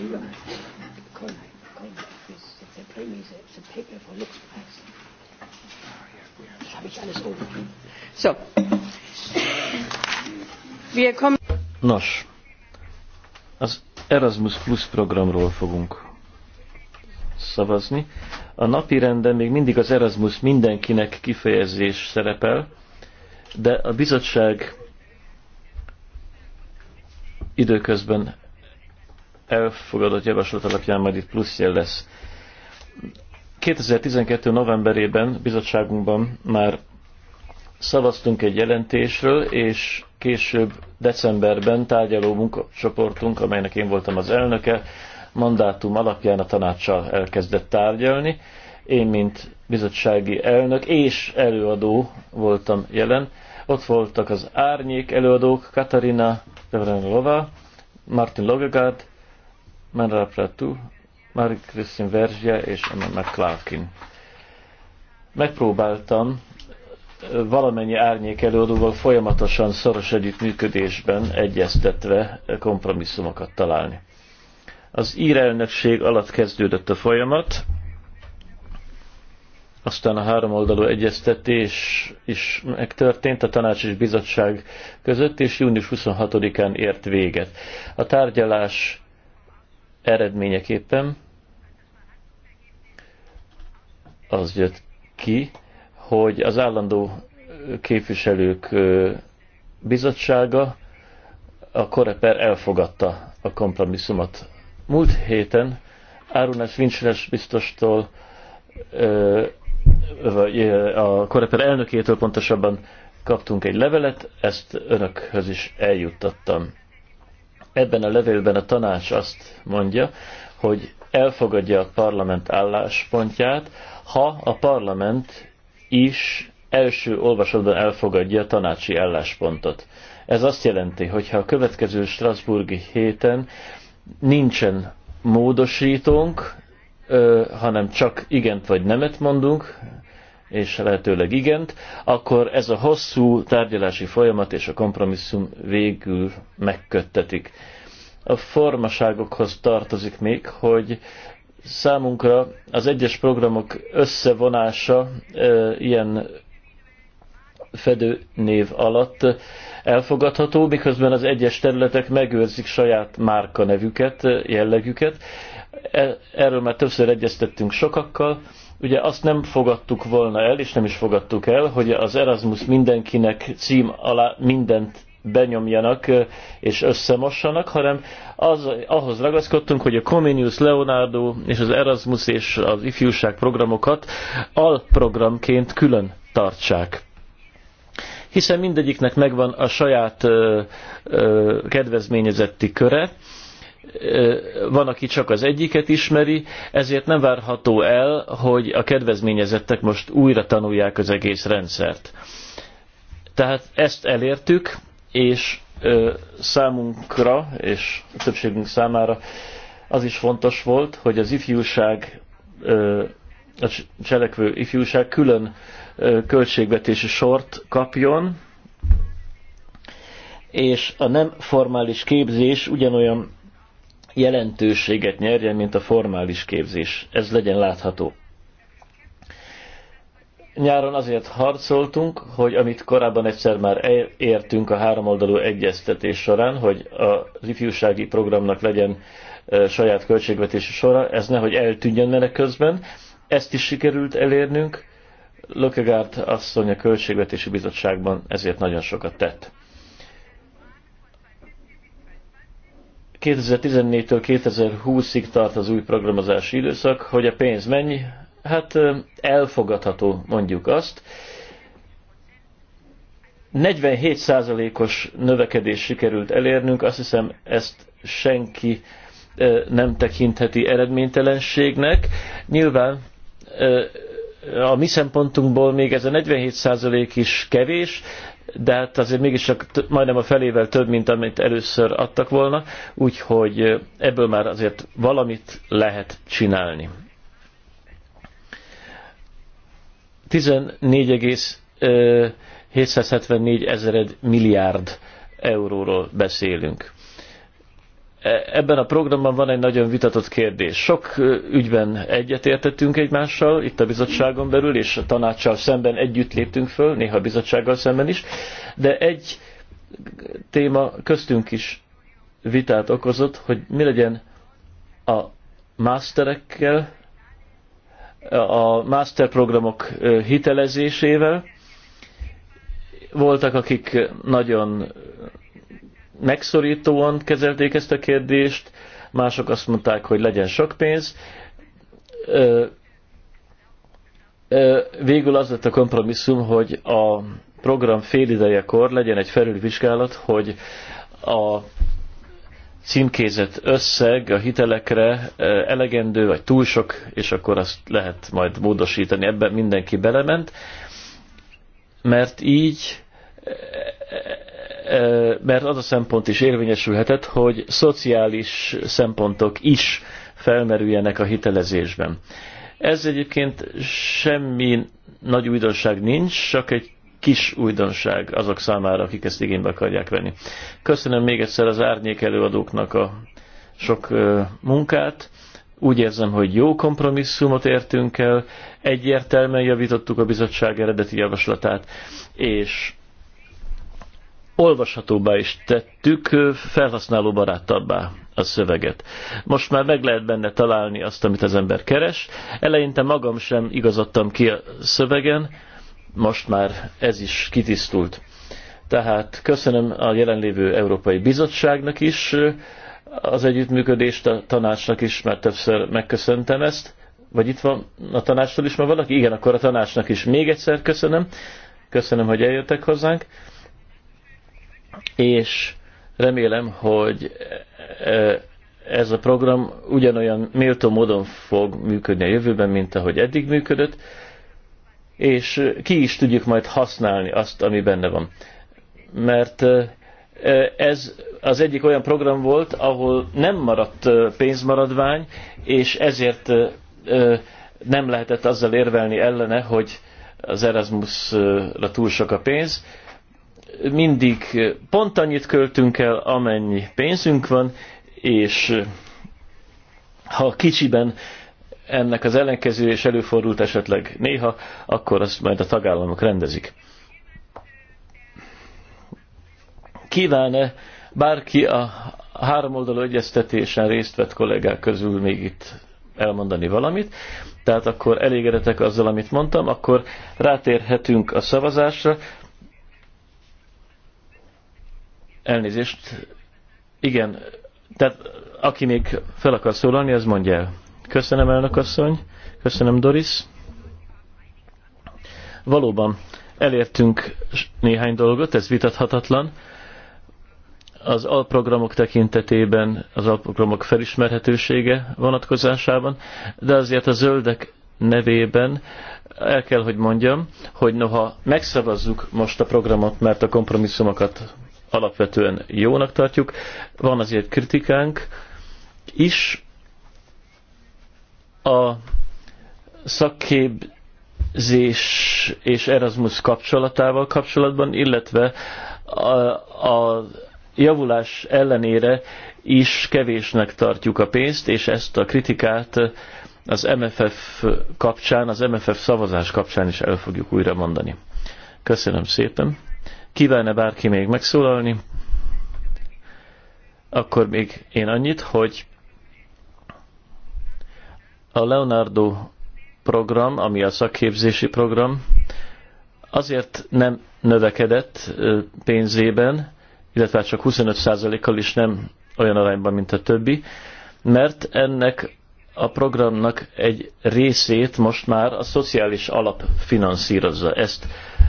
you do right. Conrad, Conrad, yes, if they play me, it's a picture for looks nice. Das habe ich alles overgegeben. So. Wir kommen. Nos, az Erasmus Plus programról fogunk szavazni. A napi renden még mindig az Erasmus mindenkinek kifejezés szerepel, de a bizottság időközben elfogadott javaslat alapján majd itt plusz jel lesz. 2012. novemberében bizottságunkban már szavaztunk egy jelentésről, és később decemberben tárgyaló munkacsoportunk, amelynek én voltam az elnöke, mandátum alapján a tanácssal elkezdett tárgyalni. Én, mint bizottsági elnök és előadó voltam jelen. Ott voltak az árnyék előadók, Katarina Devrenlova, Martin Logegaard, Manra Pratu, Marie-Christine Verzsia és Emma McClarkin. Megpróbáltam valamennyi árnyék előadóval folyamatosan szoros együttműködésben egyeztetve kompromisszumokat találni. Az írelnökség alatt kezdődött a folyamat, aztán a háromoldalú egyeztetés is megtörtént a tanács és bizottság között, és június 26-án ért véget. A tárgyalás eredményeképpen az jött ki, hogy az állandó képviselők bizottsága a Koreper elfogadta a kompromisszumot. Múlt héten Árunás Vincsnes biztostól vagy a Koreper elnökétől pontosabban kaptunk egy levelet, ezt önökhöz is eljuttattam. Ebben a levélben a tanács azt mondja, hogy elfogadja a parlament álláspontját, ha a parlament is első olvasatban elfogadja a tanácsi álláspontot. Ez azt jelenti, hogy ha a következő Strasburgi héten nincsen módosítónk, hanem csak igent vagy nemet mondunk és lehetőleg igent, akkor ez a hosszú tárgyalási folyamat és a kompromisszum végül megköttetik. A formaságokhoz tartozik még, hogy számunkra az egyes programok összevonása e, ilyen fedő név alatt elfogadható, miközben az egyes területek megőrzik saját márka nevüket, jellegüket. E, erről már többször egyeztettünk sokakkal, Ugye azt nem fogadtuk volna el, és nem is fogadtuk el, hogy az Erasmus mindenkinek cím alá mindent benyomjanak és összemossanak, hanem az, ahhoz ragaszkodtunk, hogy a Comenius, Leonardo és az Erasmus és az ifjúság programokat alprogramként külön tartsák. Hiszen mindegyiknek megvan a saját ö, ö, kedvezményezetti köre, van, aki csak az egyiket ismeri, ezért nem várható el, hogy a kedvezményezettek most újra tanulják az egész rendszert. Tehát ezt elértük, és számunkra, és a többségünk számára az is fontos volt, hogy az ifjúság, a cselekvő ifjúság külön költségvetési sort kapjon, és a nem formális képzés ugyanolyan jelentőséget nyerjen, mint a formális képzés. Ez legyen látható. Nyáron azért harcoltunk, hogy amit korábban egyszer már e- értünk a háromoldalú egyeztetés során, hogy az ifjúsági programnak legyen e, saját költségvetési sora, ez nehogy eltűnjön menek közben. Ezt is sikerült elérnünk. Lökegárt asszony a Költségvetési Bizottságban ezért nagyon sokat tett. 2014-től 2020-ig tart az új programozási időszak, hogy a pénz mennyi, hát elfogadható mondjuk azt. 47%-os növekedés sikerült elérnünk, azt hiszem ezt senki nem tekintheti eredménytelenségnek. Nyilván a mi szempontunkból még ez a 47% is kevés, de hát azért mégis csak majdnem a felével több, mint amit először adtak volna, úgyhogy ebből már azért valamit lehet csinálni. 14,774 ezered milliárd euróról beszélünk. E, ebben a programban van egy nagyon vitatott kérdés. Sok e, ügyben egyetértettünk egymással, itt a bizottságon belül, és a tanácssal szemben együtt léptünk föl, néha a bizottsággal szemben is, de egy téma köztünk is vitát okozott, hogy mi legyen a masterekkel, a master programok e, hitelezésével. Voltak, akik nagyon megszorítóan kezelték ezt a kérdést, mások azt mondták, hogy legyen sok pénz. Végül az lett a kompromisszum, hogy a program idejekor legyen egy felülvizsgálat, hogy a címkézett összeg a hitelekre elegendő, vagy túl sok, és akkor azt lehet majd módosítani. Ebben mindenki belement, mert így mert az a szempont is érvényesülhetett, hogy szociális szempontok is felmerüljenek a hitelezésben. Ez egyébként semmi nagy újdonság nincs, csak egy kis újdonság azok számára, akik ezt igénybe akarják venni. Köszönöm még egyszer az árnyék előadóknak a sok munkát. Úgy érzem, hogy jó kompromisszumot értünk el, egyértelműen javítottuk a bizottság eredeti javaslatát, és olvashatóbbá is tettük, barátabbá a szöveget. Most már meg lehet benne találni azt, amit az ember keres. Eleinte magam sem igazodtam ki a szövegen, most már ez is kitisztult. Tehát köszönöm a jelenlévő Európai Bizottságnak is az együttműködést, a tanácsnak is, mert többször megköszöntem ezt. Vagy itt van a tanácstól is ma valaki? Igen, akkor a tanácsnak is még egyszer köszönöm. Köszönöm, hogy eljöttek hozzánk és remélem, hogy e, e, ez a program ugyanolyan méltó módon fog működni a jövőben, mint ahogy eddig működött, és ki is tudjuk majd használni azt, ami benne van. Mert e, ez az egyik olyan program volt, ahol nem maradt pénzmaradvány, és ezért nem lehetett azzal érvelni ellene, hogy az Erasmusra túl sok a pénz, mindig pont annyit költünk el, amennyi pénzünk van, és ha kicsiben ennek az ellenkezője és előfordult esetleg néha, akkor azt majd a tagállamok rendezik. Kíván-e bárki a háromoldalú egyeztetésen részt vett kollégák közül még itt elmondani valamit? Tehát akkor elégedetek azzal, amit mondtam, akkor rátérhetünk a szavazásra. Elnézést. Igen, tehát aki még fel akar szólalni, az mondja el. Köszönöm, elnök asszony. Köszönöm, Doris. Valóban elértünk néhány dolgot, ez vitathatatlan. Az alprogramok tekintetében, az alprogramok felismerhetősége vonatkozásában, de azért a zöldek nevében el kell, hogy mondjam, hogy noha megszavazzuk most a programot, mert a kompromisszumokat alapvetően jónak tartjuk. Van azért kritikánk is. A szakképzés és Erasmus kapcsolatával kapcsolatban, illetve a, a javulás ellenére is kevésnek tartjuk a pénzt, és ezt a kritikát az MFF kapcsán, az MFF szavazás kapcsán is el fogjuk újra mondani. Köszönöm szépen! Kívánne bárki még megszólalni? Akkor még én annyit, hogy a Leonardo program, ami a szakképzési program, azért nem növekedett pénzében, illetve hát csak 25%-kal is nem olyan arányban, mint a többi, mert ennek a programnak egy részét most már a szociális alap finanszírozza. Ezt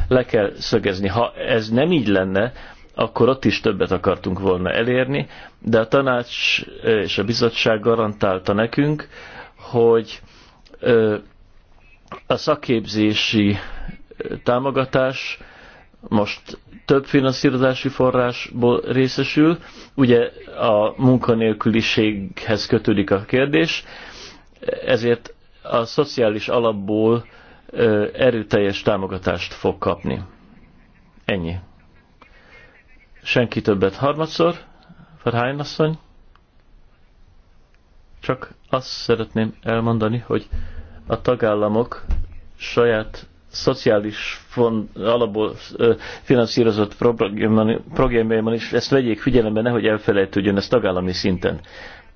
le kell szögezni. Ha ez nem így lenne, akkor ott is többet akartunk volna elérni, de a tanács és a bizottság garantálta nekünk, hogy a szakképzési támogatás most több finanszírozási forrásból részesül. Ugye a munkanélküliséghez kötődik a kérdés, ezért a szociális alapból erőteljes támogatást fog kapni. Ennyi. Senki többet harmadszor. Verheyen asszony. Csak azt szeretném elmondani, hogy a tagállamok saját szociális fond, alapból finanszírozott programjában is ezt vegyék figyelembe, nehogy elfelejtődjön ez tagállami szinten.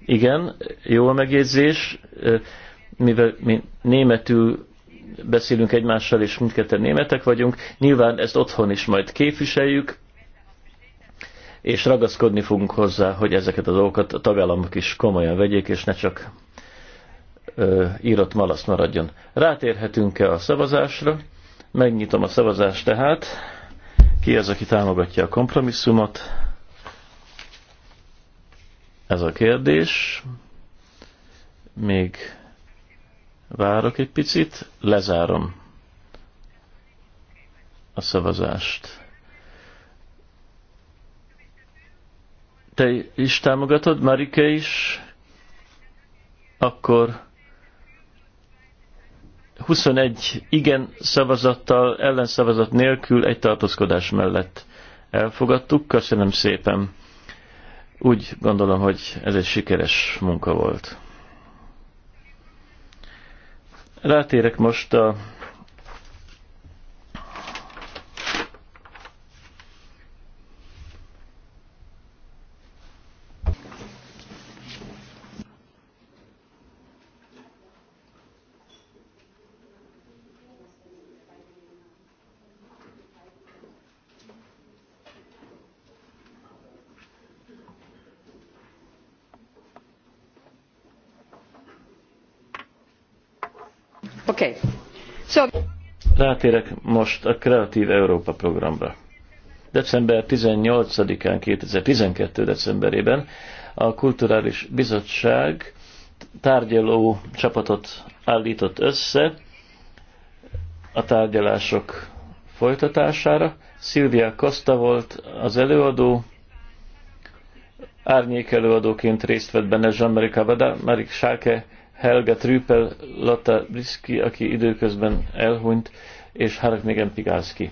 Igen, jó a megjegyzés, mivel mi németül beszélünk egymással, és mindketten németek vagyunk, nyilván ezt otthon is majd képviseljük, és ragaszkodni fogunk hozzá, hogy ezeket a dolgokat a tagállamok is komolyan vegyék, és ne csak ö, írott malasz maradjon. Rátérhetünk-e a szavazásra? Megnyitom a szavazást tehát. Ki az, aki támogatja a kompromisszumot? ez a kérdés. Még várok egy picit, lezárom a szavazást. Te is támogatod, Marike is? Akkor 21 igen szavazattal, ellenszavazat nélkül egy tartózkodás mellett elfogadtuk. Köszönöm szépen! Úgy gondolom, hogy ez egy sikeres munka volt. Rátérek most a Rátérek most a Kreatív Európa programra. December 18-án, 2012. decemberében a Kulturális Bizottság tárgyaló csapatot állított össze a tárgyalások folytatására. Szilvia Costa volt az előadó, árnyék előadóként részt vett benne Jean-Marie Cavada, Marik Sáke, Helga Trüppel, Lata Briski, aki időközben elhunyt, és Haraknegen Pigánszki.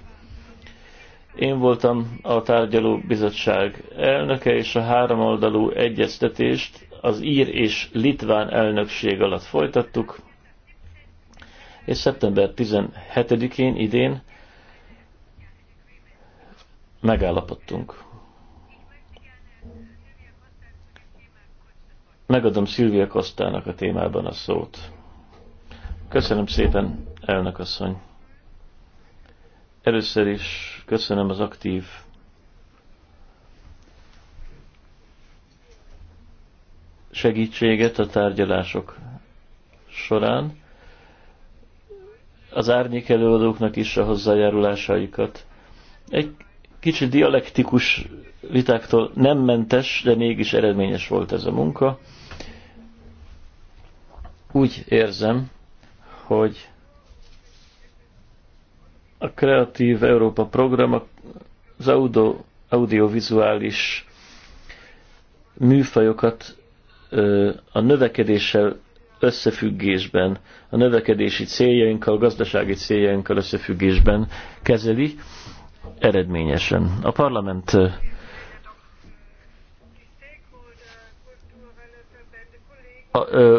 Én voltam a tárgyaló bizottság elnöke, és a háromoldalú egyeztetést az ír és litván elnökség alatt folytattuk, és szeptember 17-én idén megállapodtunk. Megadom Szilvia Kostának a témában a szót. Köszönöm szépen, elnök asszony! Először is köszönöm az aktív segítséget a tárgyalások során. Az árnyék előadóknak is a hozzájárulásaikat. Egy kicsit dialektikus vitáktól nem mentes, de mégis eredményes volt ez a munka. Úgy érzem, hogy a Kreatív Európa program az audio, audiovizuális műfajokat a növekedéssel összefüggésben, a növekedési céljainkkal, a gazdasági céljainkkal összefüggésben kezeli eredményesen. A parlament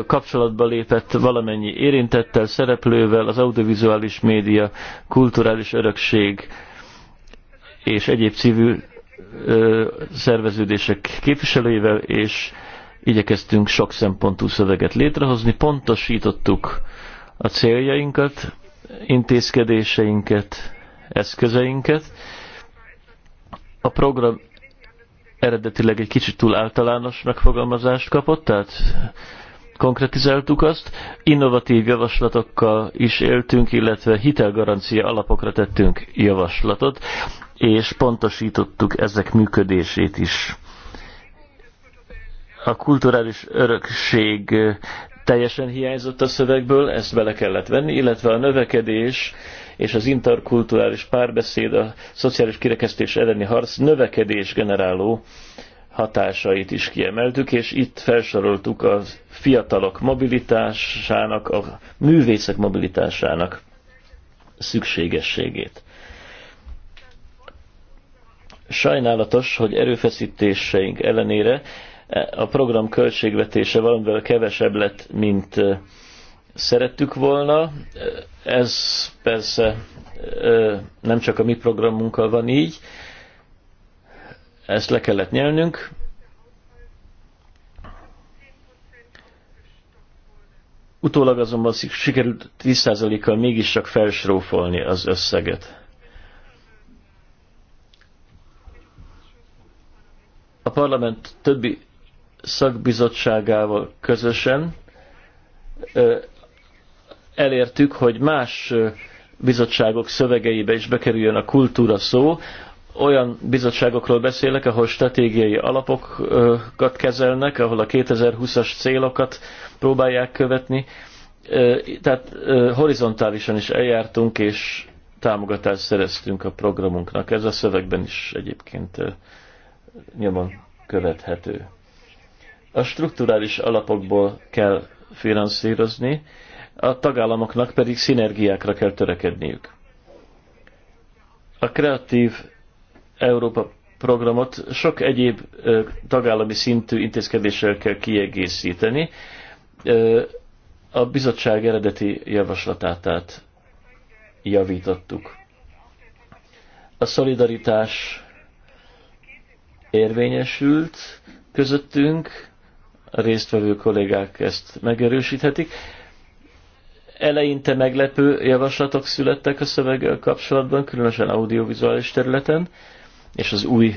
kapcsolatba lépett valamennyi érintettel, szereplővel, az audiovizuális média, kulturális örökség és egyéb civil szerveződések képviselőivel, és igyekeztünk sok szempontú szöveget létrehozni, pontosítottuk a céljainkat, intézkedéseinket, eszközeinket. A program eredetileg egy kicsit túl általános megfogalmazást kapott, tehát konkretizáltuk azt, innovatív javaslatokkal is éltünk, illetve hitelgarancia alapokra tettünk javaslatot, és pontosítottuk ezek működését is. A kulturális örökség teljesen hiányzott a szövegből, ezt bele kellett venni, illetve a növekedés és az interkulturális párbeszéd, a szociális kirekesztés elleni harc növekedés generáló hatásait is kiemeltük, és itt felsoroltuk az fiatalok mobilitásának, a művészek mobilitásának szükségességét. Sajnálatos, hogy erőfeszítéseink ellenére a program költségvetése valamivel kevesebb lett, mint szerettük volna. Ez persze nem csak a mi programunkkal van így, ezt le kellett nyelnünk, Utólag azonban sikerült 10%-kal mégiscsak csak felsrófolni az összeget. A parlament többi szakbizottságával közösen elértük, hogy más bizottságok szövegeibe is bekerüljön a kultúra szó, olyan bizottságokról beszélek, ahol stratégiai alapokat kezelnek, ahol a 2020-as célokat próbálják követni. Tehát horizontálisan is eljártunk, és támogatást szereztünk a programunknak. Ez a szövegben is egyébként nyomon követhető. A strukturális alapokból kell finanszírozni, a tagállamoknak pedig szinergiákra kell törekedniük. A kreatív Európa programot sok egyéb tagállami szintű intézkedéssel kell kiegészíteni a bizottság eredeti javaslatát javítottuk. A szolidaritás érvényesült közöttünk, a résztvevő kollégák ezt megerősíthetik. Eleinte meglepő javaslatok születtek a szöveggel kapcsolatban, különösen audiovizuális területen, és az új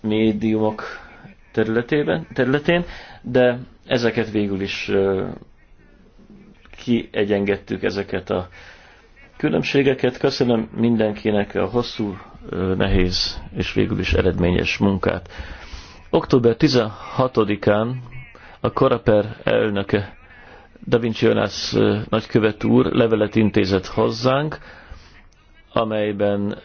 médiumok területében, területén, de ezeket végül is kiegyengettük ezeket a különbségeket. Köszönöm mindenkinek a hosszú, nehéz és végül is eredményes munkát. Október 16-án a Koraper elnöke Da Vinci Jonas nagykövet úr levelet intézett hozzánk, amelyben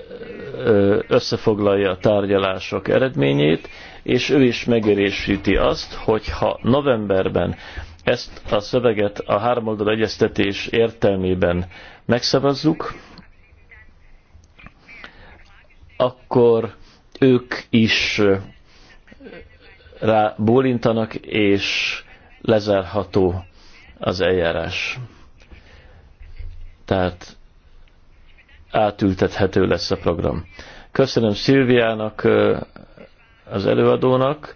összefoglalja a tárgyalások eredményét, és ő is megerősíti azt, hogy ha novemberben ezt a szöveget a háromoldal egyeztetés értelmében megszavazzuk, akkor ők is rá bólintanak, és lezárható az eljárás. Tehát átültethető lesz a program. Köszönöm Szilviának, az előadónak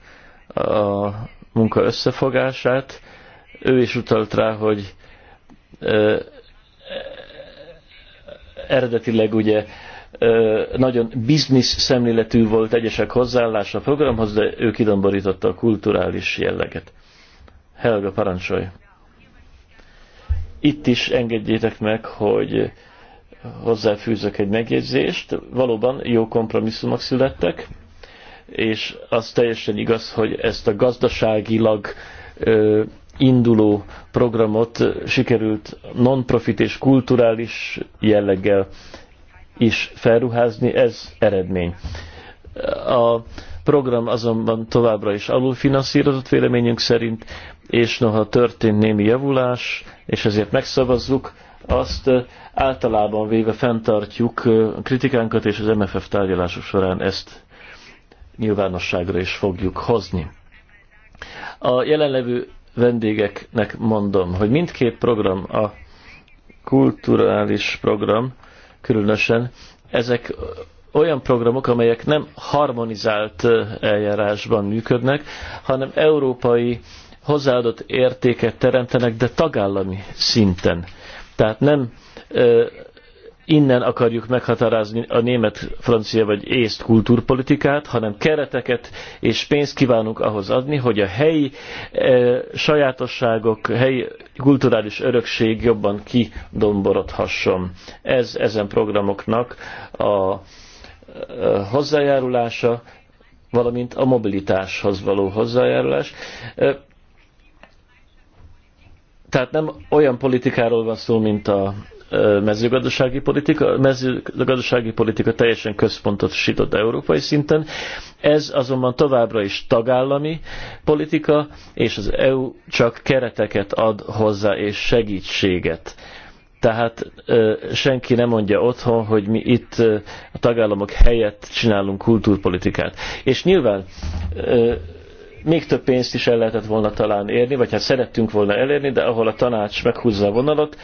a munka összefogását. Ő is utalt rá, hogy eredetileg ugye nagyon biznisz szemléletű volt egyesek hozzáállása a programhoz, de ő kidomborította a kulturális jelleget. Helga, parancsolj! Itt is engedjétek meg, hogy hozzáfűzök egy megjegyzést. Valóban jó kompromisszumok születtek, és az teljesen igaz, hogy ezt a gazdaságilag ö, induló programot sikerült non-profit és kulturális jelleggel is felruházni, ez eredmény. A program azonban továbbra is alulfinanszírozott véleményünk szerint, és noha történt némi javulás, és ezért megszavazzuk azt általában véve fenntartjuk a kritikánkat, és az MFF tárgyalások során ezt nyilvánosságra is fogjuk hozni. A jelenlevő vendégeknek mondom, hogy mindkét program, a kulturális program különösen, ezek olyan programok, amelyek nem harmonizált eljárásban működnek, hanem európai hozzáadott értéket teremtenek, de tagállami szinten. Tehát nem ö, innen akarjuk meghatározni a német, francia vagy észt kultúrpolitikát, hanem kereteket és pénzt kívánunk ahhoz adni, hogy a helyi ö, sajátosságok, helyi kulturális örökség jobban kidomborodhasson. Ez ezen programoknak a ö, hozzájárulása, valamint a mobilitáshoz való hozzájárulás. Tehát nem olyan politikáról van szó, mint a mezőgazdasági politika. A mezőgazdasági politika teljesen központosított európai szinten. Ez azonban továbbra is tagállami politika, és az EU csak kereteket ad hozzá és segítséget. Tehát senki nem mondja otthon, hogy mi itt a tagállamok helyett csinálunk kultúrpolitikát. És nyilván még több pénzt is el lehetett volna talán érni, vagy hát szerettünk volna elérni, de ahol a tanács meghúzza a vonalat,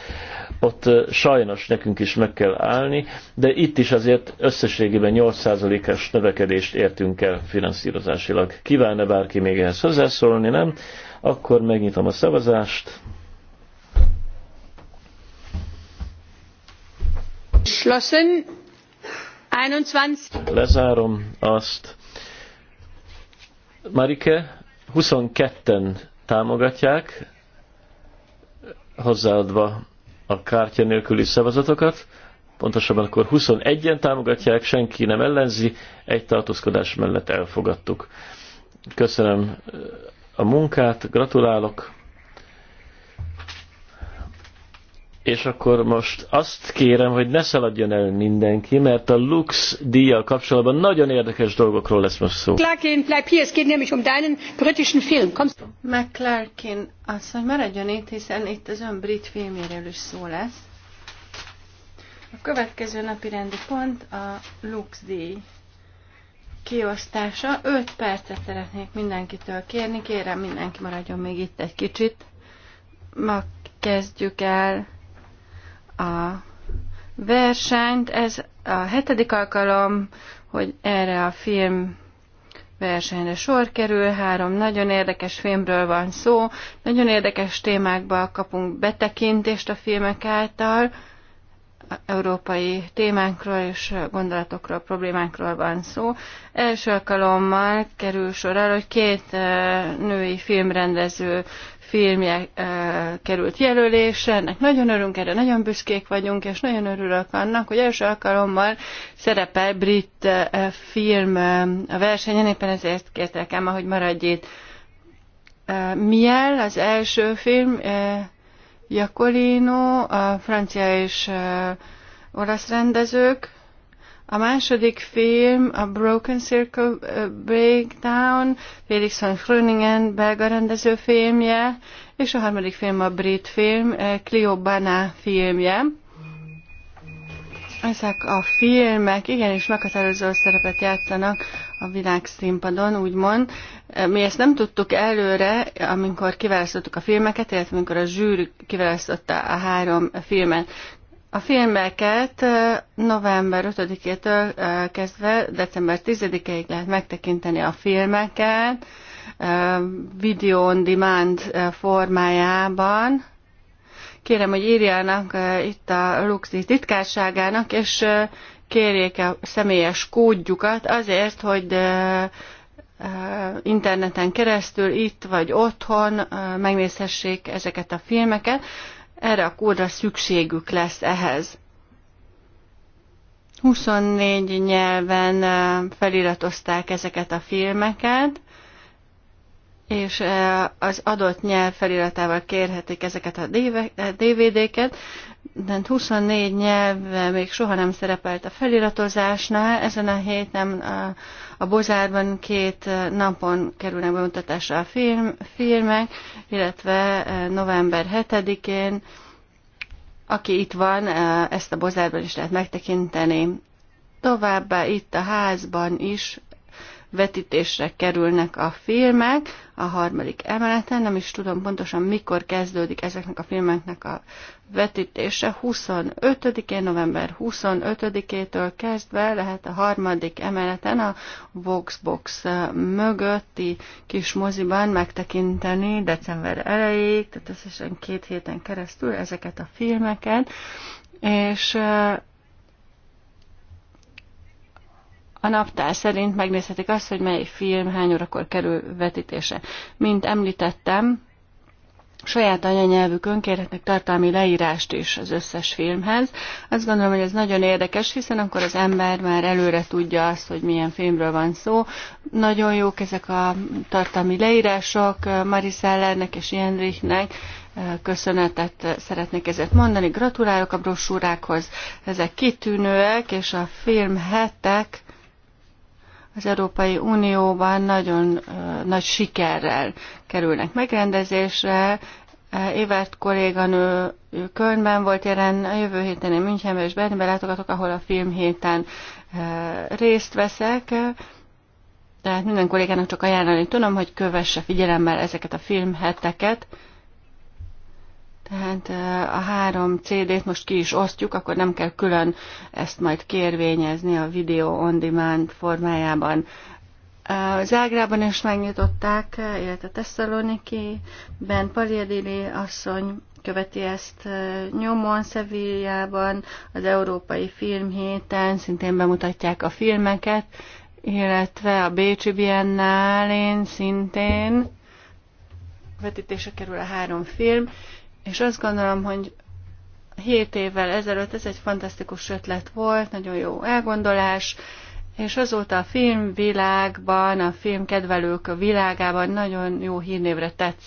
ott sajnos nekünk is meg kell állni, de itt is azért összességében 8%-es növekedést értünk el finanszírozásilag. Kívánne bárki még ehhez hozzászólni, nem? Akkor megnyitom a szavazást. Schlossen 21. Lezárom azt. Marike, 22-en támogatják, hozzáadva a kártya nélküli szavazatokat, pontosabban akkor 21-en támogatják, senki nem ellenzi, egy tartózkodás mellett elfogadtuk. Köszönöm a munkát, gratulálok! és akkor most azt kérem, hogy ne szaladjon el mindenki, mert a Lux díjjal kapcsolatban nagyon érdekes dolgokról lesz most szó. McClarkin, bleib hier, es geht nämlich um deinen britischen Film. Kommst azt mondja, maradjon itt, hiszen itt az ön brit filméről is szó lesz. A következő napi rendi pont a Lux díj kiosztása. 5 percet szeretnék mindenkitől kérni, kérem mindenki maradjon még itt egy kicsit. Ma kezdjük el a versenyt. Ez a hetedik alkalom, hogy erre a film versenyre sor kerül, három nagyon érdekes filmről van szó, nagyon érdekes témákba kapunk betekintést a filmek által, európai témánkról és gondolatokról, problémákról van szó. Első alkalommal kerül sor el, hogy két eh, női filmrendező filmje e, került jelölésre, ennek nagyon örülünk, erre nagyon büszkék vagyunk, és nagyon örülök annak, hogy első alkalommal szerepel brit e, film e, a versenyen, éppen ezért kértek el, hogy maradj itt. E, Miel, az első film, e, Jacolino, a francia és e, olasz rendezők, a második film a Broken Circle uh, Breakdown, Felix von Gröningen belga rendező filmje, és a harmadik film a brit film, uh, Clio Bana filmje. Ezek a filmek igenis meghatározó szerepet játszanak a világ színpadon, úgymond. Uh, mi ezt nem tudtuk előre, amikor kiválasztottuk a filmeket, illetve amikor a zsűr kiválasztotta a három filmet. A filmeket november 5-től kezdve december 10-ig lehet megtekinteni a filmeket video on demand formájában. Kérem, hogy írjanak itt a Luxis titkárságának, és kérjék a személyes kódjukat azért, hogy interneten keresztül itt vagy otthon megnézhessék ezeket a filmeket erre a kódra szükségük lesz ehhez. 24 nyelven feliratozták ezeket a filmeket, és az adott nyelv feliratával kérhetik ezeket a DVD-ket, de 24 nyelv még soha nem szerepelt a feliratozásnál. Ezen a héten a, a Bozárban két napon kerülnek bemutatásra a film, filmek, illetve november 7-én, aki itt van, ezt a Bozárban is lehet megtekinteni. Továbbá itt a házban is vetítésre kerülnek a filmek a harmadik emeleten. Nem is tudom pontosan, mikor kezdődik ezeknek a filmeknek a vetítése. 25-én, november 25-től kezdve lehet a harmadik emeleten a Voxbox mögötti kis moziban megtekinteni december elejéig, tehát összesen két héten keresztül ezeket a filmeket, és a naptár szerint megnézhetik azt, hogy mely film hány órakor kerül vetítése. Mint említettem, saját anyanyelvükön kérhetnek tartalmi leírást is az összes filmhez. Azt gondolom, hogy ez nagyon érdekes, hiszen akkor az ember már előre tudja azt, hogy milyen filmről van szó. Nagyon jók ezek a tartalmi leírások Marisellernek és Jenrichnek köszönetet szeretnék ezért mondani. Gratulálok a brosúrákhoz, ezek kitűnőek, és a film hetek az Európai Unióban nagyon nagy sikerrel kerülnek megrendezésre. Évert kolléganő Kölnben volt jelen, a jövő héten én Münchenben és Berlinben látogatok, ahol a film héten részt veszek. Tehát minden kollégának csak ajánlani tudom, hogy kövesse figyelemmel ezeket a filmheteket. Tehát a három CD-t most ki is osztjuk, akkor nem kell külön ezt majd kérvényezni a video on demand formájában. Zágrában is megnyitották, illetve Tesszaloniki-ben Paliadili asszony követi ezt nyomon Szevíliában, az Európai Filmhéten szintén bemutatják a filmeket, illetve a Bécsi Biennálén szintén vetítése kerül a három film, és azt gondolom, hogy 7 évvel ezelőtt ez egy fantasztikus ötlet volt, nagyon jó elgondolás, és azóta a filmvilágban, a filmkedvelők világában nagyon jó hírnévre tett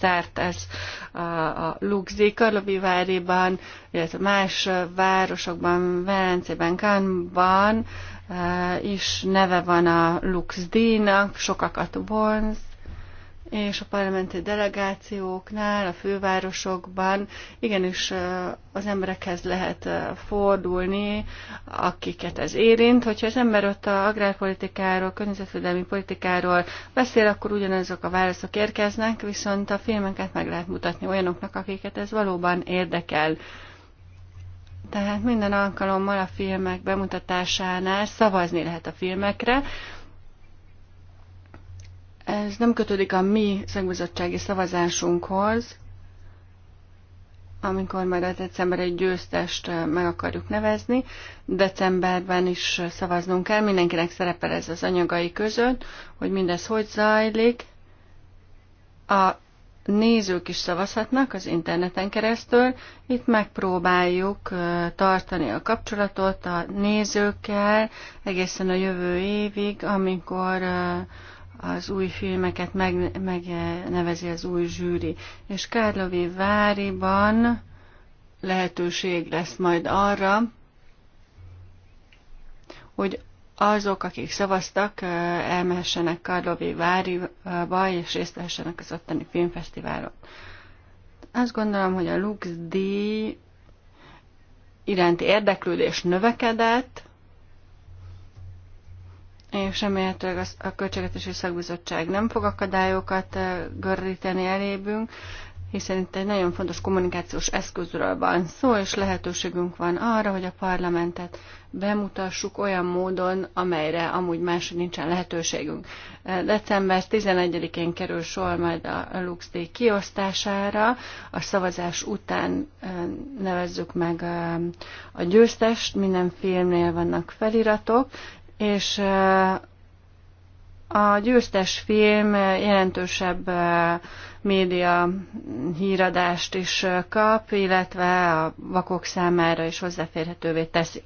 szert ez a, a Lugzi Karloviváriban, illetve más városokban, Velencében, Kánban eh, is neve van a Lux Dínak, sokakat vonz, és a parlamenti delegációknál, a fővárosokban igenis az emberekhez lehet fordulni, akiket ez érint. Hogyha az ember ott a agrárpolitikáról, környezetvédelmi politikáról beszél, akkor ugyanazok a válaszok érkeznek, viszont a filmeket meg lehet mutatni olyanoknak, akiket ez valóban érdekel. Tehát minden alkalommal a filmek bemutatásánál szavazni lehet a filmekre, ez nem kötődik a mi szakbizottsági szavazásunkhoz, amikor majd a december egy győztest meg akarjuk nevezni. Decemberben is szavaznunk kell, mindenkinek szerepel ez az anyagai között, hogy mindez hogy zajlik. A nézők is szavazhatnak az interneten keresztül. Itt megpróbáljuk tartani a kapcsolatot a nézőkkel egészen a jövő évig, amikor az új filmeket meg, megnevezi az új zsűri. És Kárlovi Váriban lehetőség lesz majd arra, hogy azok, akik szavaztak, elmehessenek Karlovi Váriba, és részt vehessenek az ottani filmfesztiválon. Azt gondolom, hogy a Lux D iránti érdeklődés növekedett, és remélhetőleg a Költségvetési Szakbizottság nem fog akadályokat eh, gördíteni elébünk, hiszen itt egy nagyon fontos kommunikációs eszközről van szó, és lehetőségünk van arra, hogy a parlamentet bemutassuk olyan módon, amelyre amúgy máshogy nincsen lehetőségünk. Eh, december 11-én kerül sor majd a Lux Day kiosztására, a szavazás után eh, nevezzük meg a győztest, minden filmnél vannak feliratok, és eh, a győztes film jelentősebb eh, média híradást is eh, kap, illetve a vakok számára is hozzáférhetővé teszi.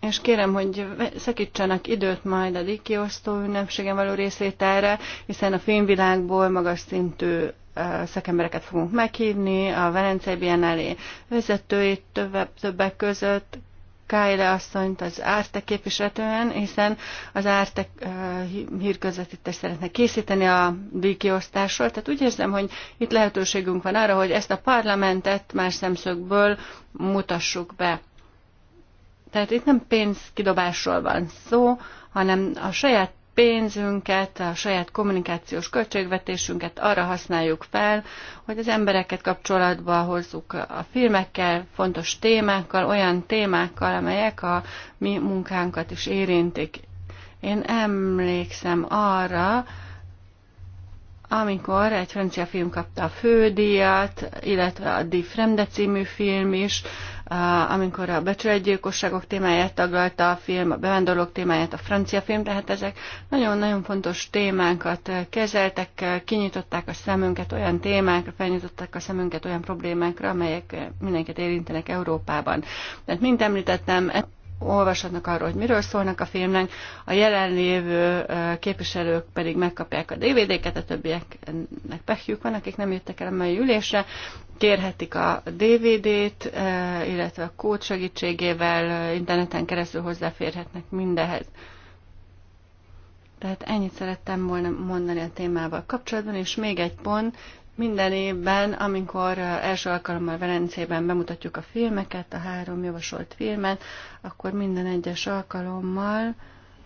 És kérem, hogy szakítsanak időt majd a díjkiosztó ünnepségen való részvételre, hiszen a filmvilágból magas szintű szakembereket fogunk meghívni, a Velencei Biennale vezetőit többek között, Kájle asszonyt az Árte képviseletően, hiszen az Árte hírközvetítést szeretne készíteni a díjkiosztásról. Tehát úgy érzem, hogy itt lehetőségünk van arra, hogy ezt a parlamentet más szemszögből mutassuk be. Tehát itt nem pénzkidobásról van szó, hanem a saját pénzünket, a saját kommunikációs költségvetésünket arra használjuk fel, hogy az embereket kapcsolatba hozzuk a filmekkel, fontos témákkal, olyan témákkal, amelyek a mi munkánkat is érintik. Én emlékszem arra, amikor egy francia film kapta a fődíjat, illetve a Die Fremde című film is, amikor a becsületgyilkosságok témáját taglalta a film, a bevándorlók témáját a francia film, tehát ezek nagyon-nagyon fontos témákat kezeltek, kinyitották a szemünket olyan témákra, felnyitották a szemünket olyan problémákra, amelyek mindenkit érintenek Európában. Tehát, mint említettem, olvashatnak arról, hogy miről szólnak a filmnek, a jelenlévő képviselők pedig megkapják a DVD-ket, a többieknek pehjük van, akik nem jöttek el a mai ülésre, kérhetik a DVD-t, illetve a kód segítségével interneten keresztül hozzáférhetnek mindehez. Tehát ennyit szerettem volna mondani a témával kapcsolatban, és még egy pont, minden évben, amikor első alkalommal Velencében bemutatjuk a filmeket, a három javasolt filmet, akkor minden egyes alkalommal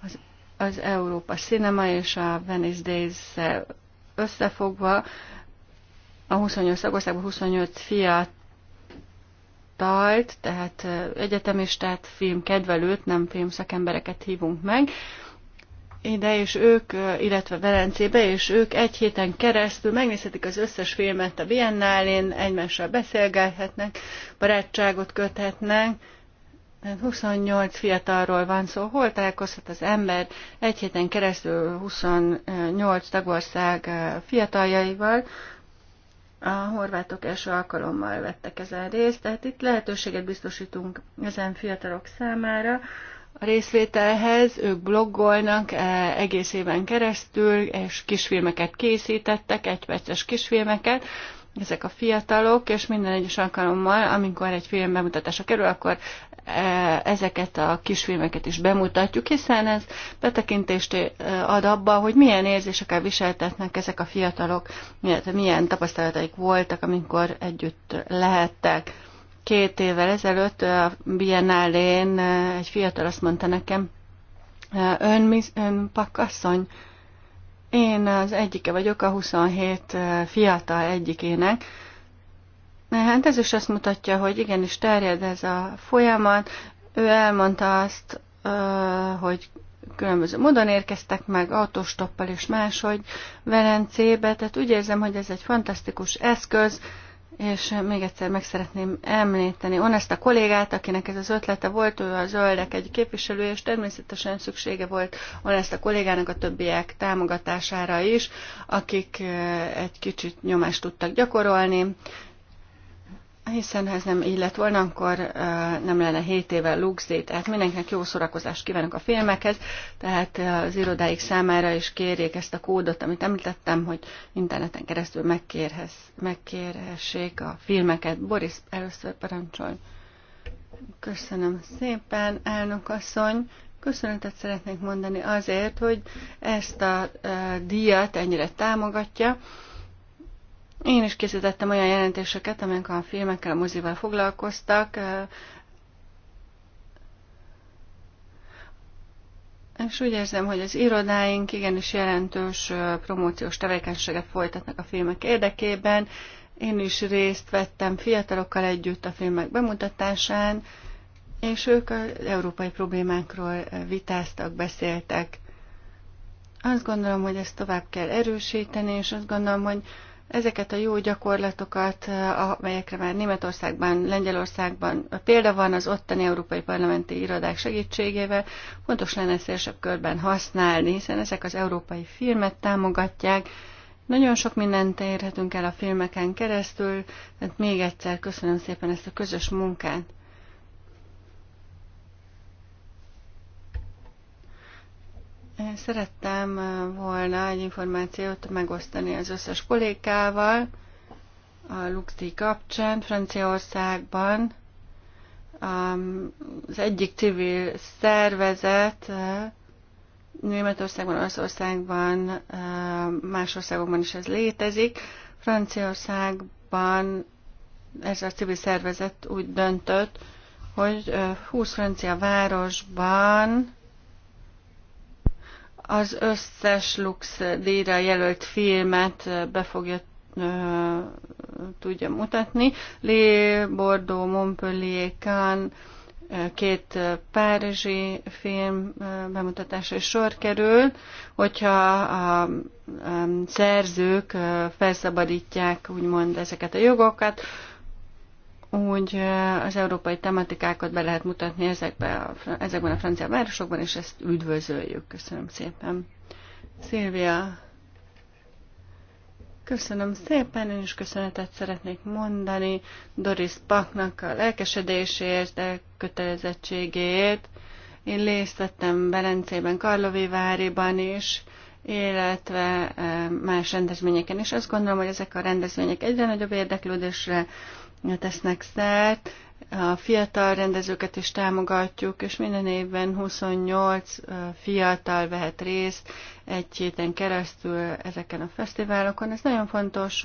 az, az Európa Cinema és a Venice days összefogva a 28 országban 25 fiat fiatalt, tehát egyetemistát, filmkedvelőt, nem filmszakembereket hívunk meg, ide, és ők, illetve Velencébe, és ők egy héten keresztül megnézhetik az összes filmet a Biennálén, egymással beszélgethetnek, barátságot köthetnek, 28 fiatalról van szó, hol találkozhat az ember egy héten keresztül 28 tagország fiataljaival, a horvátok első alkalommal vettek ezen részt, tehát itt lehetőséget biztosítunk ezen fiatalok számára, részvételhez, ők bloggolnak e, egész éven keresztül, és kisfilmeket készítettek, egyperces kisfilmeket, ezek a fiatalok, és minden egyes alkalommal, amikor egy film bemutatása kerül, akkor e, ezeket a kisfilmeket is bemutatjuk, hiszen ez betekintést e, ad abba, hogy milyen érzésekkel viseltetnek ezek a fiatalok, milyen tapasztalataik voltak, amikor együtt lehettek. Két évvel ezelőtt a Biennálén egy fiatal azt mondta nekem, ön, ön pakasszony, én az egyike vagyok a 27 fiatal egyikének, Hát ez is azt mutatja, hogy igenis terjed ez a folyamat. Ő elmondta azt, hogy különböző módon érkeztek meg, autostoppal és máshogy Velencébe, tehát úgy érzem, hogy ez egy fantasztikus eszköz, és még egyszer meg szeretném említeni On ezt a kollégát, akinek ez az ötlete volt, ő a zöldek egy képviselő, és természetesen szüksége volt On ezt a kollégának a többiek támogatására is, akik eh, egy kicsit nyomást tudtak gyakorolni. Hiszen ha ez nem így lett volna, akkor uh, nem lenne 7 éve Luxdé, tehát mindenkinek jó szórakozást kívánok a filmekhez, tehát uh, az irodáik számára is kérjék ezt a kódot, amit említettem, hogy interneten keresztül megkérhez, megkérhessék a filmeket. Boris, először parancsolj. Köszönöm szépen, elnök asszony. Köszönetet szeretnék mondani azért, hogy ezt a uh, díjat ennyire támogatja. Uh, én is készítettem olyan jelentéseket, amelyek a filmekkel, a mozival foglalkoztak, És úgy érzem, hogy az irodáink igenis jelentős promóciós tevékenységet folytatnak a filmek érdekében. Én is részt vettem fiatalokkal együtt a filmek bemutatásán, és ők az európai problémákról vitáztak, beszéltek. Azt gondolom, hogy ezt tovább kell erősíteni, és azt gondolom, hogy Ezeket a jó gyakorlatokat, eh, amelyekre már Németországban, Lengyelországban példa van, az ottani európai parlamenti irodák segítségével fontos lenne szélesebb körben használni, hiszen ezek az európai filmet támogatják, nagyon sok mindent érhetünk el a filmeken keresztül, tehát még egyszer köszönöm szépen ezt a közös munkát. Szerettem eh, volna egy információt megosztani az összes kollégával a Lukti kapcsán Franciaországban. Az egyik civil szervezet eh, Németországban, Olaszországban, eh, más országokban is ez létezik. Franciaországban ez a civil szervezet úgy döntött, hogy 20 francia városban az összes Lux díjra jelölt filmet be fogja tudja mutatni. Lé, Bordeaux, Montpellier, Cannes, két párizsi film bemutatása is sor kerül, hogyha a szerzők felszabadítják úgymond ezeket a jogokat, úgy az európai tematikákat be lehet mutatni ezekbe a, ezekben a francia városokban, és ezt üdvözöljük. Köszönöm szépen. Szilvia, köszönöm szépen, én is köszönetet szeretnék mondani Doris Paknak a lelkesedésért, a kötelezettségét. Én részt vettem Velencében, Karloviváriban is, illetve más rendezvényeken is. Azt gondolom, hogy ezek a rendezvények egyre nagyobb érdeklődésre tesznek szert. A fiatal rendezőket is támogatjuk, és minden évben 28 fiatal vehet részt egy héten keresztül ezeken a fesztiválokon. Ez nagyon fontos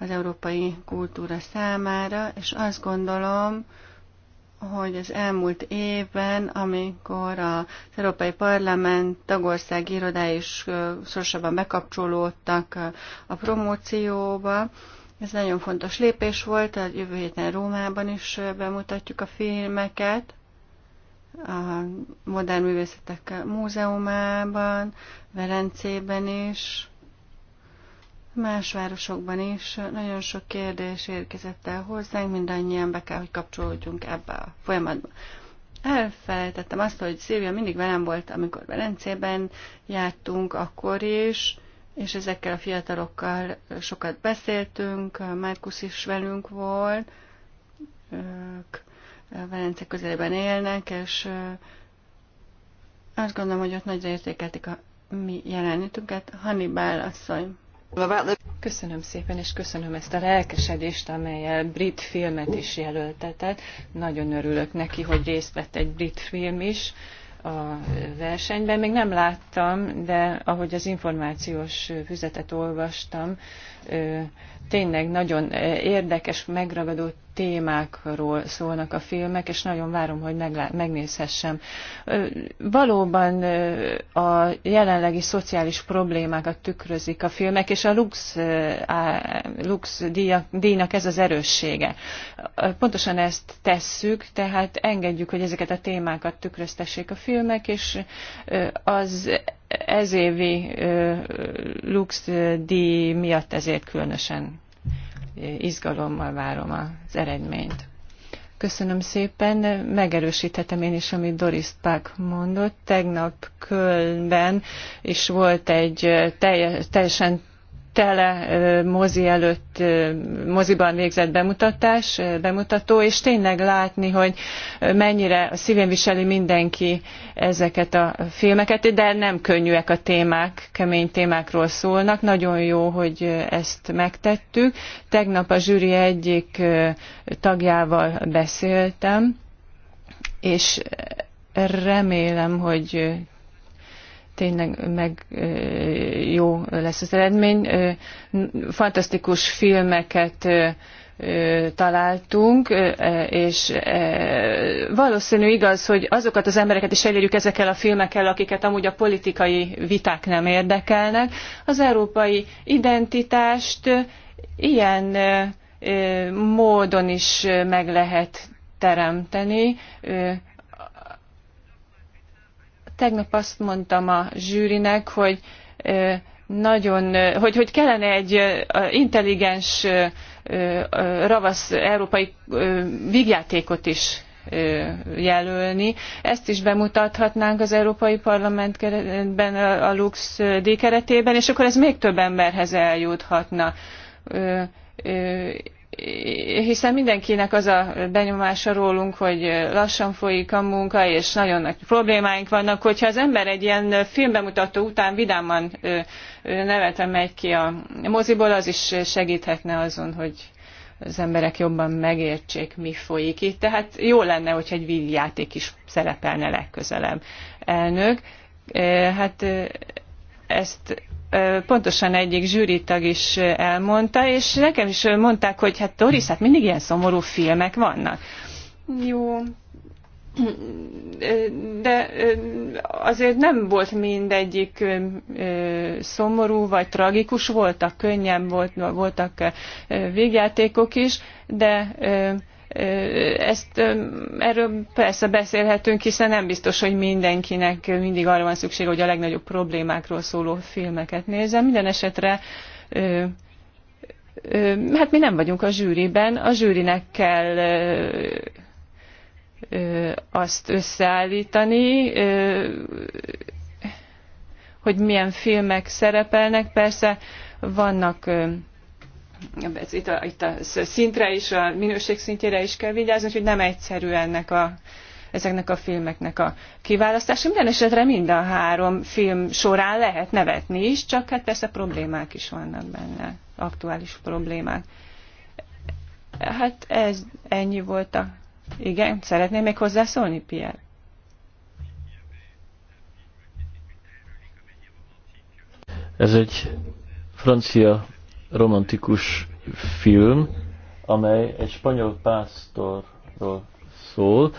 az európai kultúra számára, és azt gondolom, hogy az elmúlt évben, amikor az Európai Parlament tagország irodái is szorosabban bekapcsolódtak a promócióba, ez nagyon fontos lépés volt, a jövő héten Rómában is bemutatjuk a filmeket, a Modern Művészetek Múzeumában, Velencében is, más városokban is. Nagyon sok kérdés érkezett el hozzánk, mindannyian be kell, hogy kapcsolódjunk ebbe a folyamatba. Elfelejtettem azt, hogy Szilvia mindig velem volt, amikor Velencében jártunk, akkor is, és ezekkel a fiatalokkal sokat beszéltünk, Márkusz is velünk volt, ők Velence közelében élnek, és azt gondolom, hogy ott nagyra értékelték a mi jelenlétünket. Hannibal asszony. Köszönöm szépen, és köszönöm ezt a lelkesedést, amelyel brit filmet is jelöltetett. Nagyon örülök neki, hogy részt vett egy brit film is a versenyben. Még nem láttam, de ahogy az információs füzetet olvastam, tényleg nagyon érdekes, megragadó témákról szólnak a filmek, és nagyon várom, hogy megnézhessem. Valóban a jelenlegi szociális problémákat tükrözik a filmek, és a Lux, a Lux díjnak ez az erőssége. Pontosan ezt tesszük, tehát engedjük, hogy ezeket a témákat tükröztessék a filmek, és az ezévi Lux díj miatt ezért különösen izgalommal várom az eredményt. Köszönöm szépen. Megerősíthetem én is, amit Doris Pák mondott. Tegnap Kölnben is volt egy teljesen tele mozi előtt, moziban végzett bemutatás, bemutató, és tényleg látni, hogy mennyire a szívén viseli mindenki ezeket a filmeket, de nem könnyűek a témák, kemény témákról szólnak. Nagyon jó, hogy ezt megtettük. Tegnap a zsűri egyik tagjával beszéltem, és remélem, hogy tényleg meg jó lesz az eredmény. Fantasztikus filmeket találtunk, és valószínű igaz, hogy azokat az embereket is elérjük ezekkel a filmekkel, akiket amúgy a politikai viták nem érdekelnek. Az európai identitást ilyen módon is meg lehet teremteni Tegnap azt mondtam a zsűrinek, hogy nagyon, hogy, hogy kellene egy intelligens, ravasz európai vigjátékot is jelölni. Ezt is bemutathatnánk az Európai Parlamentben a Lux D keretében, és akkor ez még több emberhez eljuthatna hiszen mindenkinek az a benyomása rólunk, hogy lassan folyik a munka, és nagyon nagy problémáink vannak. Hogyha az ember egy ilyen filmbemutató után vidáman nevetve megy ki a moziból, az is segíthetne azon, hogy az emberek jobban megértsék, mi folyik itt. Tehát jó lenne, hogyha egy vígjáték is szerepelne legközelebb. Elnök, hát ezt pontosan egyik zsűritag is elmondta, és nekem is mondták, hogy hát Doris, hát mindig ilyen szomorú filmek vannak. Jó, de azért nem volt mindegyik szomorú vagy tragikus, voltak könnyebb, voltak végjátékok is, de ezt erről persze beszélhetünk, hiszen nem biztos, hogy mindenkinek mindig arra van szüksége, hogy a legnagyobb problémákról szóló filmeket nézzen. Minden esetre hát mi nem vagyunk a zsűriben, a zsűrinek kell azt összeállítani, hogy milyen filmek szerepelnek. Persze vannak itt a, itt a szintre is, a minőség szintjére is kell vigyázni, hogy nem egyszerű ennek a, ezeknek a filmeknek a kiválasztása. Minden esetre mind a három film során lehet nevetni is, csak hát persze problémák is vannak benne, aktuális problémák. Hát ez ennyi volt a... Igen, szeretném még hozzászólni, Pierre? Ez egy francia romantikus film, amely egy spanyol pásztorról szól.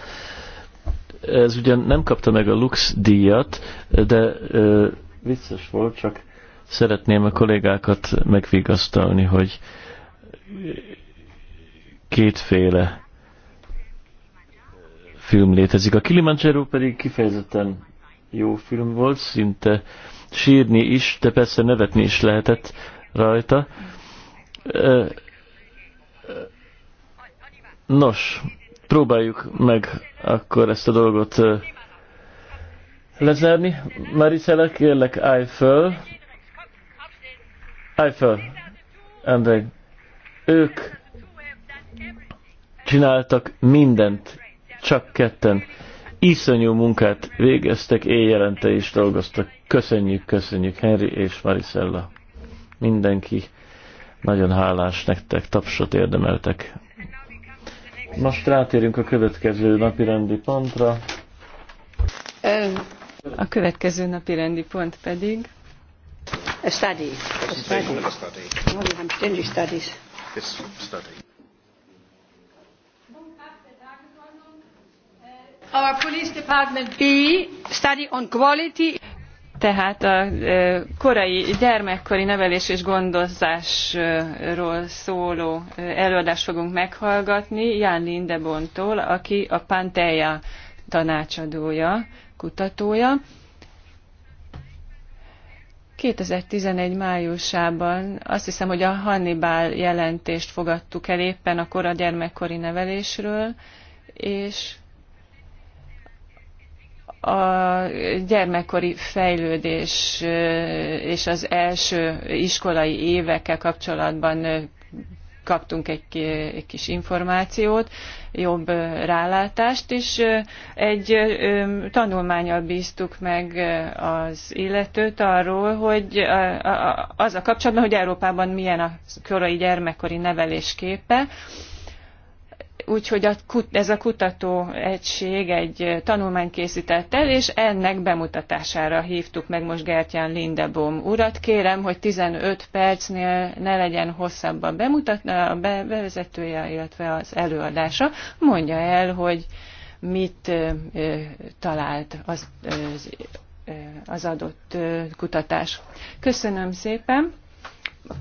Ez ugyan nem kapta meg a Lux díjat, de ö, vicces volt, csak szeretném a kollégákat megvigasztalni, hogy kétféle film létezik. A Kilimanjaro pedig kifejezetten jó film volt, szinte sírni is, de persze nevetni is lehetett rajta. Nos, próbáljuk meg akkor ezt a dolgot lezárni. Maricela, kérlek, állj föl. Állj föl, Andrej. Ők csináltak mindent, csak ketten. Iszonyú munkát végeztek, éjjelente is dolgoztak. Köszönjük, köszönjük, Henry és Maricella mindenki nagyon hálás nektek, tapsot érdemeltek. Most rátérünk a következő napi rendi pontra. A következő napi rendi pont pedig... A study. A study. A study. Well, study. study. Our police department B study on quality tehát a korai gyermekkori nevelés és gondozásról szóló előadást fogunk meghallgatni Ján Lindebontól, aki a Pantelja tanácsadója, kutatója. 2011 májusában azt hiszem, hogy a Hannibal jelentést fogadtuk el éppen a kora gyermekkori nevelésről, és a gyermekkori fejlődés és az első iskolai évekkel kapcsolatban kaptunk egy, kis információt, jobb rálátást, és egy tanulmányal bíztuk meg az illetőt arról, hogy az a kapcsolatban, hogy Európában milyen a korai gyermekkori nevelés képe, úgyhogy a, ez a kutató egység egy tanulmány készített el, és ennek bemutatására hívtuk meg most Gertján Lindebom urat. Kérem, hogy 15 percnél ne legyen hosszabb a, bemutat, a bevezetője, illetve az előadása. Mondja el, hogy mit ö, ö, talált az, ö, az adott ö, kutatás. Köszönöm szépen!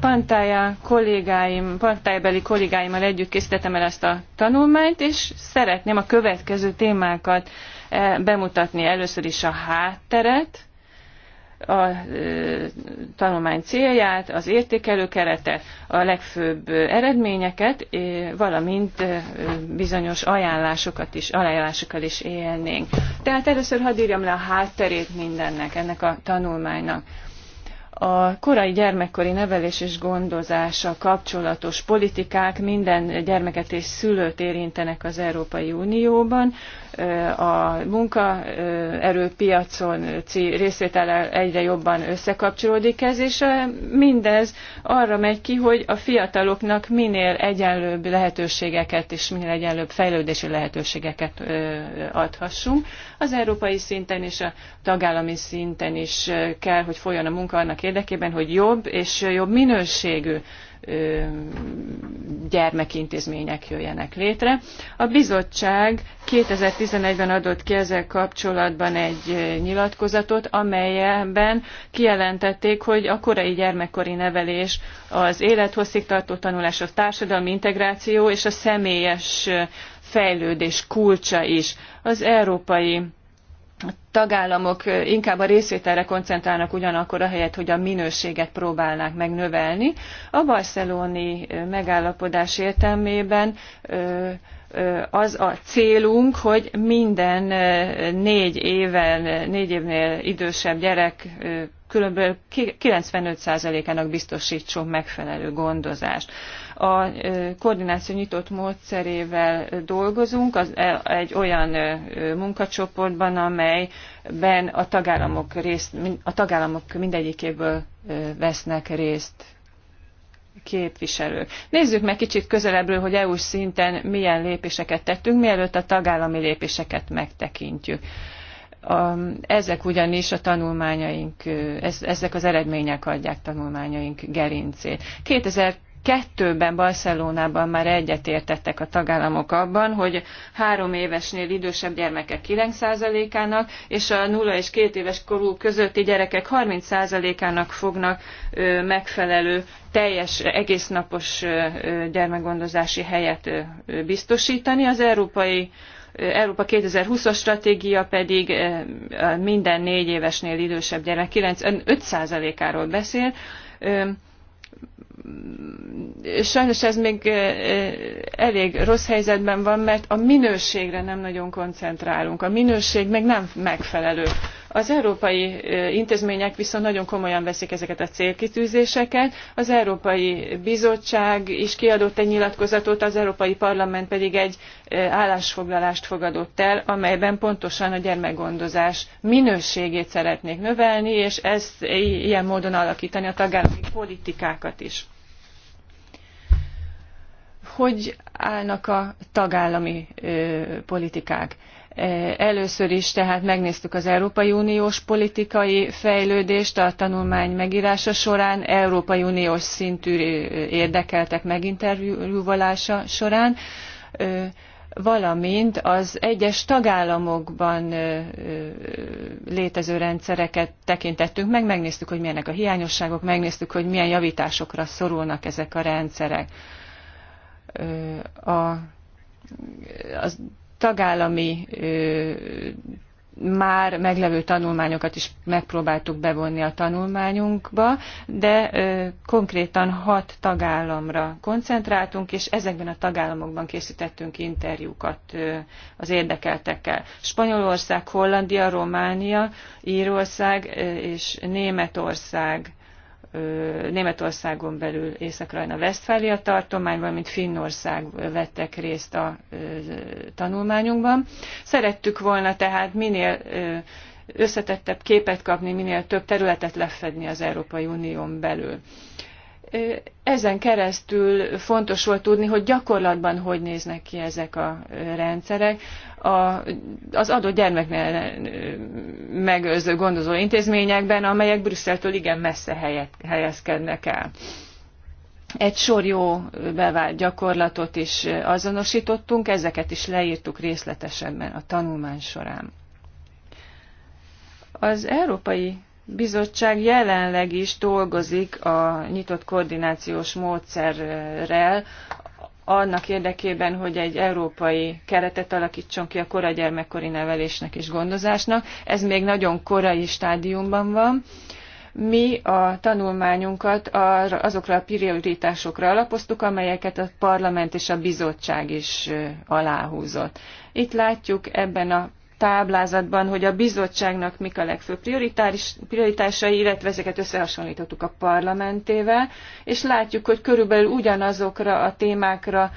Pantája kollégáim, pantájbeli kollégáimmal együtt készítettem el ezt a tanulmányt, és szeretném a következő témákat eh, bemutatni. Először is a hátteret, a eh, tanulmány célját, az értékelő keretet, a legfőbb eh, eredményeket, valamint bizonyos ajánlásokat is, ajánlásokkal is élnénk. Tehát először hadd írjam le a hátterét mindennek, ennek a tanulmánynak a korai gyermekkori nevelés és gondozása kapcsolatos politikák minden gyermeket és szülőt érintenek az Európai Unióban a munkaerőpiacon részvétele egyre jobban összekapcsolódik ez, és mindez arra megy ki, hogy a fiataloknak minél egyenlőbb lehetőségeket és minél egyenlőbb fejlődési lehetőségeket adhassunk. Az európai szinten és a tagállami szinten is kell, hogy folyjon a munka annak érdekében, hogy jobb és jobb minőségű gyermekintézmények jöjjenek létre. A bizottság 2011-ben adott ki ezzel kapcsolatban egy nyilatkozatot, amelyben kijelentették, hogy a korai gyermekkori nevelés, az élethosszígtartó tanulás, a társadalmi integráció és a személyes fejlődés kulcsa is. Az európai a tagállamok inkább a részvételre koncentrálnak ugyanakkor a helyet, hogy a minőséget próbálnák megnövelni. A barceloni megállapodás értelmében az a célunk, hogy minden négy, éven, négy évnél idősebb gyerek kb. 95%-ának biztosítsunk megfelelő gondozást. A koordináció nyitott módszerével dolgozunk, az e, egy olyan munkacsoportban, amelyben a tagállamok, részt, a tagállamok mindegyikéből vesznek részt képviselők. Nézzük meg kicsit közelebbről, hogy EU-s szinten milyen lépéseket tettünk, mielőtt a tagállami lépéseket megtekintjük. Ezek ugyanis a tanulmányaink, ezek az eredmények adják tanulmányaink gerincét. 2000 kettőben Barcelonában már egyetértettek a tagállamok abban, hogy három évesnél idősebb gyermekek 9%-ának, és a 0 és 2 éves korú közötti gyerekek 30%-ának fognak megfelelő teljes egésznapos gyermekgondozási helyet biztosítani. Az európai Európa 2020-as stratégia pedig minden négy évesnél idősebb gyermek 95%-áról beszél sajnos ez még elég rossz helyzetben van, mert a minőségre nem nagyon koncentrálunk. A minőség még nem megfelelő. Az európai intézmények viszont nagyon komolyan veszik ezeket a célkitűzéseket. Az Európai Bizottság is kiadott egy nyilatkozatot, az Európai Parlament pedig egy állásfoglalást fogadott el, amelyben pontosan a gyermekgondozás minőségét szeretnék növelni, és ezt ilyen módon alakítani a tagállami politikákat is hogy állnak a tagállami politikák. Először is tehát megnéztük az Európai Uniós politikai fejlődést a tanulmány megírása során, Európai Uniós szintű érdekeltek meginterjúvalása során, valamint az egyes tagállamokban létező rendszereket tekintettünk meg, megnéztük, hogy milyenek a hiányosságok, megnéztük, hogy milyen javításokra szorulnak ezek a rendszerek a, a tagállami már meglevő tanulmányokat is megpróbáltuk bevonni a tanulmányunkba, de ö, konkrétan hat tagállamra koncentráltunk, és ezekben a tagállamokban készítettünk interjúkat ö, az érdekeltekkel. Spanyolország, Hollandia, Románia, Írország ö, és Németország Németországon belül észak rajna Westfália tartomány, valamint Finnország vettek részt a tanulmányunkban. Szerettük volna tehát minél összetettebb képet kapni, minél több területet lefedni az Európai Unión belül. Ezen keresztül fontos volt tudni, hogy gyakorlatban hogy néznek ki ezek a rendszerek a, az adott gyermeknél megőrző gondozó intézményekben, amelyek Brüsszeltől igen messze helyet, helyezkednek el. Egy sor jó bevált gyakorlatot is azonosítottunk, ezeket is leírtuk részletesebben a tanulmány során. Az Európai Bizottság jelenleg is dolgozik a nyitott koordinációs módszerrel, annak érdekében, hogy egy európai keretet alakítson ki a korai gyermekkori nevelésnek és gondozásnak. Ez még nagyon korai stádiumban van. Mi a tanulmányunkat azokra a prioritásokra alapoztuk, amelyeket a parlament és a bizottság is aláhúzott. Itt látjuk ebben a táblázatban, hogy a bizottságnak mik a legfőbb prioritásai, illetve ezeket összehasonlítottuk a parlamentével, és látjuk, hogy körülbelül ugyanazokra a témákra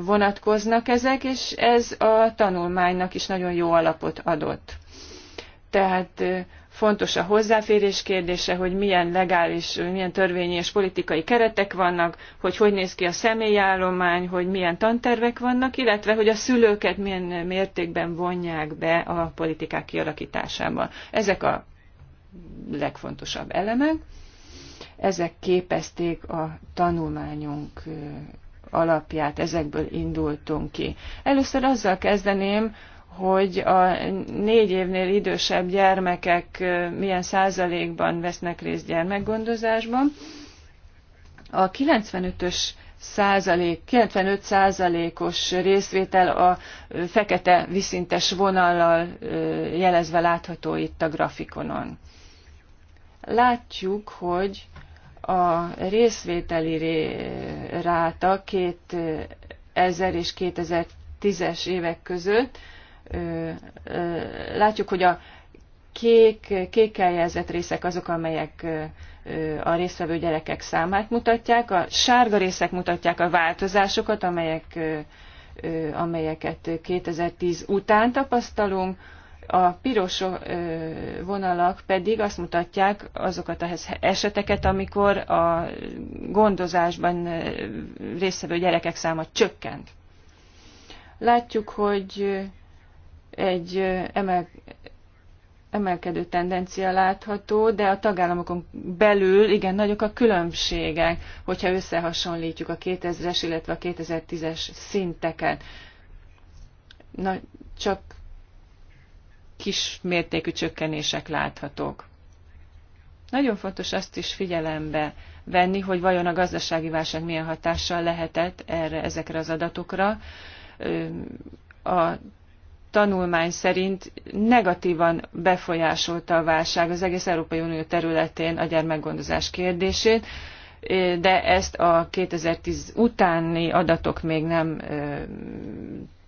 vonatkoznak ezek, és ez a tanulmánynak is nagyon jó alapot adott. Tehát fontos a hozzáférés kérdése, hogy milyen legális, milyen törvényi és politikai keretek vannak, hogy hogy néz ki a személyállomány, hogy milyen tantervek vannak, illetve hogy a szülőket milyen mértékben vonják be a politikák kialakításába. Ezek a legfontosabb elemek. Ezek képezték a tanulmányunk alapját, ezekből indultunk ki. Először azzal kezdeném, hogy a négy évnél idősebb gyermekek milyen százalékban vesznek részt gyermekgondozásban. A 95-ös százalék, 95 százalékos részvétel a fekete viszintes vonallal jelezve látható itt a grafikonon. Látjuk, hogy a részvételi ráta 2000 és 2010-es évek között látjuk, hogy a kék, kékkel jelzett részek azok, amelyek a résztvevő gyerekek számát mutatják, a sárga részek mutatják a változásokat, amelyek, amelyeket 2010 után tapasztalunk, a piros vonalak pedig azt mutatják azokat az eseteket, amikor a gondozásban résztvevő gyerekek száma csökkent. Látjuk, hogy egy emel, emelkedő tendencia látható, de a tagállamokon belül igen nagyok a különbségek, hogyha összehasonlítjuk a 2000-es, illetve a 2010-es szinteket. Na, csak kis mértékű csökkenések láthatók. Nagyon fontos azt is figyelembe venni, hogy vajon a gazdasági válság milyen hatással lehetett erre, ezekre az adatokra. A tanulmány szerint negatívan befolyásolta a válság az egész Európai Unió területén a gyermekgondozás kérdését, eh, de ezt a 2010 utáni adatok még nem eh,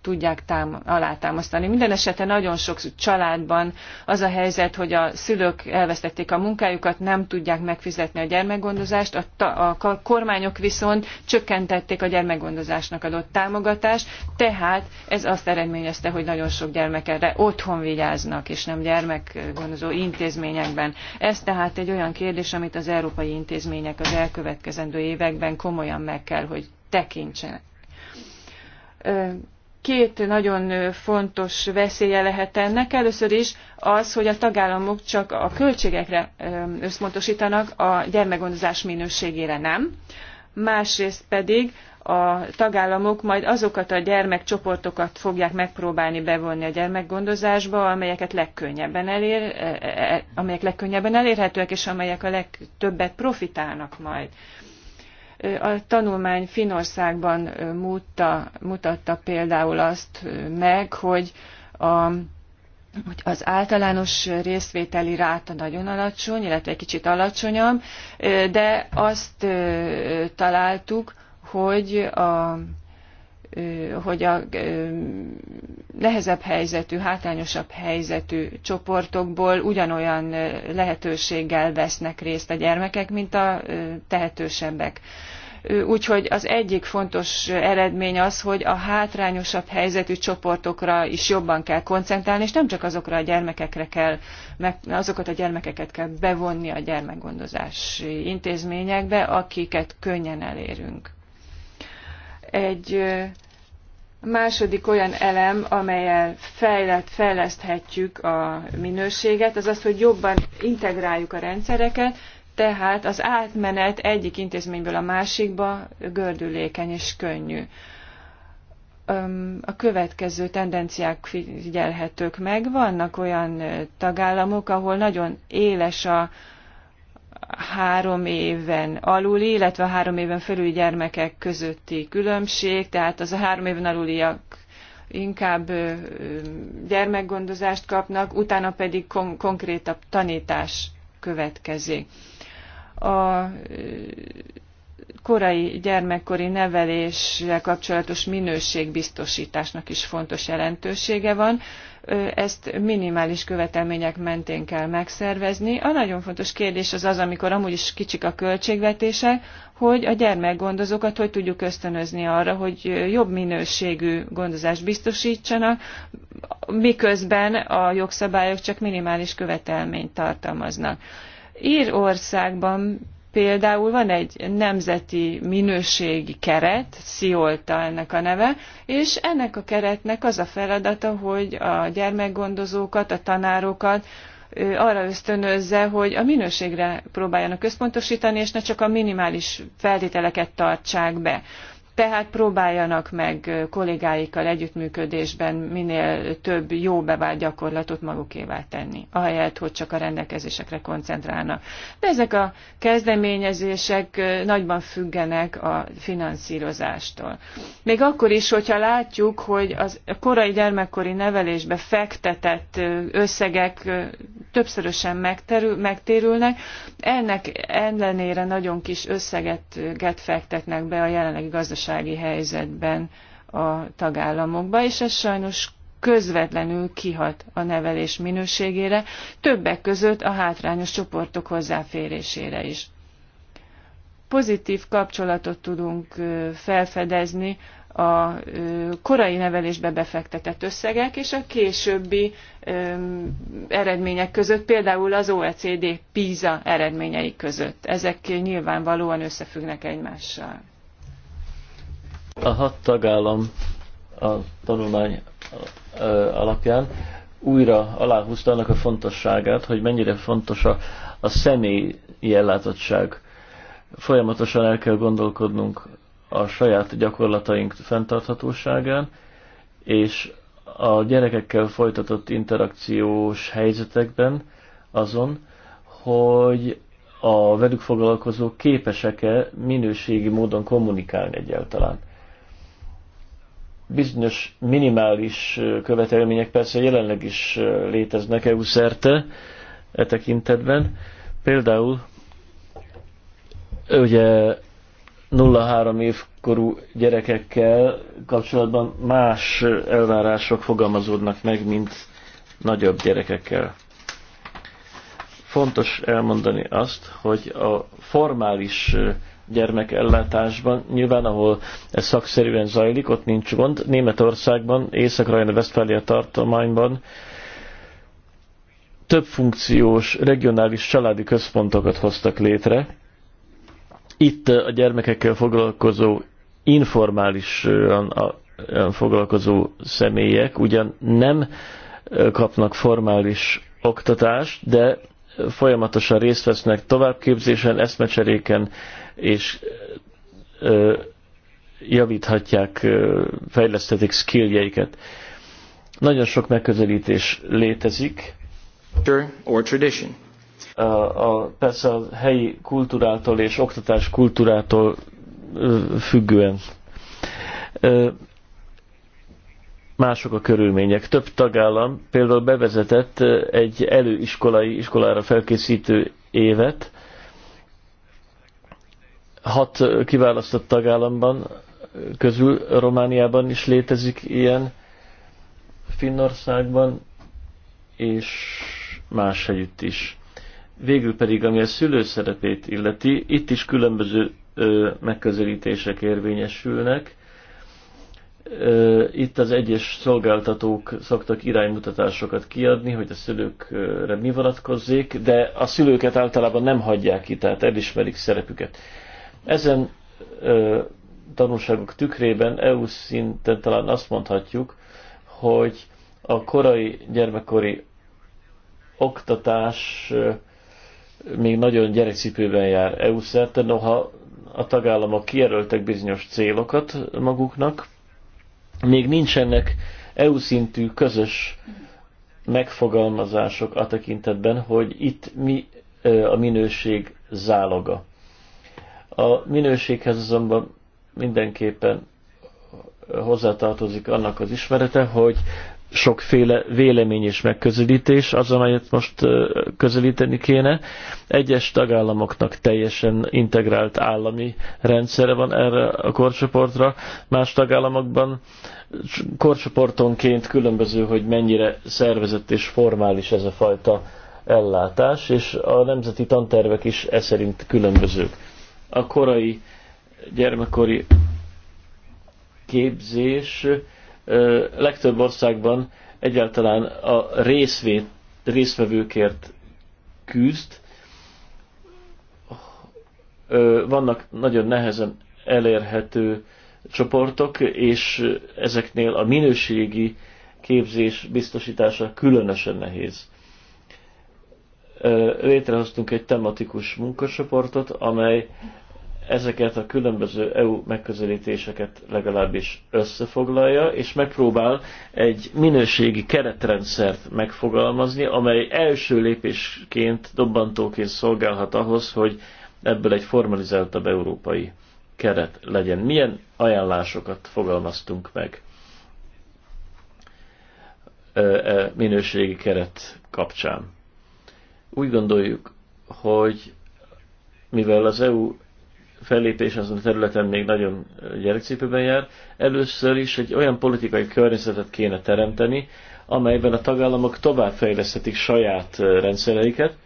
tudják tám- alátámasztani. Minden esetben nagyon sok családban az a helyzet, hogy a szülők elvesztették a munkájukat, nem tudják megfizetni a gyermekgondozást, a, ta- a kormányok viszont csökkentették a gyermekgondozásnak adott támogatást, tehát ez azt eredményezte, hogy nagyon sok gyermek erre otthon vigyáznak, és nem gyermekgondozó intézményekben. Ez tehát egy olyan kérdés, amit az európai intézmények az elkövetkezendő években komolyan meg kell, hogy tekintsenek két nagyon fontos veszélye lehet ennek. Először is az, hogy a tagállamok csak a költségekre összpontosítanak, a gyermekgondozás minőségére nem. Másrészt pedig a tagállamok majd azokat a gyermekcsoportokat fogják megpróbálni bevonni a gyermekgondozásba, amelyeket legkönnyebben elér, e, e, e, amelyek legkönnyebben elérhetőek, és amelyek a legtöbbet profitálnak majd a tanulmány Finországban mutta, mutatta például azt meg, hogy a, hogy az általános részvételi ráta nagyon alacsony, illetve egy kicsit alacsonyabb, de azt találtuk, hogy a hogy a nehezebb helyzetű, hátrányosabb helyzetű csoportokból ugyanolyan lehetőséggel vesznek részt a gyermekek, mint a tehetősebbek. Úgyhogy az egyik fontos eredmény az, hogy a hátrányosabb helyzetű csoportokra is jobban kell koncentrálni, és nem csak azokra a gyermekekre kell, azokat a gyermekeket kell bevonni a gyermekgondozási intézményekbe, akiket könnyen elérünk egy második olyan elem, amelyel fejlett, fejleszthetjük a minőséget, az az, hogy jobban integráljuk a rendszereket, tehát az átmenet egyik intézményből a másikba gördülékeny és könnyű. A következő tendenciák figyelhetők meg. Vannak olyan tagállamok, ahol nagyon éles a három éven aluli, illetve a három éven fölüli gyermekek közötti különbség, tehát az a három éven aluliak inkább gyermekgondozást kapnak, utána pedig kon- konkrétabb tanítás következik. A korai gyermekkori neveléssel kapcsolatos minőségbiztosításnak is fontos jelentősége van. Ezt minimális követelmények mentén kell megszervezni. A nagyon fontos kérdés az az, amikor amúgy is kicsik a költségvetése, hogy a gyermekgondozókat hogy tudjuk ösztönözni arra, hogy jobb minőségű gondozást biztosítsanak, miközben a jogszabályok csak minimális követelményt tartalmaznak. Írországban Például van egy nemzeti minőségi keret, Sziolta ennek a neve, és ennek a keretnek az a feladata, hogy a gyermekgondozókat, a tanárokat arra ösztönözze, hogy a minőségre próbáljanak összpontosítani és ne csak a minimális feltételeket tartsák be. Tehát próbáljanak meg kollégáikkal együttműködésben minél több jó bevált gyakorlatot magukévá tenni, ahelyett, hogy csak a rendelkezésekre koncentrálnak. De ezek a kezdeményezések nagyban függenek a finanszírozástól. Még akkor is, hogyha látjuk, hogy az korai gyermekkori nevelésbe fektetett összegek többszörösen megterül, megtérülnek, ennek ellenére nagyon kis összeget fektetnek be a jelenlegi gazdasági gazdasági helyzetben a tagállamokba, és ez sajnos közvetlenül kihat a nevelés minőségére, többek között a hátrányos csoportok hozzáférésére is. Pozitív kapcsolatot tudunk felfedezni a korai nevelésbe befektetett összegek és a későbbi eredmények között, például az OECD PISA eredményei között. Ezek nyilvánvalóan összefüggnek egymással. A hat tagállam a tanulmány alapján újra aláhúzta annak a fontosságát, hogy mennyire fontos a, a személyi ellátottság. Folyamatosan el kell gondolkodnunk a saját gyakorlataink fenntarthatóságán, és a gyerekekkel folytatott interakciós helyzetekben azon, hogy a velük foglalkozók képesek-e minőségi módon kommunikálni egyáltalán. Bizonyos minimális követelmények persze jelenleg is léteznek EU szerte e tekintetben. Például ugye 0-3 évkorú gyerekekkel kapcsolatban más elvárások fogalmazódnak meg, mint nagyobb gyerekekkel. Fontos elmondani azt, hogy a formális gyermekellátásban. Nyilván, ahol ez szakszerűen zajlik, ott nincs gond. Németországban, észak rajna Westfalia tartományban több funkciós regionális családi központokat hoztak létre. Itt a gyermekekkel foglalkozó informálisan foglalkozó személyek ugyan nem kapnak formális oktatást, de folyamatosan részt vesznek továbbképzésen, eszmecseréken, és javíthatják, fejleszthetik skilljeiket. Nagyon sok megközelítés létezik. Or tradition. A, a, persze a helyi kultúrától és oktatás kultúrától függően. Mások a körülmények. Több tagállam például bevezetett egy előiskolai iskolára felkészítő évet, hat kiválasztott tagállamban közül Romániában is létezik ilyen, Finnországban és más helyütt is. Végül pedig, ami a szülő szerepét illeti, itt is különböző ö, megközelítések érvényesülnek. Ö, itt az egyes szolgáltatók szoktak iránymutatásokat kiadni, hogy a szülőkre mi vonatkozzék, de a szülőket általában nem hagyják ki, tehát elismerik szerepüket. Ö, ezen ö, tanulságok tükrében EU szinten talán azt mondhatjuk, hogy a korai gyermekkori oktatás ö, még nagyon gyerekcipőben jár EU szerte, noha a tagállamok kijelöltek bizonyos célokat maguknak, még nincsenek EU szintű közös megfogalmazások a tekintetben, hogy itt mi a minőség záloga. A minőséghez azonban mindenképpen hozzátartozik annak az ismerete, hogy sokféle vélemény és megközelítés az, amelyet most közelíteni kéne. Egyes tagállamoknak teljesen integrált állami rendszere van erre a korcsoportra, más tagállamokban korcsoportonként különböző, hogy mennyire szervezett és formális ez a fajta ellátás, és a nemzeti tantervek is e szerint különbözők a korai gyermekkori képzés legtöbb országban egyáltalán a részvét, részvevőkért küzd. Vannak nagyon nehezen elérhető csoportok, és ezeknél a minőségi képzés biztosítása különösen nehéz. Létrehoztunk egy tematikus munkacsoportot, amely ezeket a különböző EU megközelítéseket legalábbis összefoglalja, és megpróbál egy minőségi keretrendszert megfogalmazni, amely első lépésként, dobbantóként szolgálhat ahhoz, hogy ebből egy formalizáltabb európai keret legyen. Milyen ajánlásokat fogalmaztunk meg e minőségi keret kapcsán? Úgy gondoljuk, hogy mivel az EU fellépés azon a területen még nagyon gyerekcipőben jár. Először is egy olyan politikai környezetet kéne teremteni, amelyben a tagállamok továbbfejleszthetik saját rendszereiket.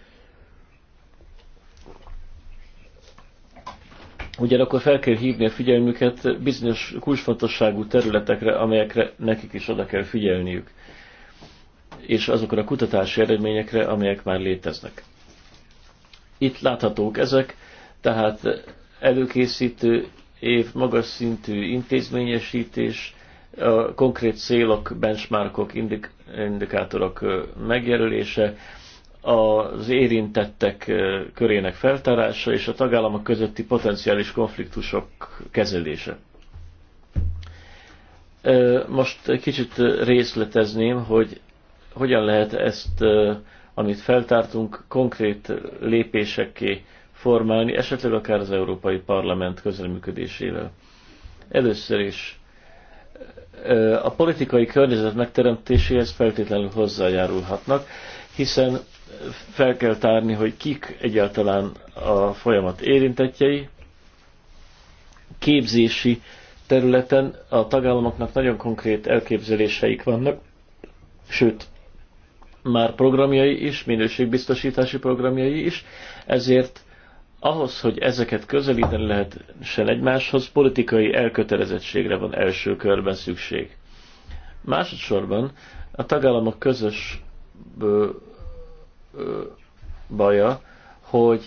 Ugyanakkor fel kell hívni a figyelmüket bizonyos kulcsfontosságú területekre, amelyekre nekik is oda kell figyelniük, és azokra a kutatási eredményekre, amelyek már léteznek. Itt láthatók ezek, tehát előkészítő év, magas szintű intézményesítés, a konkrét célok, benchmarkok, indik, indikátorok megjelölése, az érintettek körének feltárása és a tagállamok közötti potenciális konfliktusok kezelése. Most kicsit részletezném, hogy hogyan lehet ezt, amit feltártunk, konkrét lépésekké formálni, esetleg akár az Európai Parlament közreműködésével. Először is a politikai környezet megteremtéséhez feltétlenül hozzájárulhatnak, hiszen fel kell tárni, hogy kik egyáltalán a folyamat érintettjei. Képzési területen a tagállamoknak nagyon konkrét elképzeléseik vannak, sőt, már programjai is, minőségbiztosítási programjai is, ezért ahhoz, hogy ezeket közelíteni lehessen egymáshoz, politikai elkötelezettségre van első körben szükség. Másodszorban a tagállamok közös ö, ö, baja, hogy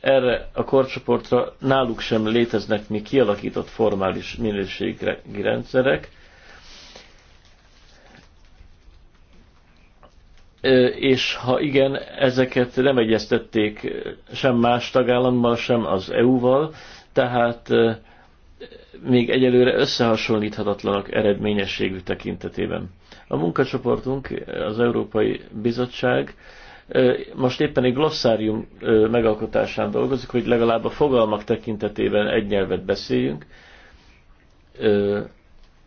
erre a korcsoportra náluk sem léteznek még kialakított formális minőségi rendszerek, és ha igen, ezeket nem egyeztették sem más tagállammal, sem az EU-val, tehát még egyelőre összehasonlíthatatlanak eredményességű tekintetében. A munkacsoportunk, az Európai Bizottság most éppen egy glossárium megalkotásán dolgozik, hogy legalább a fogalmak tekintetében egy nyelvet beszéljünk.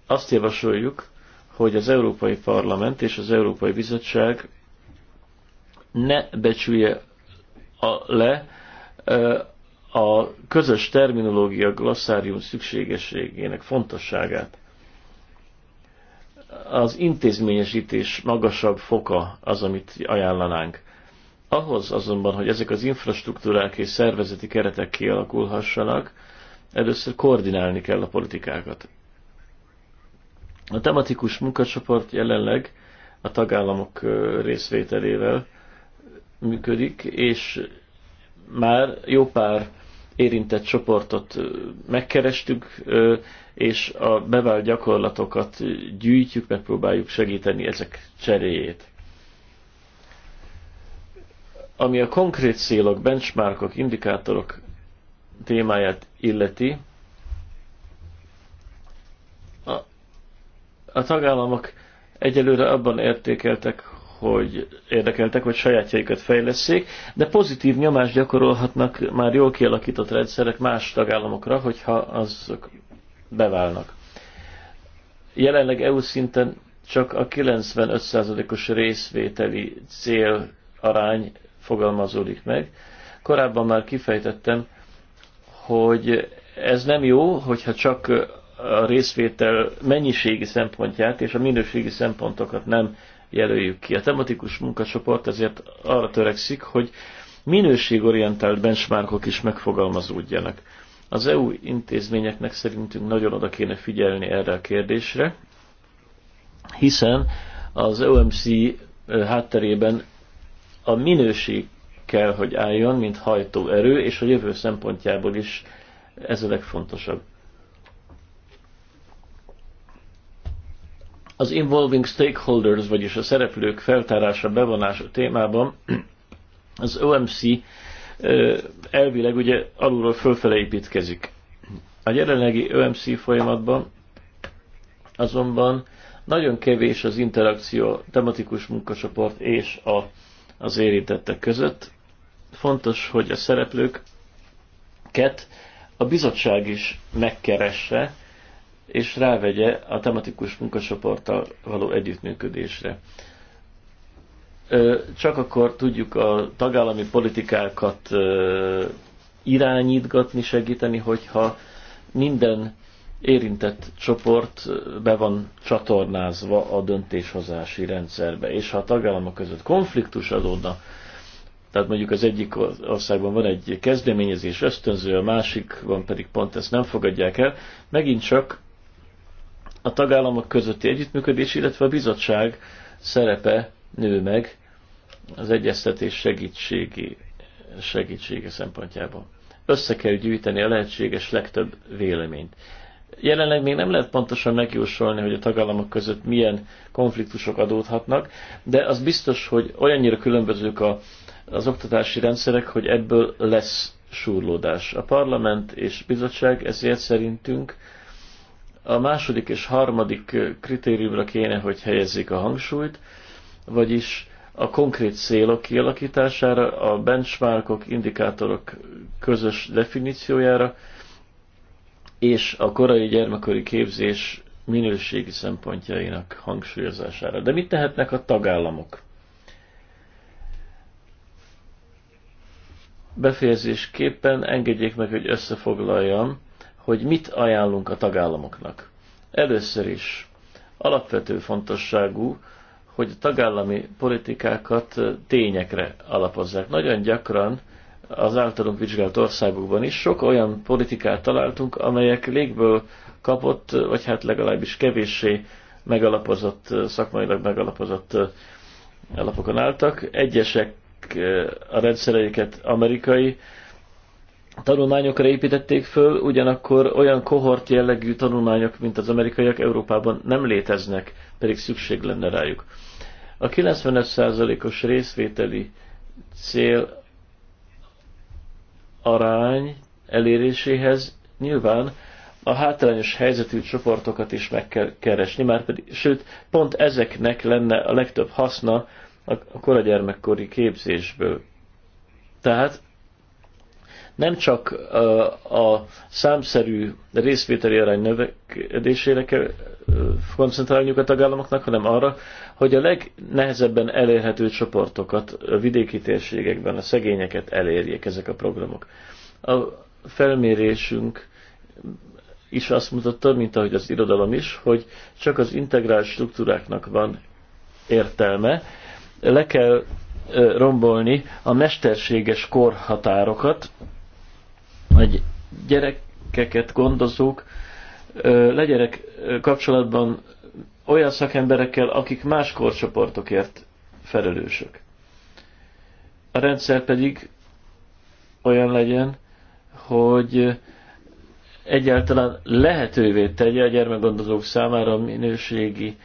Azt javasoljuk, hogy az Európai Parlament és az Európai Bizottság ne becsülje a, le a közös terminológia glossárium szükségességének fontosságát. Az intézményesítés magasabb foka az, amit ajánlanánk. Ahhoz azonban, hogy ezek az infrastruktúrák és szervezeti keretek kialakulhassanak, először koordinálni kell a politikákat. A tematikus munkacsoport jelenleg a tagállamok részvételével működik, és már jó pár érintett csoportot megkerestük, és a bevált gyakorlatokat gyűjtjük, megpróbáljuk segíteni ezek cseréjét. Ami a konkrét célok, benchmarkok, indikátorok témáját illeti, a, a tagállamok egyelőre abban értékeltek, hogy érdekeltek, hogy sajátjaikat fejleszék, de pozitív nyomást gyakorolhatnak már jól kialakított rendszerek más tagállamokra, hogyha azok beválnak. Jelenleg EU szinten csak a 95%-os részvételi cél arány fogalmazódik meg. Korábban már kifejtettem, hogy ez nem jó, hogyha csak a részvétel mennyiségi szempontját és a minőségi szempontokat nem jelöljük ki. A tematikus munkacsoport ezért arra törekszik, hogy minőségorientált benchmarkok is megfogalmazódjanak. Az EU intézményeknek szerintünk nagyon oda kéne figyelni erre a kérdésre, hiszen az OMC e hátterében a minőség kell, hogy álljon, mint hajtóerő, és a jövő szempontjából is ez a legfontosabb. Az involving stakeholders, vagyis a szereplők feltárása, bevonása témában az OMC elvileg ugye alulról fölfele építkezik. A jelenlegi OMC folyamatban azonban nagyon kevés az interakció tematikus munkacsoport és a, az érintettek között. Fontos, hogy a szereplőket a bizottság is megkeresse, és rávegye a tematikus munkacsoporttal való együttműködésre. Csak akkor tudjuk a tagállami politikákat irányítgatni, segíteni, hogyha minden érintett csoport be van csatornázva a döntéshozási rendszerbe, és ha a tagállamok között konfliktus adódna, tehát mondjuk az egyik országban van egy kezdeményezés ösztönző, a másikban pedig pont ezt nem fogadják el, megint csak a tagállamok közötti együttműködés, illetve a bizottság szerepe nő meg az egyeztetés segítségi, segítsége szempontjából. Össze kell gyűjteni a lehetséges legtöbb véleményt. Jelenleg még nem lehet pontosan megjósolni, hogy a tagállamok között milyen konfliktusok adódhatnak, de az biztos, hogy olyannyira különbözők a, az oktatási rendszerek, hogy ebből lesz súrlódás. A parlament és bizottság ezért szerintünk a második és harmadik kritériumra kéne, hogy helyezzék a hangsúlyt, vagyis a konkrét célok kialakítására, a benchmarkok, indikátorok közös definíciójára, és a korai gyermekkori képzés minőségi szempontjainak hangsúlyozására. De mit tehetnek a tagállamok? Befejezésképpen engedjék meg, hogy összefoglaljam hogy mit ajánlunk a tagállamoknak. Először is alapvető fontosságú, hogy a tagállami politikákat tényekre alapozzák. Nagyon gyakran az általunk vizsgált országokban is sok olyan politikát találtunk, amelyek légből kapott, vagy hát legalábbis kevéssé megalapozott, szakmailag megalapozott alapokon álltak. Egyesek a rendszereiket amerikai tanulmányokra építették föl, ugyanakkor olyan kohort jellegű tanulmányok, mint az amerikaiak Európában nem léteznek, pedig szükség lenne rájuk. A 95%-os részvételi cél arány eléréséhez nyilván a hátrányos helyzetű csoportokat is meg kell keresni, már pedig, sőt, pont ezeknek lenne a legtöbb haszna a koragyermekkori képzésből. Tehát nem csak a számszerű részvételi arány növekedésére kell koncentrálniuk a tagállamoknak, hanem arra, hogy a legnehezebben elérhető csoportokat, a vidéki térségekben a szegényeket elérjék ezek a programok. A felmérésünk is azt mutatta, mint ahogy az irodalom is, hogy csak az integrált struktúráknak van értelme. Le kell rombolni a mesterséges korhatárokat, hogy gyerekeket gondozók legyenek kapcsolatban olyan szakemberekkel, akik más korcsoportokért felelősök. A rendszer pedig olyan legyen, hogy egyáltalán lehetővé tegye a gyermekgondozók számára a minőségi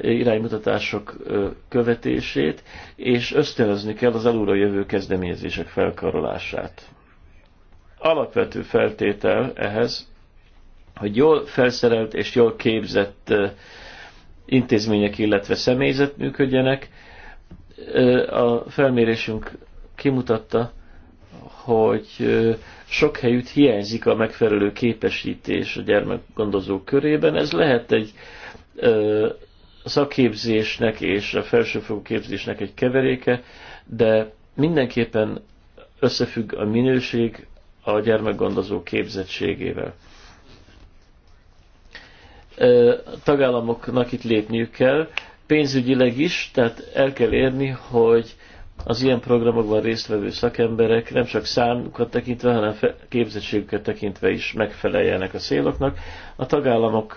iránymutatások követését, és ösztönözni kell az alulról jövő kezdeményezések felkarolását alapvető feltétel ehhez, hogy jól felszerelt és jól képzett intézmények, illetve személyzet működjenek. A felmérésünk kimutatta, hogy sok helyütt hiányzik a megfelelő képesítés a gyermekgondozók körében. Ez lehet egy szakképzésnek és a felsőfokú képzésnek egy keveréke, de mindenképpen összefügg a minőség, a gyermekgondozó képzettségével. A tagállamoknak itt lépniük kell, pénzügyileg is, tehát el kell érni, hogy az ilyen programokban résztvevő szakemberek nem csak számukat tekintve, hanem képzettségüket tekintve is megfeleljenek a széloknak. A tagállamok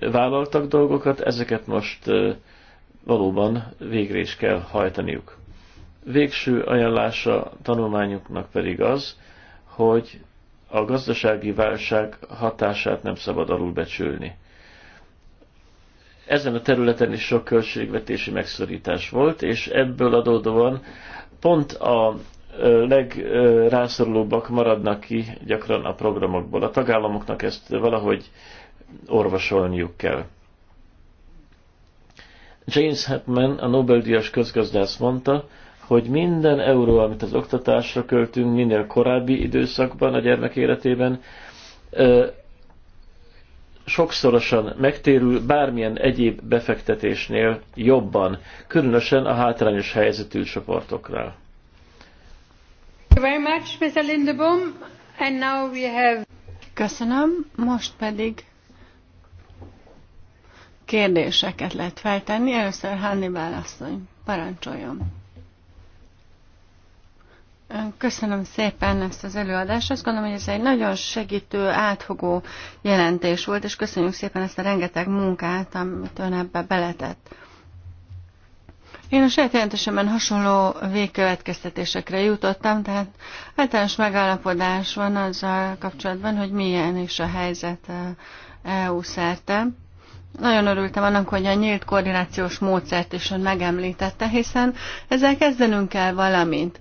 vállaltak dolgokat, ezeket most valóban végre is kell hajtaniuk. Végső ajánlása tanulmányuknak pedig az, hogy a gazdasági válság hatását nem szabad alulbecsülni. Ezen a területen is sok költségvetési megszorítás volt, és ebből adódóan pont a legrászorulóbbak maradnak ki gyakran a programokból. A tagállamoknak ezt valahogy orvosolniuk kell. James Hetman, a Nobel-díjas közgazdász mondta, hogy minden euró, amit az oktatásra költünk minél korábbi időszakban a gyermek életében, sokszorosan megtérül bármilyen egyéb befektetésnél jobban, különösen a hátrányos helyzetű csoportokra. Köszönöm, most pedig kérdéseket lehet feltenni. Először Hannibal asszony, parancsoljon. Köszönöm szépen ezt az előadást. Azt gondolom, hogy ez egy nagyon segítő, átfogó jelentés volt, és köszönjük szépen ezt a rengeteg munkát, amit ön ebbe beletett. Én a saját jelentésemben hasonló végkövetkeztetésekre jutottam, tehát általános megállapodás van azzal kapcsolatban, hogy milyen is a helyzet eh, EU szerte. Nagyon örültem annak, hogy a nyílt koordinációs módszert is megemlítette, hiszen ezzel kezdenünk kell valamint.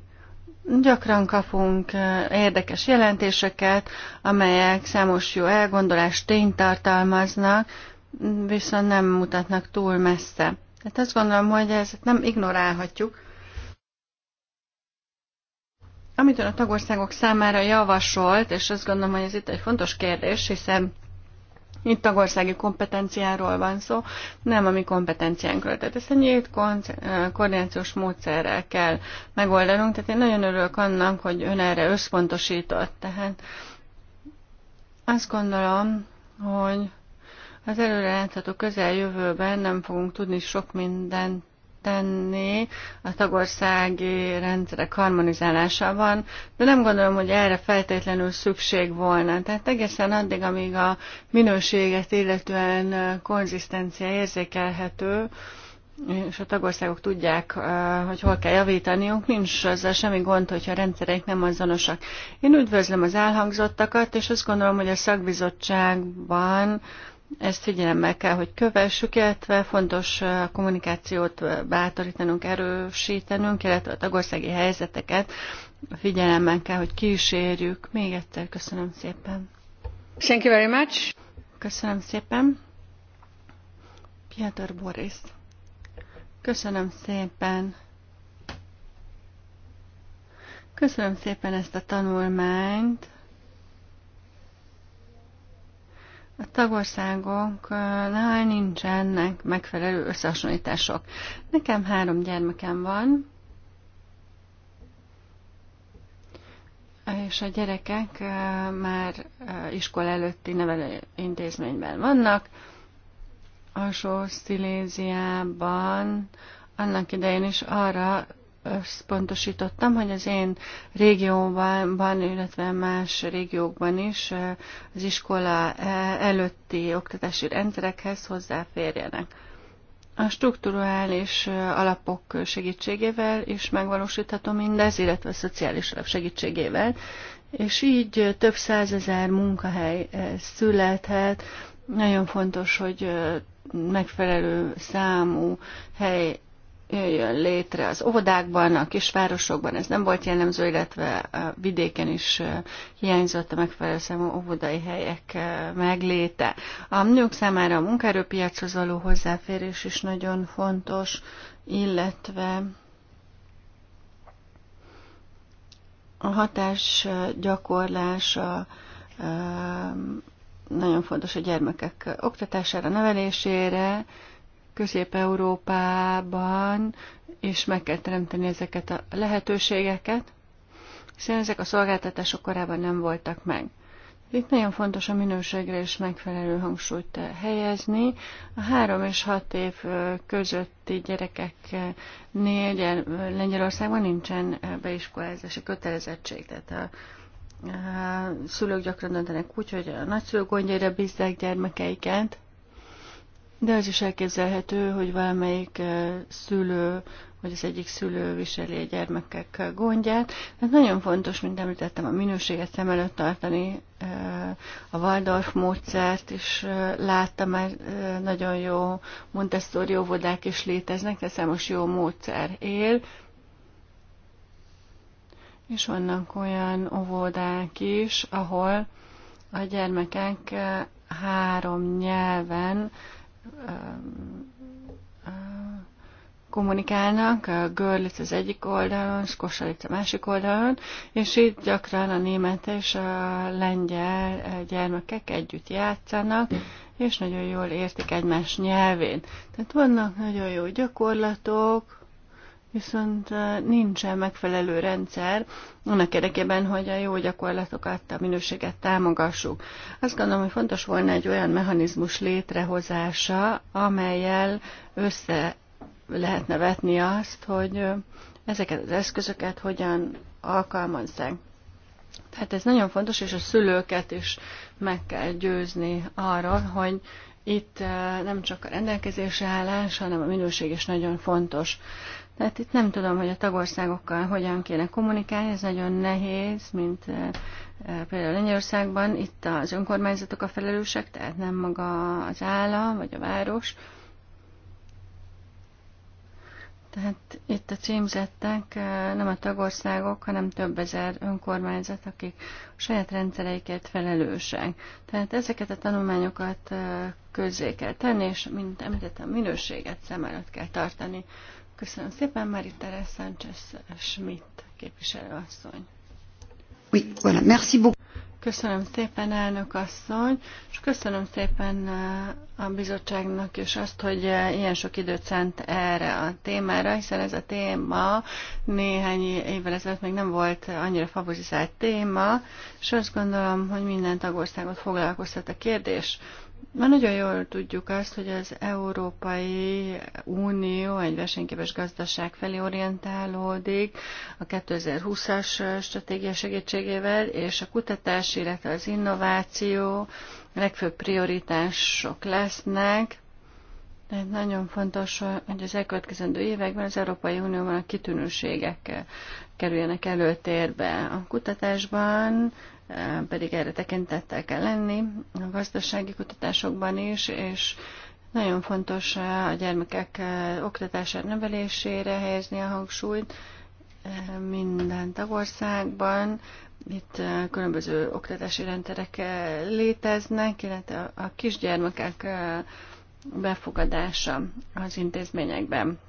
Gyakran kapunk eh, érdekes jelentéseket, amelyek számos jó elgondolást tényt tartalmaznak, viszont nem mutatnak túl messze. Hát azt gondolom, hogy ezt nem ignorálhatjuk. Amit ön a tagországok számára javasolt, és azt gondolom, hogy ez itt egy fontos kérdés, hiszen itt tagországi kompetenciáról van szó, nem a mi kompetenciánkról. Tehát ezt a nyílt eh, koordinációs módszerrel kell megoldanunk. Tehát én nagyon örülök annak, hogy ön erre összpontosított. Tehát azt gondolom, hogy az előrelátható közeljövőben nem fogunk tudni sok mindent tenni a tagországi rendszerek harmonizálásában, de nem gondolom, hogy erre feltétlenül szükség volna. Tehát egészen addig, amíg a minőséget illetően konzisztencia érzékelhető, és a tagországok tudják, hogy hol kell javítaniuk, nincs ezzel semmi gond, hogyha a rendszereik nem azonosak. Én üdvözlöm az elhangzottakat, és azt gondolom, hogy a szakbizottságban ezt figyelemmel kell, hogy kövessük, illetve fontos a kommunikációt bátorítanunk, erősítenünk, illetve a tagországi helyzeteket figyelemmel kell, hogy kísérjük. Még egyszer köszönöm szépen. Thank you very much. Köszönöm szépen. Piotr Boris. Köszönöm szépen. Köszönöm szépen ezt a tanulmányt. A tagországoknál nincsenek megfelelő összehasonlítások. Nekem három gyermekem van, és a gyerekek már iskola előtti nevelő intézményben vannak. Alsó Sziléziában annak idején is arra összpontosítottam, hogy az én régiómban, illetve más régiókban is az iskola előtti oktatási rendszerekhez hozzáférjenek. A strukturális alapok segítségével is megvalósítható mindez, illetve a szociális alap segítségével, és így több százezer munkahely születhet. Nagyon fontos, hogy megfelelő számú hely jöjjön létre az óvodákban, a kisvárosokban, ez nem volt jellemző, illetve a vidéken is hiányzott a megfelelő számú óvodai helyek megléte. A nők számára a munkaerőpiachoz való hozzáférés is nagyon fontos, illetve a hatás gyakorlása nagyon fontos a gyermekek oktatására, nevelésére, Közép-Európában is meg kell teremteni ezeket a lehetőségeket, hiszen ezek a szolgáltatások korábban nem voltak meg. Itt nagyon fontos a minőségre és megfelelő hangsúlyt helyezni. A három és hat év közötti gyerekeknél gyere, Lengyelországban nincsen beiskolázási kötelezettség, tehát a a szülők gyakran döntenek úgy, hogy a nagyszülők gondjára bízzák gyermekeiket, de az is elképzelhető, hogy valamelyik szülő vagy az egyik szülő viseli a gyermekek gondját. Ez nagyon fontos, mint említettem, a minőséget szem előtt tartani, a Waldorf módszert is láttam, már nagyon jó Montessori óvodák is léteznek, de számos jó módszer él. És vannak olyan óvodák is, ahol a gyermekek három nyelven kommunikálnak, a Görlitz az egyik oldalon, Skosalic a másik oldalon, és itt gyakran a német és a lengyel gyermekek együtt játszanak, és nagyon jól értik egymás nyelvén. Tehát vannak nagyon jó gyakorlatok, viszont nincsen megfelelő rendszer annak érdekében, hogy a jó gyakorlatokat, a minőséget támogassuk. Azt gondolom, hogy fontos volna egy olyan mechanizmus létrehozása, amelyel össze lehetne vetni azt, hogy ezeket az eszközöket hogyan alkalmazzák. Tehát ez nagyon fontos, és a szülőket is meg kell győzni arról, hogy itt nem csak a rendelkezésre állás, hanem a minőség is nagyon fontos. Tehát itt nem tudom, hogy a tagországokkal hogyan kéne kommunikálni, ez nagyon nehéz, mint eh, eh, például Lengyelországban. Itt az önkormányzatok a felelősek, tehát nem maga az állam vagy a város. Tehát itt a címzettek eh, nem a tagországok, hanem több ezer önkormányzat, akik a saját rendszereiket felelősek. Tehát ezeket a tanulmányokat közzé kell tenni, és mint említettem, minőséget szem előtt kell tartani. Köszönöm szépen, Mari Teres Sánchez Schmidt képviselőasszony. Oui, voilà, merci beaucoup. Köszönöm szépen, elnök asszony, és köszönöm szépen eh, a bizottságnak is azt, hogy eh, ilyen sok időt szent erre a témára, hiszen ez a téma néhány évvel ezelőtt még nem volt annyira favorizált téma, és azt gondolom, hogy minden tagországot foglalkoztat a kérdés. Már nagyon jól tudjuk azt, hogy az Európai Unió egy versenyképes gazdaság felé orientálódik a 2020-as stratégia segítségével, és a kutatás, illetve az innováció legfőbb prioritások lesznek. Tehát nagyon fontos, hogy az elkövetkezendő években az Európai Unióban a kitűnőségek kerüljenek előtérbe. A kutatásban pedig erre tekintettel kell lenni a gazdasági kutatásokban is, és nagyon fontos a gyermekek oktatását, nevelésére helyezni a hangsúlyt minden tagországban. Itt különböző oktatási rendszerek léteznek, illetve a kisgyermekek befogadása az intézményekben.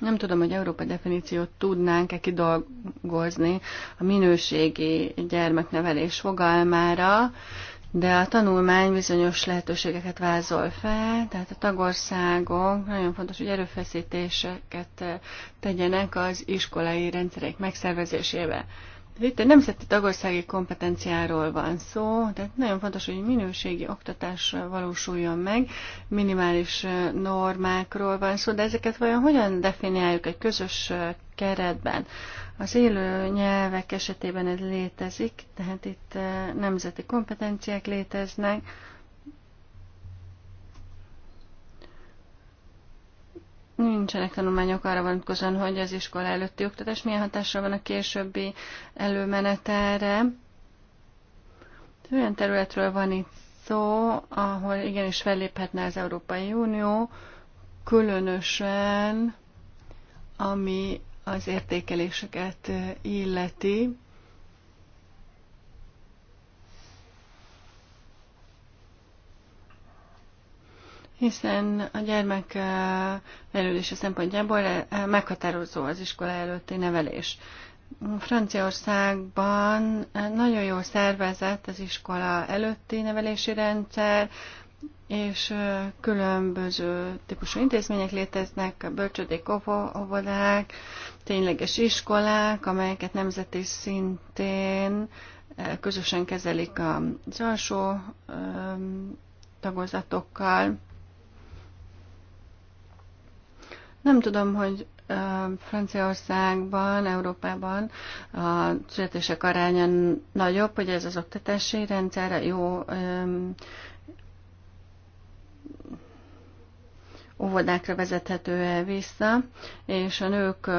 Nem tudom, hogy Európa definíciót tudnánk-e kidolgozni a minőségi gyermeknevelés fogalmára, de a tanulmány bizonyos lehetőségeket vázol fel, tehát a tagországok nagyon fontos, hogy erőfeszítéseket tegyenek az iskolai rendszerek megszervezésével. Itt a nemzeti tagországi kompetenciáról van szó, tehát nagyon fontos, hogy minőségi oktatás valósuljon meg, minimális normákról van szó, de ezeket vajon hogyan definiáljuk egy közös keretben? Az élő nyelvek esetében ez létezik, tehát itt nemzeti kompetenciák léteznek, nincsenek tanulmányok arra vonatkozóan, hogy az iskola előtti oktatás milyen hatással van a későbbi előmenetelre. Olyan területről van itt szó, ahol igenis felléphetne az Európai Unió, különösen ami az értékeléseket illeti, hiszen a gyermek eh, fejlődése szempontjából eh, meghatározó az iskola előtti nevelés. Franciaországban eh, nagyon jól szervezett az iskola előtti nevelési rendszer, és különböző típusú intézmények léteznek, bölcsödék, óvodák, tényleges iskolák, amelyeket nemzeti szintén közösen kezelik az alsó tagozatokkal. Nem tudom, hogy Franciaországban, Európában a születések aránya nagyobb, hogy ez az oktatási rendszerre jó óvodákra vezethető -e vissza, és a nők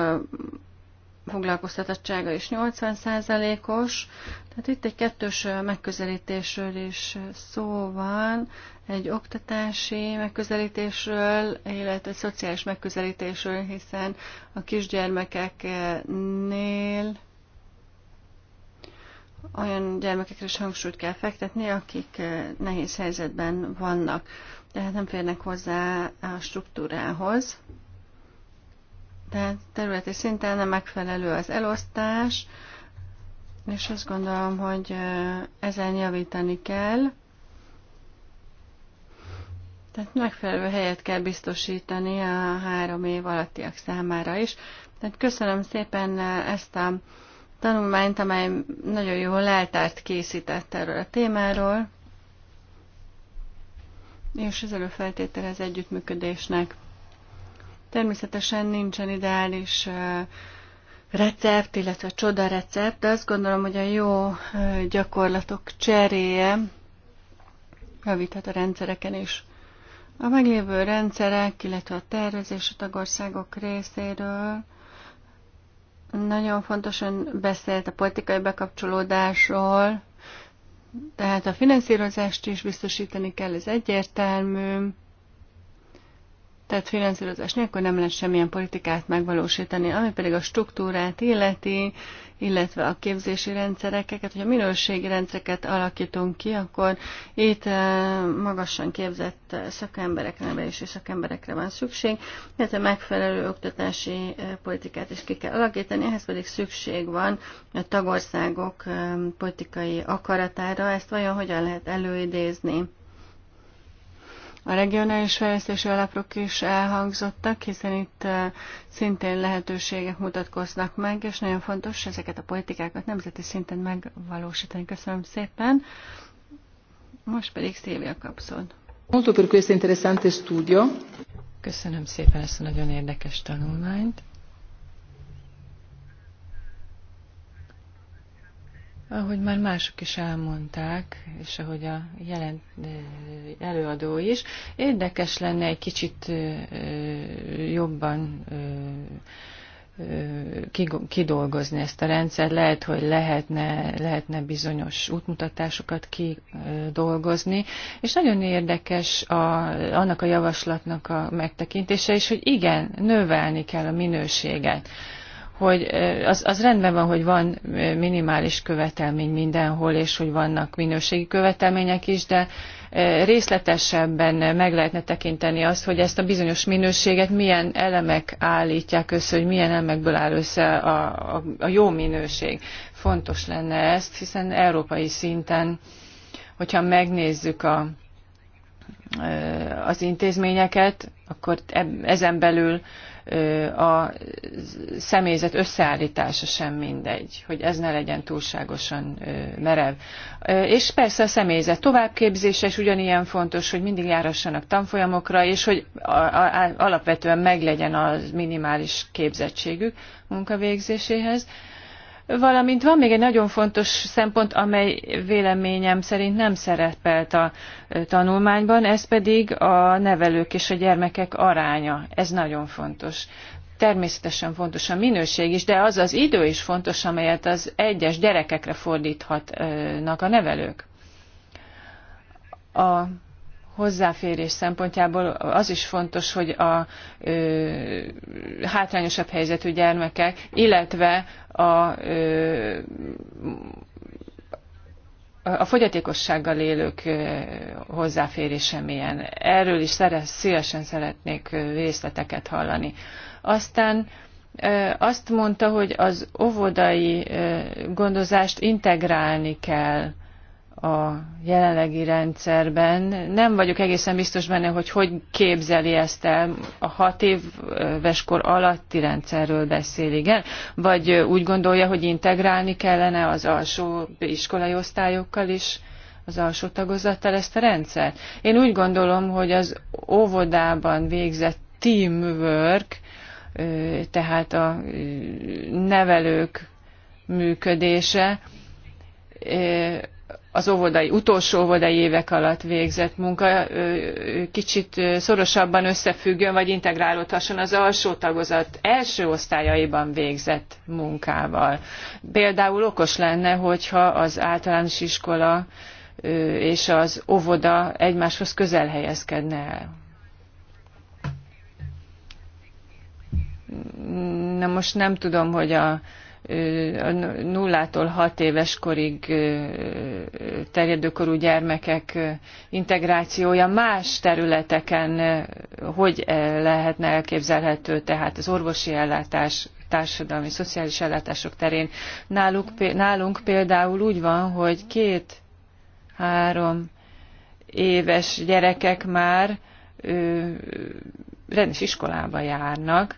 foglalkoztatottsága is 80%-os. Tehát itt egy kettős megközelítésről is szó van, egy oktatási megközelítésről, illetve egy szociális megközelítésről, hiszen a kisgyermekeknél olyan gyermekekre is hangsúlyt kell fektetni, akik eh, nehéz helyzetben vannak, tehát nem férnek hozzá a struktúrához. Tehát területi szinten nem megfelelő az elosztás, és azt gondolom, hogy ezen javítani kell. Tehát megfelelő helyet kell biztosítani a három év alattiak számára is. Tehát köszönöm szépen ezt a tanulmányt, amely nagyon jó leltárt készített erről a témáról, és az előfeltétele az együttműködésnek. Természetesen nincsen ideális recept, illetve csoda recept, de azt gondolom, hogy a jó gyakorlatok cseréje javíthat a rendszereken is. A meglévő rendszerek, illetve a tervezés a tagországok részéről nagyon fontosan beszélt a politikai bekapcsolódásról, tehát a finanszírozást is biztosítani kell, ez egyértelmű tehát finanszírozás nélkül nem lehet semmilyen politikát megvalósítani, ami pedig a struktúrát illeti, illetve a képzési rendszereket, hogyha minőségi rendszereket alakítunk ki, akkor itt eh, magasan képzett szakemberekre, nevelési szakemberekre van szükség, illetve megfelelő oktatási eh, politikát is ki kell alakítani, ehhez pedig szükség van a tagországok eh, politikai akaratára, ezt vajon hogyan lehet előidézni a regionális fejlesztési alapok is elhangzottak, hiszen itt eh, szintén lehetőségek mutatkoznak meg, és nagyon fontos ezeket a politikákat nemzeti szinten megvalósítani. Köszönöm szépen. Most pedig Szilvia kapszod. Köszönöm szépen ezt a nagyon érdekes tanulmányt. Ahogy már mások is elmondták, és ahogy a jelent előadó is, érdekes lenne egy kicsit jobban kidolgozni ezt a rendszert. Lehet, hogy lehetne, lehetne bizonyos útmutatásokat kidolgozni, és nagyon érdekes a, annak a javaslatnak a megtekintése is, hogy igen, növelni kell a minőséget hogy az, az rendben van, hogy van minimális követelmény mindenhol, és hogy vannak minőségi követelmények is, de részletesebben meg lehetne tekinteni azt, hogy ezt a bizonyos minőséget milyen elemek állítják össze, hogy milyen elemekből áll össze a, a, a jó minőség. Fontos lenne ezt, hiszen európai szinten, hogyha megnézzük a, az intézményeket, akkor ezen belül a személyzet összeállítása sem mindegy, hogy ez ne legyen túlságosan merev. És persze a személyzet továbbképzése is ugyanilyen fontos, hogy mindig járassanak tanfolyamokra, és hogy alapvetően meglegyen az minimális képzettségük munkavégzéséhez. Valamint van még egy nagyon fontos szempont, amely véleményem szerint nem szerepelt a tanulmányban, ez pedig a nevelők és a gyermekek aránya. Ez nagyon fontos. Természetesen fontos a minőség is, de az az idő is fontos, amelyet az egyes gyerekekre fordíthatnak a nevelők. A hozzáférés szempontjából az is fontos, hogy a ö, hátrányosabb helyzetű gyermekek, illetve a, ö, a fogyatékossággal élők ö, hozzáférése milyen. Erről is szere, szívesen szeretnék részleteket hallani. Aztán ö, azt mondta, hogy az óvodai ö, gondozást integrálni kell a jelenlegi rendszerben. Nem vagyok egészen biztos benne, hogy hogy képzeli ezt el. A hat éves kor alatti rendszerről beszél, igen? Vagy úgy gondolja, hogy integrálni kellene az alsó iskolai osztályokkal is? az alsó tagozattal ezt a rendszert. Én úgy gondolom, hogy az óvodában végzett teamwork, tehát a nevelők működése, az óvodai, utolsó óvodai évek alatt végzett munka kicsit szorosabban összefüggjön, vagy integrálódhasson az alsó tagozat első osztályaiban végzett munkával. Például okos lenne, hogyha az általános iskola és az óvoda egymáshoz közel helyezkedne el. Na most nem tudom, hogy a nullától hat éves korig terjedőkorú gyermekek integrációja más területeken hogy lehetne elképzelhető, tehát az orvosi ellátás, társadalmi, szociális ellátások terén. Náluk, nálunk például úgy van, hogy két, három éves gyerekek már rendes iskolába járnak,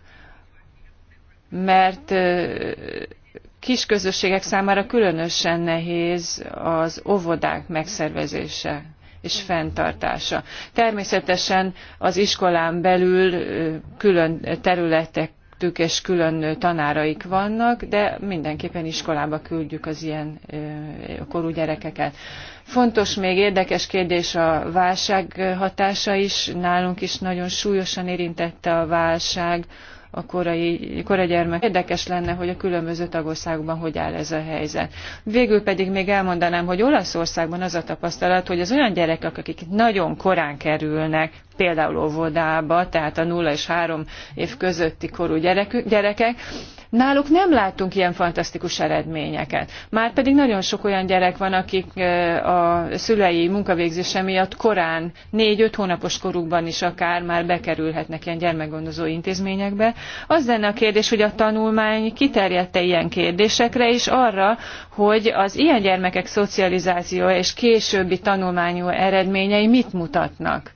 mert kis közösségek számára különösen nehéz az óvodák megszervezése és fenntartása. Természetesen az iskolán belül külön területek és külön tanáraik vannak, de mindenképpen iskolába küldjük az ilyen korú gyerekeket. Fontos még érdekes kérdés a válság hatása is. Nálunk is nagyon súlyosan érintette a válság a korai, korai gyermek. Érdekes lenne, hogy a különböző tagországban hogy áll ez a helyzet. Végül pedig még elmondanám, hogy Olaszországban az a tapasztalat, hogy az olyan gyerekek, akik nagyon korán kerülnek, például óvodába, tehát a 0 és 3 év közötti korú gyerekek Náluk nem látunk ilyen fantasztikus eredményeket. Márpedig nagyon sok olyan gyerek van, akik a szülei munkavégzése miatt korán, négy-öt hónapos korukban is akár már bekerülhetnek ilyen gyermekgondozó intézményekbe. Az lenne a kérdés, hogy a tanulmány kiterjedte ilyen kérdésekre, és arra, hogy az ilyen gyermekek szocializációja és későbbi tanulmányú eredményei mit mutatnak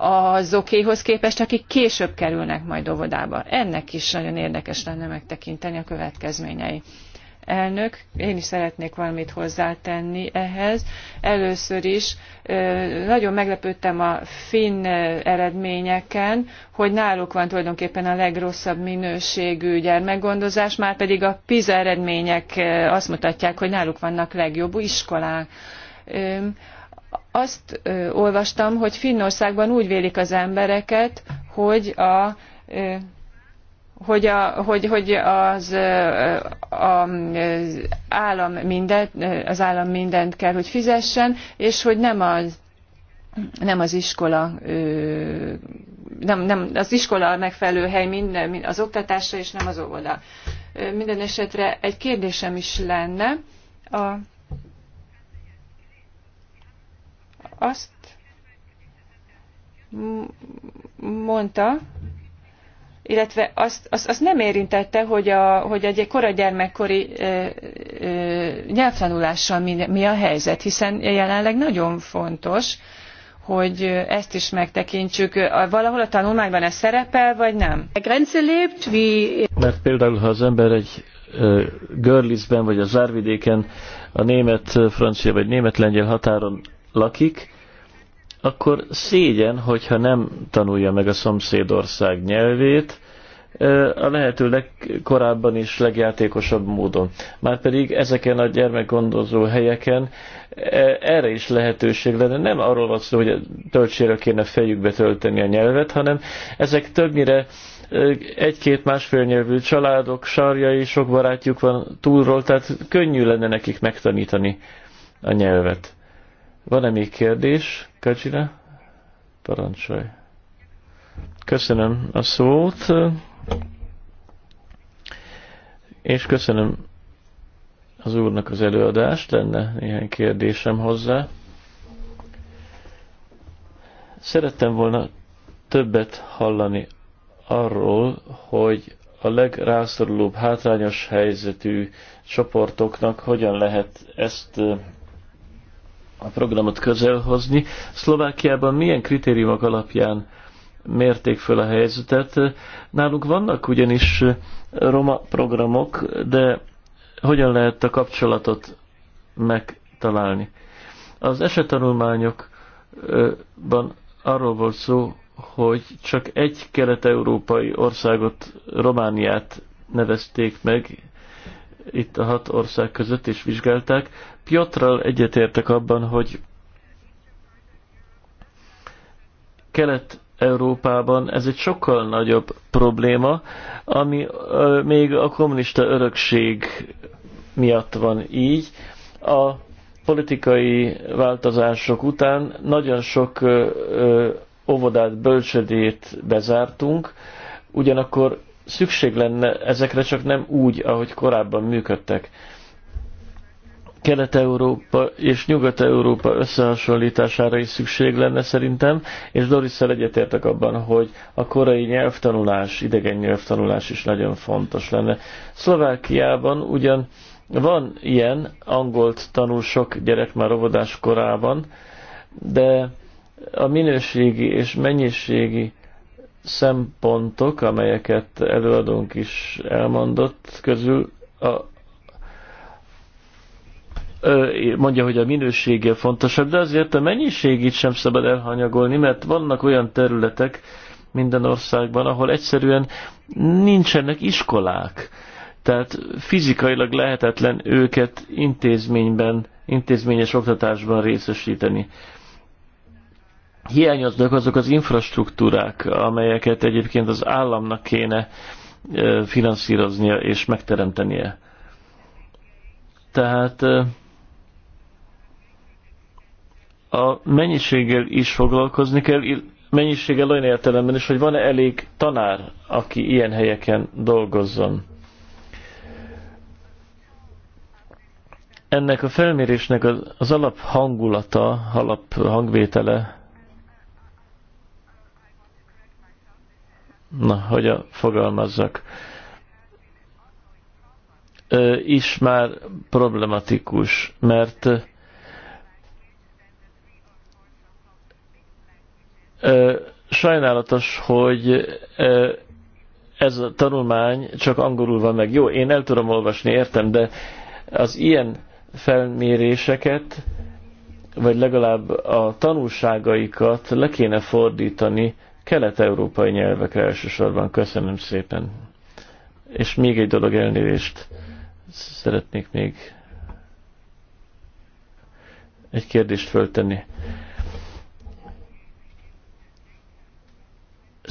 azokéhoz képest, akik később kerülnek majd óvodába. Ennek is nagyon érdekes lenne megtekinteni a következményei. Elnök, én is szeretnék valamit hozzátenni ehhez. Először is nagyon meglepődtem a finn eredményeken, hogy náluk van tulajdonképpen a legrosszabb minőségű gyermekgondozás, már pedig a PISA eredmények azt mutatják, hogy náluk vannak legjobb iskolák azt ö, olvastam, hogy Finnországban úgy vélik az embereket, hogy a ö, hogy, a, hogy, hogy az, az, állam mindent, az állam mindent kell, hogy fizessen, és hogy nem az, nem az iskola nem, nem az iskola a megfelelő hely minden, az oktatásra, és nem az óvoda. Minden esetre egy kérdésem is lenne. A azt mondta, illetve azt, azt, azt nem érintette, hogy, a, hogy egy gyermekkori e, e, nyelvtanulással mi, mi a helyzet, hiszen jelenleg nagyon fontos, hogy ezt is megtekintsük. Valahol a tanulmányban ez szerepel, vagy nem? Mert például, ha az ember egy Görlisben vagy a Zárvidéken a német-francia vagy német-lengyel határon lakik, akkor szégyen, hogyha nem tanulja meg a szomszédország nyelvét, a lehető legkorábban is, legjátékosabb módon. Márpedig ezeken a gyermekgondozó helyeken erre is lehetőség lenne. Nem arról van szó, hogy töltsére kéne fejükbe tölteni a nyelvet, hanem ezek többnyire egy-két másfél nyelvű családok, sarjai, sok barátjuk van túlról, tehát könnyű lenne nekik megtanítani a nyelvet. Van-e még kérdés? Kajira? Parancsolj. Köszönöm a szót, és köszönöm az úrnak az előadást, lenne néhány kérdésem hozzá. Szerettem volna többet hallani arról, hogy a legrászorulóbb, hátrányos helyzetű csoportoknak hogyan lehet ezt a programot közelhozni. Szlovákiában milyen kritériumok alapján mérték föl a helyzetet? Nálunk vannak ugyanis roma programok, de hogyan lehet a kapcsolatot megtalálni? Az esetanulmányokban arról volt szó, hogy csak egy kelet-európai országot, Romániát nevezték meg itt a hat ország között, és vizsgálták. Piotrral egyetértek abban, hogy Kelet-Európában ez egy sokkal nagyobb probléma, ami még a kommunista örökség miatt van így. A politikai változások után nagyon sok óvodát, bölcsödét bezártunk, ugyanakkor szükség lenne ezekre csak nem úgy, ahogy korábban működtek. Kelet-Európa és Nyugat-Európa összehasonlítására is szükség lenne szerintem, és Dorisszel egyetértek abban, hogy a korai nyelvtanulás, idegen nyelvtanulás is nagyon fontos lenne. Szlovákiában ugyan van ilyen, angolt tanul sok gyerek már óvodás korában, de a minőségi és mennyiségi szempontok, amelyeket előadónk is elmondott közül, a mondja, hogy a minősége fontosabb, de azért a mennyiségét sem szabad elhanyagolni, mert vannak olyan területek minden országban, ahol egyszerűen nincsenek iskolák. Tehát fizikailag lehetetlen őket intézményben, intézményes oktatásban részesíteni. Hiányoznak azok az infrastruktúrák, amelyeket egyébként az államnak kéne finanszíroznia és megteremtenie. Tehát a mennyiséggel is foglalkozni kell, mennyiséggel olyan értelemben is, hogy van-e elég tanár, aki ilyen helyeken dolgozzon. Ennek a felmérésnek az, az alap hangulata, alap hangvétele, na, hogy a fogalmazzak, is már problematikus, mert Sajnálatos, hogy ez a tanulmány csak angolul van meg. Jó, én el tudom olvasni, értem, de az ilyen felméréseket, vagy legalább a tanulságaikat le kéne fordítani kelet-európai nyelvekre elsősorban. Köszönöm szépen. És még egy dolog elnézést szeretnék még egy kérdést föltenni.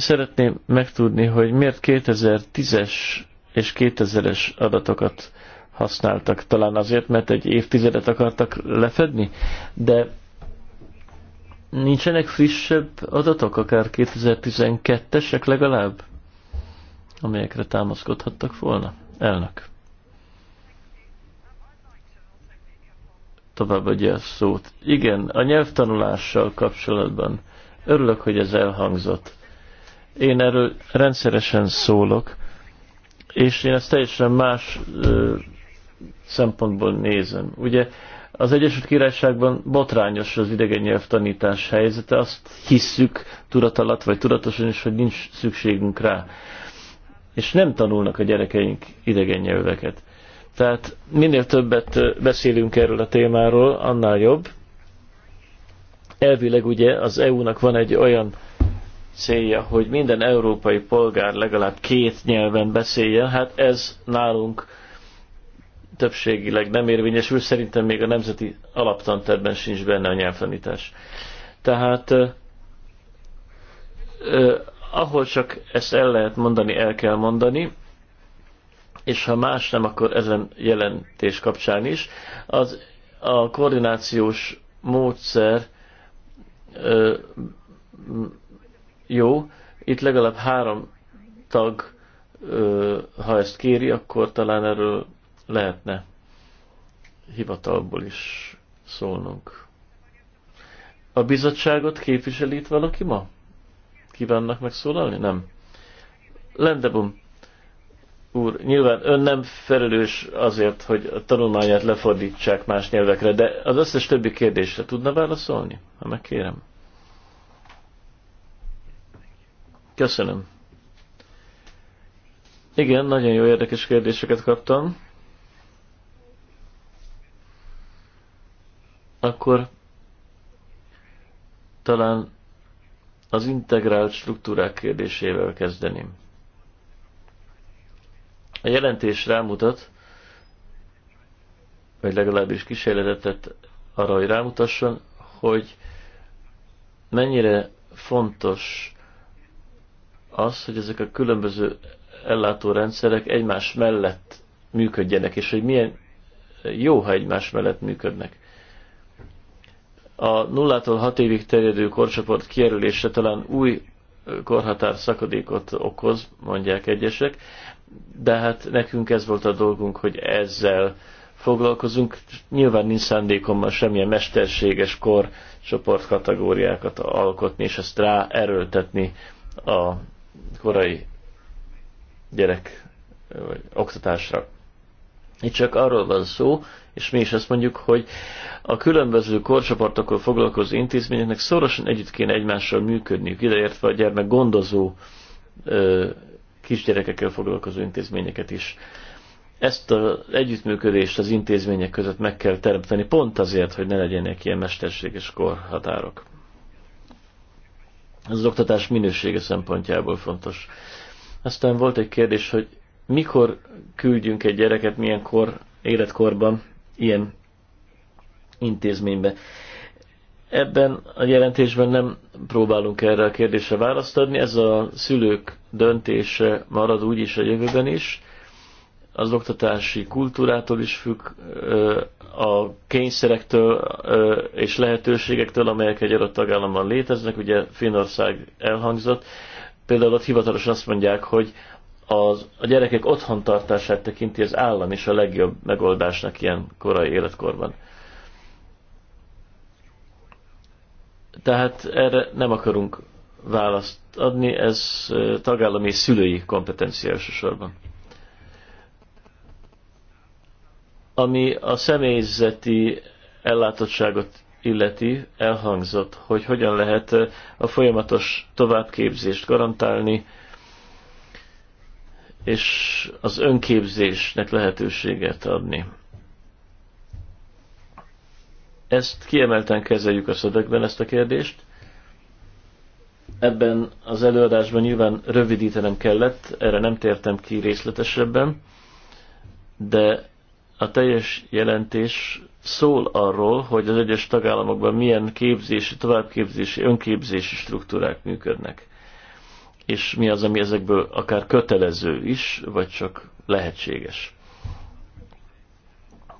szeretném megtudni, hogy miért 2010-es és 2000-es adatokat használtak. Talán azért, mert egy évtizedet akartak lefedni, de nincsenek frissebb adatok, akár 2012-esek legalább, amelyekre támaszkodhattak volna? Elnök. adja a szót. Igen, a nyelvtanulással kapcsolatban örülök, hogy ez elhangzott én erről rendszeresen szólok, és én ezt teljesen más ö, szempontból nézem. Ugye az Egyesült Királyságban botrányos az idegen tanítás helyzete, azt hisszük tudatalat vagy tudatosan is, hogy nincs szükségünk rá. És nem tanulnak a gyerekeink idegen nyelveket. Tehát minél többet beszélünk erről a témáról, annál jobb. Elvileg ugye az EU-nak van egy olyan célja, hogy minden európai polgár legalább két nyelven beszéljen, hát ez nálunk többségileg nem érvényesül, szerintem még a nemzeti alaptanterben sincs benne a nyelvtanítás. Tehát eh, eh, ahol csak ezt el lehet mondani, el kell mondani, és ha más nem, akkor ezen jelentés kapcsán is. Az a koordinációs módszer eh, jó, itt legalább három tag, ha ezt kéri, akkor talán erről lehetne hivatalból is szólnunk. A bizottságot képviseli itt valaki ma? Kívánnak megszólalni? Nem. Lendebum úr, nyilván ön nem felelős azért, hogy a tanulmányát lefordítsák más nyelvekre, de az összes többi kérdésre tudna válaszolni, ha megkérem? Köszönöm. Igen, nagyon jó érdekes kérdéseket kaptam. Akkor talán az integrált struktúrák kérdésével kezdeném. A jelentés rámutat, vagy legalábbis kísérletet arra, hogy rámutasson, hogy mennyire fontos az, hogy ezek a különböző ellátórendszerek egymás mellett működjenek, és hogy milyen jó, ha egymás mellett működnek. A nullától hat évig terjedő korcsoport kijelölése talán új korhatár szakadékot okoz, mondják egyesek, de hát nekünk ez volt a dolgunk, hogy ezzel foglalkozunk. Nyilván nincs szándékommal semmilyen mesterséges kor csoportkategóriákat alkotni, és ezt rá erőltetni a korai gyerek vagy oktatásra. Itt csak arról van szó, és mi is azt mondjuk, hogy a különböző korcsoportokkal foglalkozó intézményeknek szorosan együtt kéne egymással működniük, ideértve a gyermek gondozó kisgyerekekkel foglalkozó intézményeket is. Ezt az együttműködést az intézmények között meg kell teremteni, pont azért, hogy ne legyenek ilyen mesterséges korhatárok. Ez az oktatás minősége szempontjából fontos. Aztán volt egy kérdés, hogy mikor küldjünk egy gyereket, milyen kor, életkorban ilyen intézménybe. Ebben a jelentésben nem próbálunk erre a kérdésre választ adni, ez a szülők döntése marad úgyis a jövőben is, az oktatási kultúrától is függ, a kényszerektől és lehetőségektől, amelyek egy adott tagállamban léteznek. Ugye Finnország elhangzott. Például ott hivatalosan azt mondják, hogy az, a gyerekek otthontartását tekinti az állam is a legjobb megoldásnak ilyen korai életkorban. Tehát erre nem akarunk választ adni, ez tagállami szülői kompetencia elsősorban. Ami a személyzeti ellátottságot illeti, elhangzott, hogy hogyan lehet a folyamatos továbbképzést garantálni, és az önképzésnek lehetőséget adni. Ezt kiemelten kezeljük a szövegben, ezt a kérdést. Ebben az előadásban nyilván rövidítenem kellett, erre nem tértem ki részletesebben, de a teljes jelentés szól arról, hogy az egyes tagállamokban milyen képzési, továbbképzési, önképzési struktúrák működnek. És mi az, ami ezekből akár kötelező is, vagy csak lehetséges.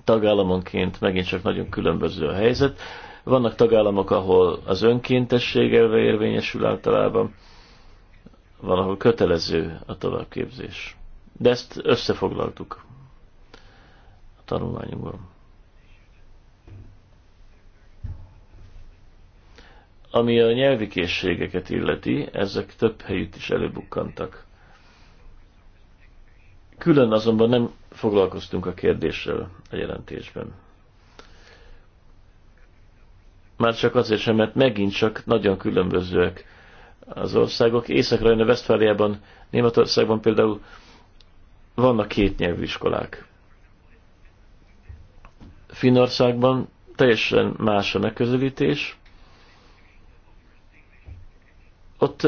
Tagállamonként megint csak nagyon különböző a helyzet. Vannak tagállamok, ahol az önkéntesség elve érvényesül általában, van, ahol kötelező a továbbképzés. De ezt összefoglaltuk tanulmányunkban. Ami a nyelvi készségeket illeti, ezek több helyütt is előbukkantak. Külön azonban nem foglalkoztunk a kérdéssel a jelentésben. Már csak azért sem, mert megint csak nagyon különbözőek az országok. Észak-Rajna, vesztfáliában Németországban például vannak nyelvű iskolák. Finnországban teljesen más a megközelítés. Ott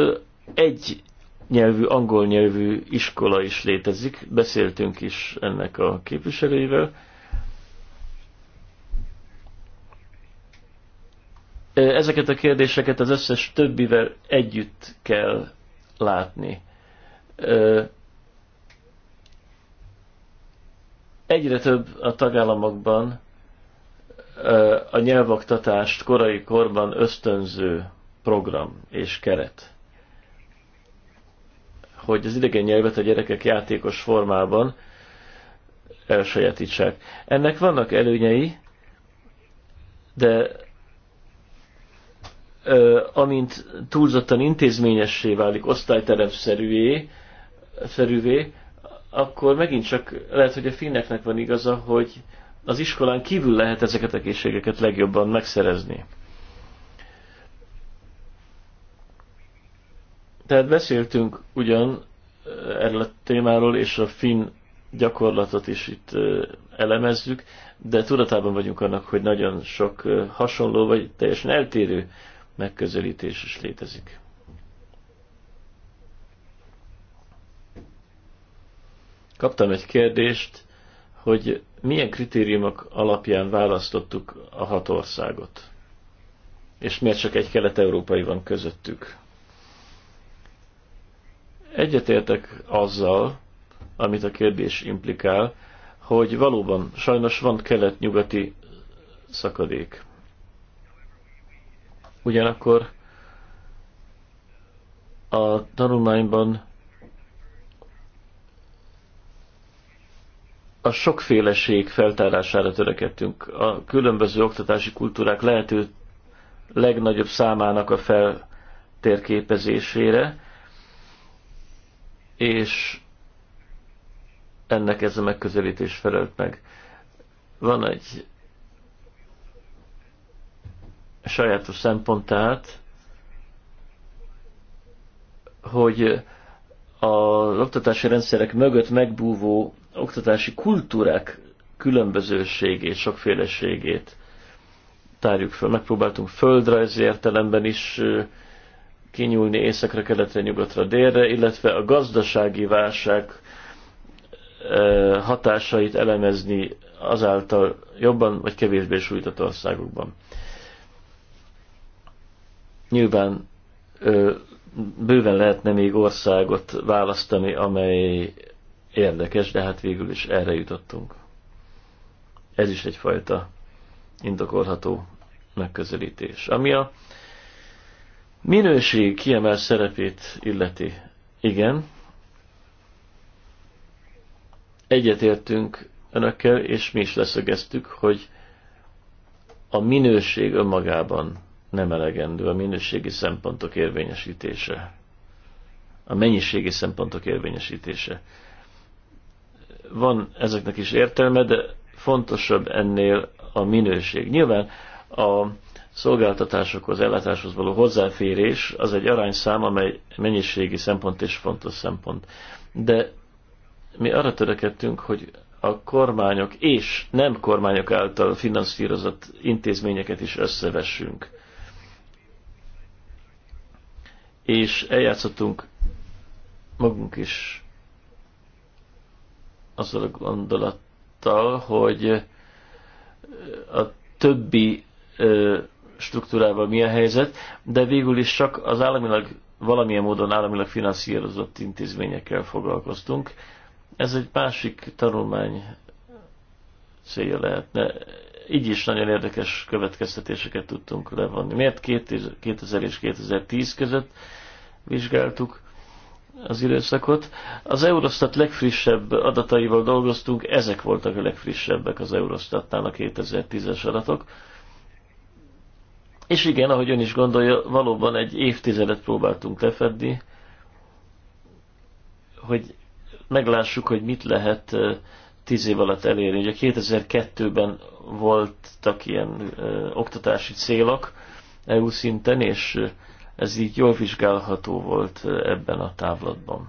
egy nyelvű, angol nyelvű iskola is létezik, beszéltünk is ennek a képviselőivel. Ezeket a kérdéseket az összes többivel együtt kell látni. Egyre több a tagállamokban a nyelvoktatást korai korban ösztönző program és keret. Hogy az idegen nyelvet a gyerekek játékos formában elsajátítsák. Ennek vannak előnyei, de amint túlzottan intézményessé válik, osztályteremszerűvé, szerűvé, akkor megint csak lehet, hogy a finneknek van igaza, hogy az iskolán kívül lehet ezeket a készségeket legjobban megszerezni. Tehát beszéltünk ugyan eh, erről a témáról, és a finn gyakorlatot is itt eh, elemezzük, de tudatában vagyunk annak, hogy nagyon sok eh, hasonló vagy teljesen eltérő megközelítés is létezik. Kaptam egy kérdést hogy milyen kritériumok alapján választottuk a hat országot, és miért csak egy kelet-európai van közöttük. Egyetértek azzal, amit a kérdés implikál, hogy valóban sajnos van kelet-nyugati szakadék. Ugyanakkor a tanulmányban a sokféleség feltárására törekedtünk, a különböző oktatási kultúrák lehető legnagyobb számának a feltérképezésére, és ennek ez a megközelítés felelt meg. Van egy sajátos szempont tehát, hogy az oktatási rendszerek mögött megbúvó oktatási kultúrák különbözőségét, sokféleségét tárjuk föl. Megpróbáltunk földrajzi értelemben is kinyúlni északra, keletre, nyugatra, délre, illetve a gazdasági válság hatásait elemezni azáltal jobban vagy kevésbé sújtott országokban. Nyilván bőven lehetne még országot választani, amely érdekes, de hát végül is erre jutottunk. Ez is egyfajta indokolható megközelítés. Ami a minőség kiemel szerepét illeti, igen, egyetértünk önökkel, és mi is leszögeztük, hogy a minőség önmagában nem elegendő, a minőségi szempontok érvényesítése, a mennyiségi szempontok érvényesítése van ezeknek is értelme, de fontosabb ennél a minőség. Nyilván a szolgáltatásokhoz, ellátáshoz való hozzáférés az egy arányszám, amely mennyiségi szempont és fontos szempont. De mi arra törekedtünk, hogy a kormányok és nem kormányok által finanszírozott intézményeket is összevessünk. És eljátszottunk magunk is azzal a gondolattal, hogy a többi struktúrával mi a helyzet, de végül is csak az államilag valamilyen módon államilag finanszírozott intézményekkel foglalkoztunk. Ez egy másik tanulmány célja lehetne. Így is nagyon érdekes következtetéseket tudtunk levonni. Miért 2000 és 2010 között vizsgáltuk az időszakot. Az Eurostat legfrissebb adataival dolgoztunk, ezek voltak a legfrissebbek az Eurostatnál a 2010-es adatok. És igen, ahogy ön is gondolja, valóban egy évtizedet próbáltunk lefedni, hogy meglássuk, hogy mit lehet tíz év alatt elérni. Ugye 2002-ben voltak ilyen ö, oktatási célok EU szinten, és ez így jól vizsgálható volt eh, ebben a távlatban.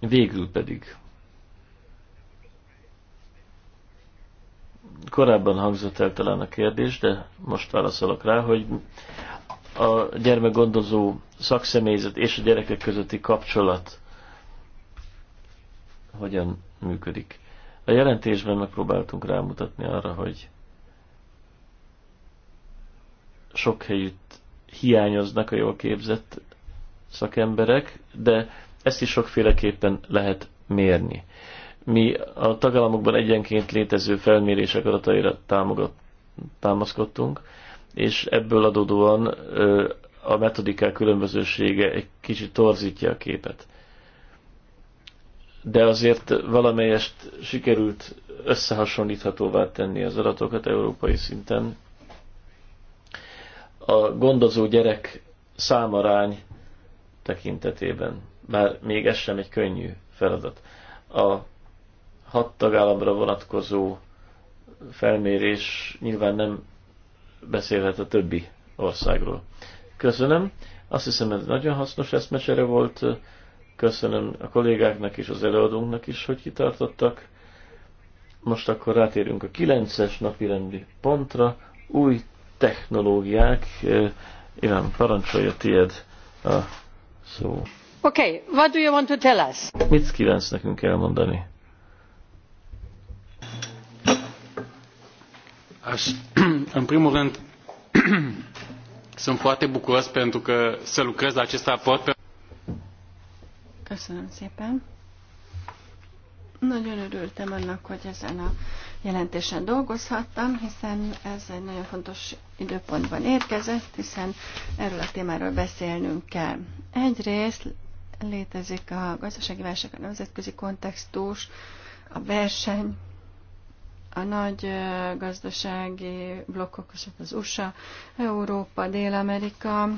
Végül pedig korábban hangzott el talán a kérdés, de most válaszolok rá, hogy a gyermekgondozó szakszemélyzet és a gyerekek közötti kapcsolat hogyan működik. A jelentésben megpróbáltunk rámutatni arra, hogy sok helyütt hiányoznak a jól képzett szakemberek, de ezt is sokféleképpen lehet mérni. Mi a tagállamokban egyenként létező felmérések adataira támogat, támaszkodtunk, és ebből adódóan a metodikák különbözősége egy kicsit torzítja a képet. De azért valamelyest sikerült összehasonlíthatóvá tenni az adatokat európai szinten, a gondozó gyerek számarány tekintetében. Bár még ez sem egy könnyű feladat. A hat tagállamra vonatkozó felmérés nyilván nem beszélhet a többi országról. Köszönöm. Azt hiszem, ez nagyon hasznos eszmesere volt. Köszönöm a kollégáknak és az előadónknak is, hogy kitartottak. Most akkor rátérünk a 9-es napirendi pontra. Új technológiák. Iván, parancsolja tiéd a szó. Okay, what do you want to tell us? Mit kívánsz nekünk elmondani? Aș, în primul rând, sunt foarte bucuros pentru că să lucrez la acest raport. Köszönöm szépen. Nagyon örültem annak, hogy ezen a jelentésen dolgozhattam, hiszen ez egy nagyon fontos időpontban érkezett, hiszen erről a témáról beszélnünk kell. Egyrészt létezik a gazdasági válság, a nemzetközi kontextus, a verseny, a nagy gazdasági blokkok az USA, Európa, Dél-Amerika,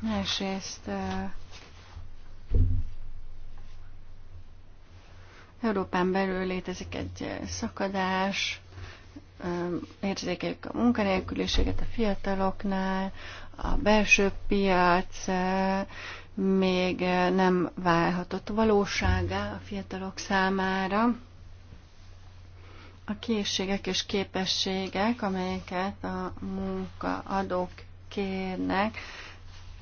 másrészt Európán belül létezik egy eh, szakadás, érzékeljük a munkanélküliséget a fiataloknál, a belső piac eh, még eh, nem válhatott valóságá a fiatalok számára. A készségek és képességek, amelyeket a munkaadók kérnek,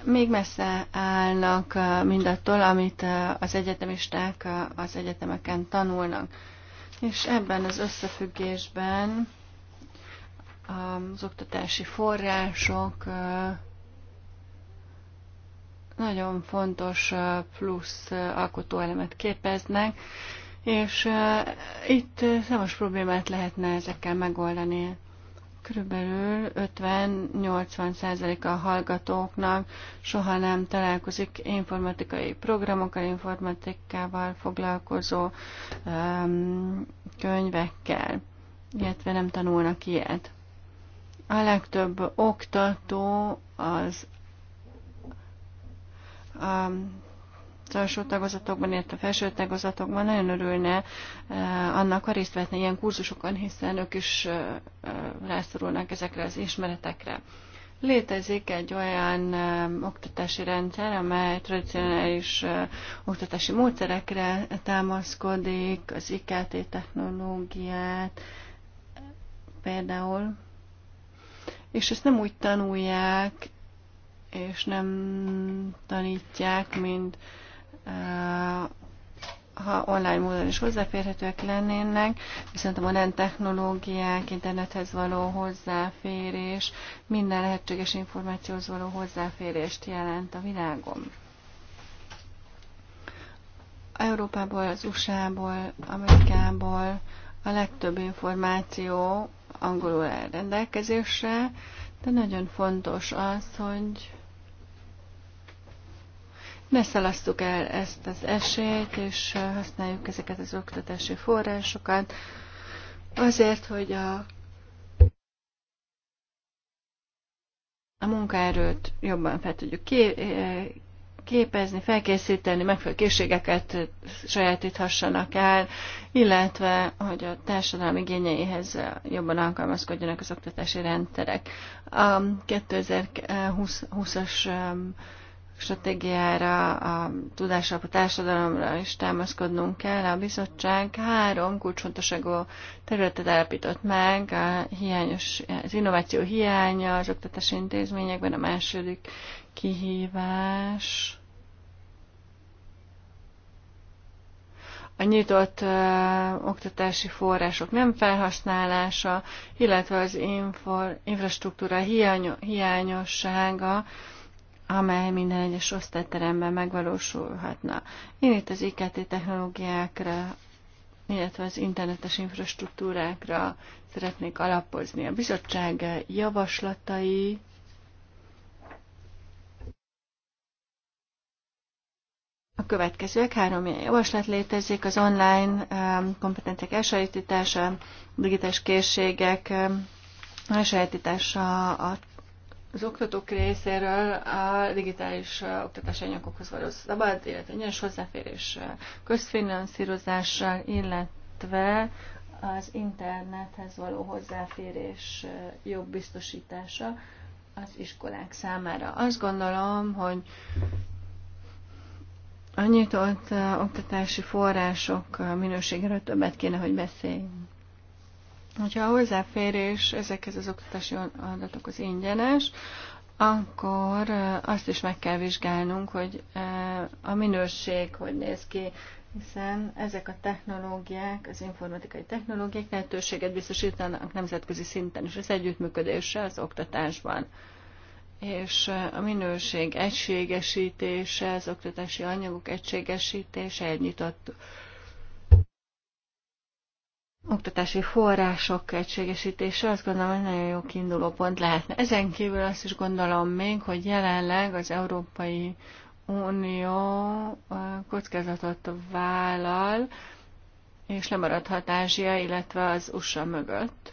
még messze állnak mindattól, amit az egyetemisták az egyetemeken tanulnak. És ebben az összefüggésben az oktatási források nagyon fontos plusz alkotóelemet képeznek, és itt számos problémát lehetne ezekkel megoldani. Körülbelül 50-80 százaléka a hallgatóknak soha nem találkozik informatikai programokkal, informatikával foglalkozó um, könyvekkel, illetve nem tanulnak ilyet. A legtöbb oktató az um, az alsó tagozatokban, illetve a felső tagozatokban nagyon örülne eh, annak, ha részt vehetne ilyen kurzusokon, hiszen ők is eh, eh, rászorulnak ezekre az ismeretekre. Létezik egy olyan oktatási rendszer, amely tradicionális oktatási módszerekre támaszkodik, az IKT technológiát például, és ezt nem úgy tanulják, és nem tanítják, mint ha online módon is hozzáférhetőek lennének, viszont a modern technológiák, internethez való hozzáférés, minden lehetséges információhoz való hozzáférést jelent a világon. Európából, az USA-ból, Amerikából a legtöbb információ angolul rendelkezésre, de nagyon fontos az, hogy ne szalasztuk el ezt az esélyt, és használjuk ezeket az oktatási forrásokat azért, hogy a a munkaerőt jobban fel tudjuk képezni, felkészíteni, megfelelő készségeket sajátíthassanak el, illetve hogy a társadalmi igényeihez jobban alkalmazkodjanak az oktatási rendszerek. A 2020-as stratégiára, a tudásra, a társadalomra is támaszkodnunk kell. A bizottság három kulcsfontosságú területet állapított meg, a hiányos, az innováció hiánya az oktatási intézményekben, a második kihívás, a nyitott ö, oktatási források nem felhasználása, illetve az infor, infrastruktúra hiány, hiányossága amely minden egyes osztályteremben megvalósulhatna. Én itt az IKT technológiákra, illetve az internetes infrastruktúrákra szeretnék alapozni. A bizottság javaslatai A következőek három javaslat létezik, az online um, kompetenciák elsajátítása, digitális készségek elsajátítása, um, a az oktatók részéről a digitális oktatási anyagokhoz való szabad, illetve egyenes hozzáférés közfinanszírozással, illetve az internethez való hozzáférés jobb biztosítása az iskolák számára. Azt gondolom, hogy a nyitott oktatási források minőségéről többet kéne, hogy beszéljünk. Hogyha a hozzáférés ezekhez az oktatási adatokhoz ingyenes, akkor azt is meg kell vizsgálnunk, hogy a minőség hogy néz ki, hiszen ezek a technológiák, az informatikai technológiák lehetőséget biztosítanak nemzetközi szinten is az együttműködésre az oktatásban. És a minőség egységesítése, az oktatási anyagok egységesítése egy nyitott oktatási források egységesítése azt gondolom, hogy nagyon jó kiinduló pont lehetne. Ezen kívül azt is gondolom még, hogy jelenleg az Európai Unió kockázatot vállal, és lemaradhat Ázsia, illetve az USA mögött.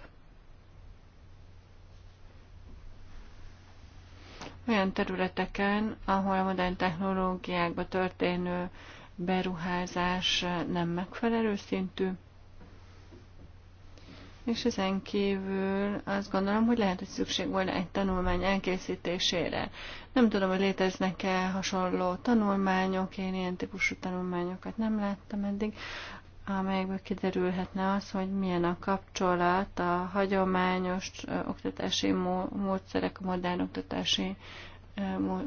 Olyan területeken, ahol a modern technológiákba történő beruházás nem megfelelő szintű, és ezen kívül azt gondolom, hogy lehet, hogy szükség volna egy tanulmány elkészítésére. Nem tudom, hogy léteznek-e hasonló tanulmányok, én ilyen típusú tanulmányokat nem láttam eddig, amelyekből kiderülhetne az, hogy milyen a kapcsolat a hagyományos oktatási módszerek, a modern oktatási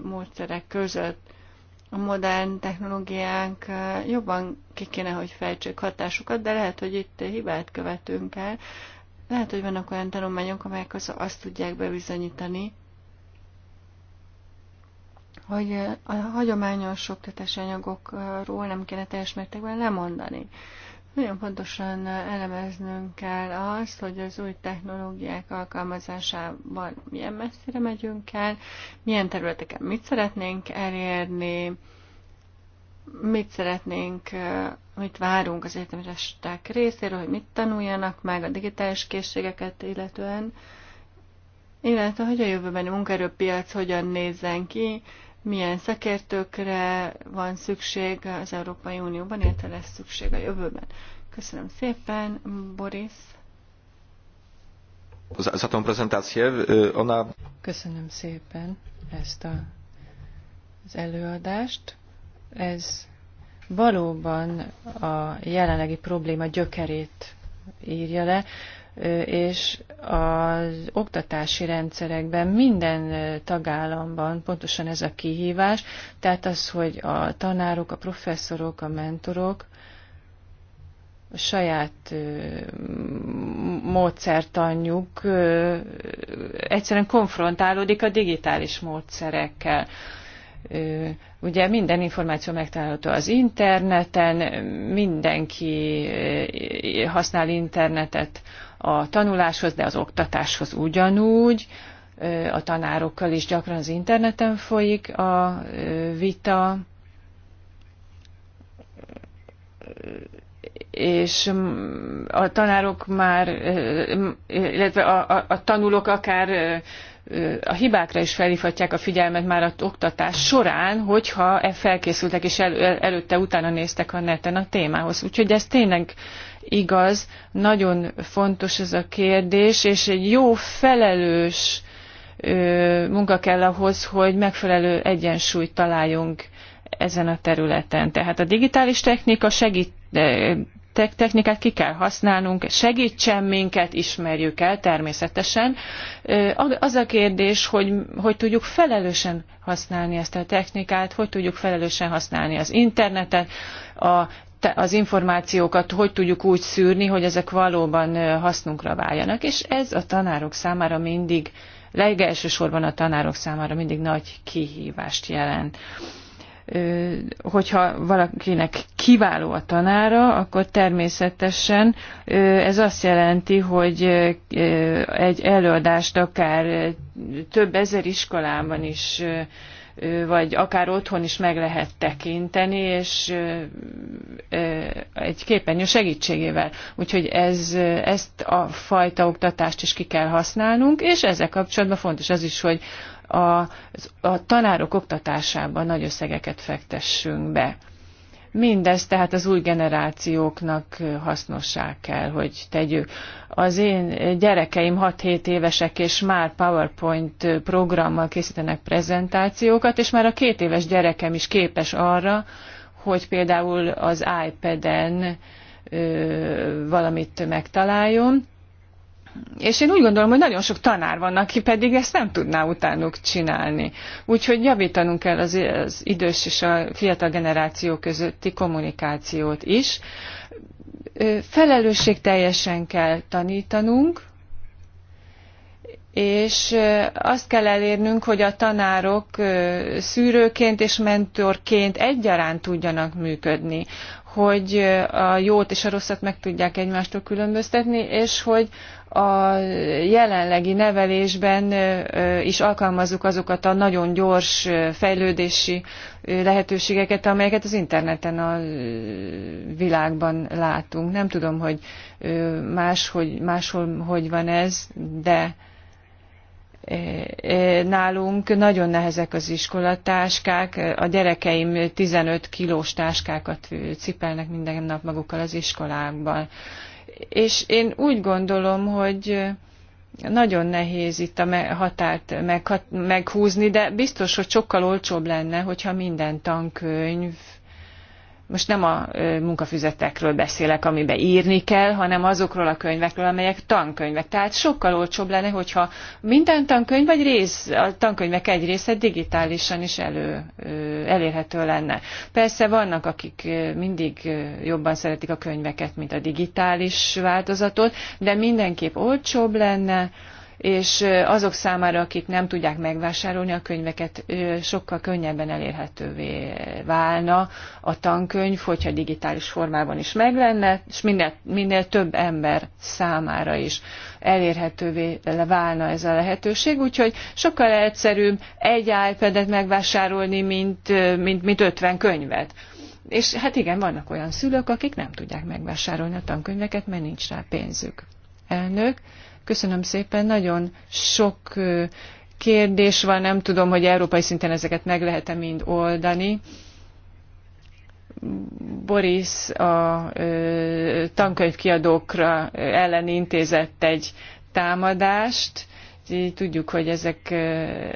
módszerek között a modern technológiánk jobban ki kéne, hogy fejtsék hatásukat, de lehet, hogy itt hibát követünk el. Lehet, hogy vannak olyan tanulmányok, amelyek az, azt tudják bebizonyítani, hogy a hagyományos oktatási anyagokról nem kéne teljes mértékben lemondani. Nagyon pontosan elemeznünk kell azt, hogy az új technológiák alkalmazásában milyen messzire megyünk el, milyen területeken mit szeretnénk elérni, mit szeretnénk, mit várunk az egyetemisták részéről, hogy mit tanuljanak meg a digitális készségeket illetően, illetve hogy a jövőbeni munkaerőpiac hogyan nézzen ki, milyen szakértőkre van szükség az Európai Unióban, illetve lesz szükség a jövőben. Köszönöm szépen, Boris. Za tą prezentację, ona... Köszönöm szépen ezt a, az előadást. Ez valóban a jelenlegi probléma gyökerét írja le és az oktatási rendszerekben minden tagállamban pontosan ez a kihívás, tehát az, hogy a tanárok, a professzorok, a mentorok a saját módszertanjuk egyszerűen konfrontálódik a digitális módszerekkel ugye minden információ megtalálható az interneten, mindenki használ internetet a tanuláshoz, de az oktatáshoz ugyanúgy, a tanárokkal is gyakran az interneten folyik a vita, és mm, a tanárok már, illetve a, a, a tanulók akár a hibákra is felhívhatják a figyelmet már az oktatás során, hogyha e felkészültek és el, előtte utána néztek a neten a témához. Úgyhogy ez tényleg igaz, nagyon fontos ez a kérdés, és egy jó felelős munka kell ahhoz, hogy megfelelő egyensúlyt találjunk ezen a területen. Tehát a digitális technika segít, technikát ki kell használnunk, segítsen minket, ismerjük el természetesen. Az a kérdés, hogy hogy tudjuk felelősen használni ezt a technikát, hogy tudjuk felelősen használni az internetet, a az információkat hogy tudjuk úgy szűrni, hogy ezek valóban hasznunkra váljanak, és ez a tanárok számára mindig, legelsősorban a tanárok számára mindig nagy kihívást jelent hogyha valakinek kiváló a tanára, akkor természetesen ez azt jelenti, hogy egy előadást akár több ezer iskolában is vagy akár otthon is meg lehet tekinteni, és egy képernyő segítségével. Úgyhogy ez, ezt a fajta oktatást is ki kell használnunk, és ezzel kapcsolatban fontos az is, hogy a, a tanárok oktatásában nagy összegeket fektessünk be. Mindez tehát az új generációknak hasznossá kell, hogy tegyük. Az én gyerekeim 6-7 évesek, és már PowerPoint programmal készítenek prezentációkat, és már a két éves gyerekem is képes arra, hogy például az iPad-en valamit megtaláljon, és én úgy gondolom, hogy nagyon sok tanár van, aki pedig ezt nem tudná utánuk csinálni. Úgyhogy javítanunk kell az, az idős és a fiatal generáció közötti kommunikációt is. Felelősség teljesen kell tanítanunk, és azt kell elérnünk, hogy a tanárok szűrőként és mentorként egyaránt tudjanak működni hogy a jót és a rosszat meg tudják egymástól különböztetni, és hogy a jelenlegi nevelésben is alkalmazzuk azokat a nagyon gyors fejlődési lehetőségeket, amelyeket az interneten a világban látunk. Nem tudom, hogy más, hogy, máshol hogy van ez, de Eh, eh, nálunk nagyon nehezek az iskolatáskák, a gyerekeim 15 kilós táskákat cipelnek minden nap magukkal az iskolákban. És én úgy gondolom, hogy nagyon nehéz itt a határt meghúzni, de biztos, hogy sokkal olcsóbb lenne, hogyha minden tankönyv most nem a munkafüzetekről beszélek, amiben írni kell, hanem azokról a könyvekről, amelyek tankönyvek. Tehát sokkal olcsóbb lenne, hogyha minden tankönyv vagy rész, a tankönyvek egy része digitálisan is elő, elérhető lenne. Persze vannak, akik mindig jobban szeretik a könyveket, mint a digitális változatot, de mindenképp olcsóbb lenne, és azok számára, akik nem tudják megvásárolni a könyveket, sokkal könnyebben elérhetővé válna a tankönyv, hogyha digitális formában is meglenne, és minél, minél több ember számára is elérhetővé válna ez a lehetőség, úgyhogy sokkal egyszerűbb egy iPad-et megvásárolni, mint, mint, mint 50 könyvet. És hát igen, vannak olyan szülők, akik nem tudják megvásárolni a tankönyveket, mert nincs rá pénzük. Elnök, Köszönöm szépen, nagyon sok kérdés van, nem tudom, hogy európai szinten ezeket meg lehet-e mind oldani. Boris a ö, tankönyvkiadókra ellen intézett egy támadást. Így tudjuk, hogy ezek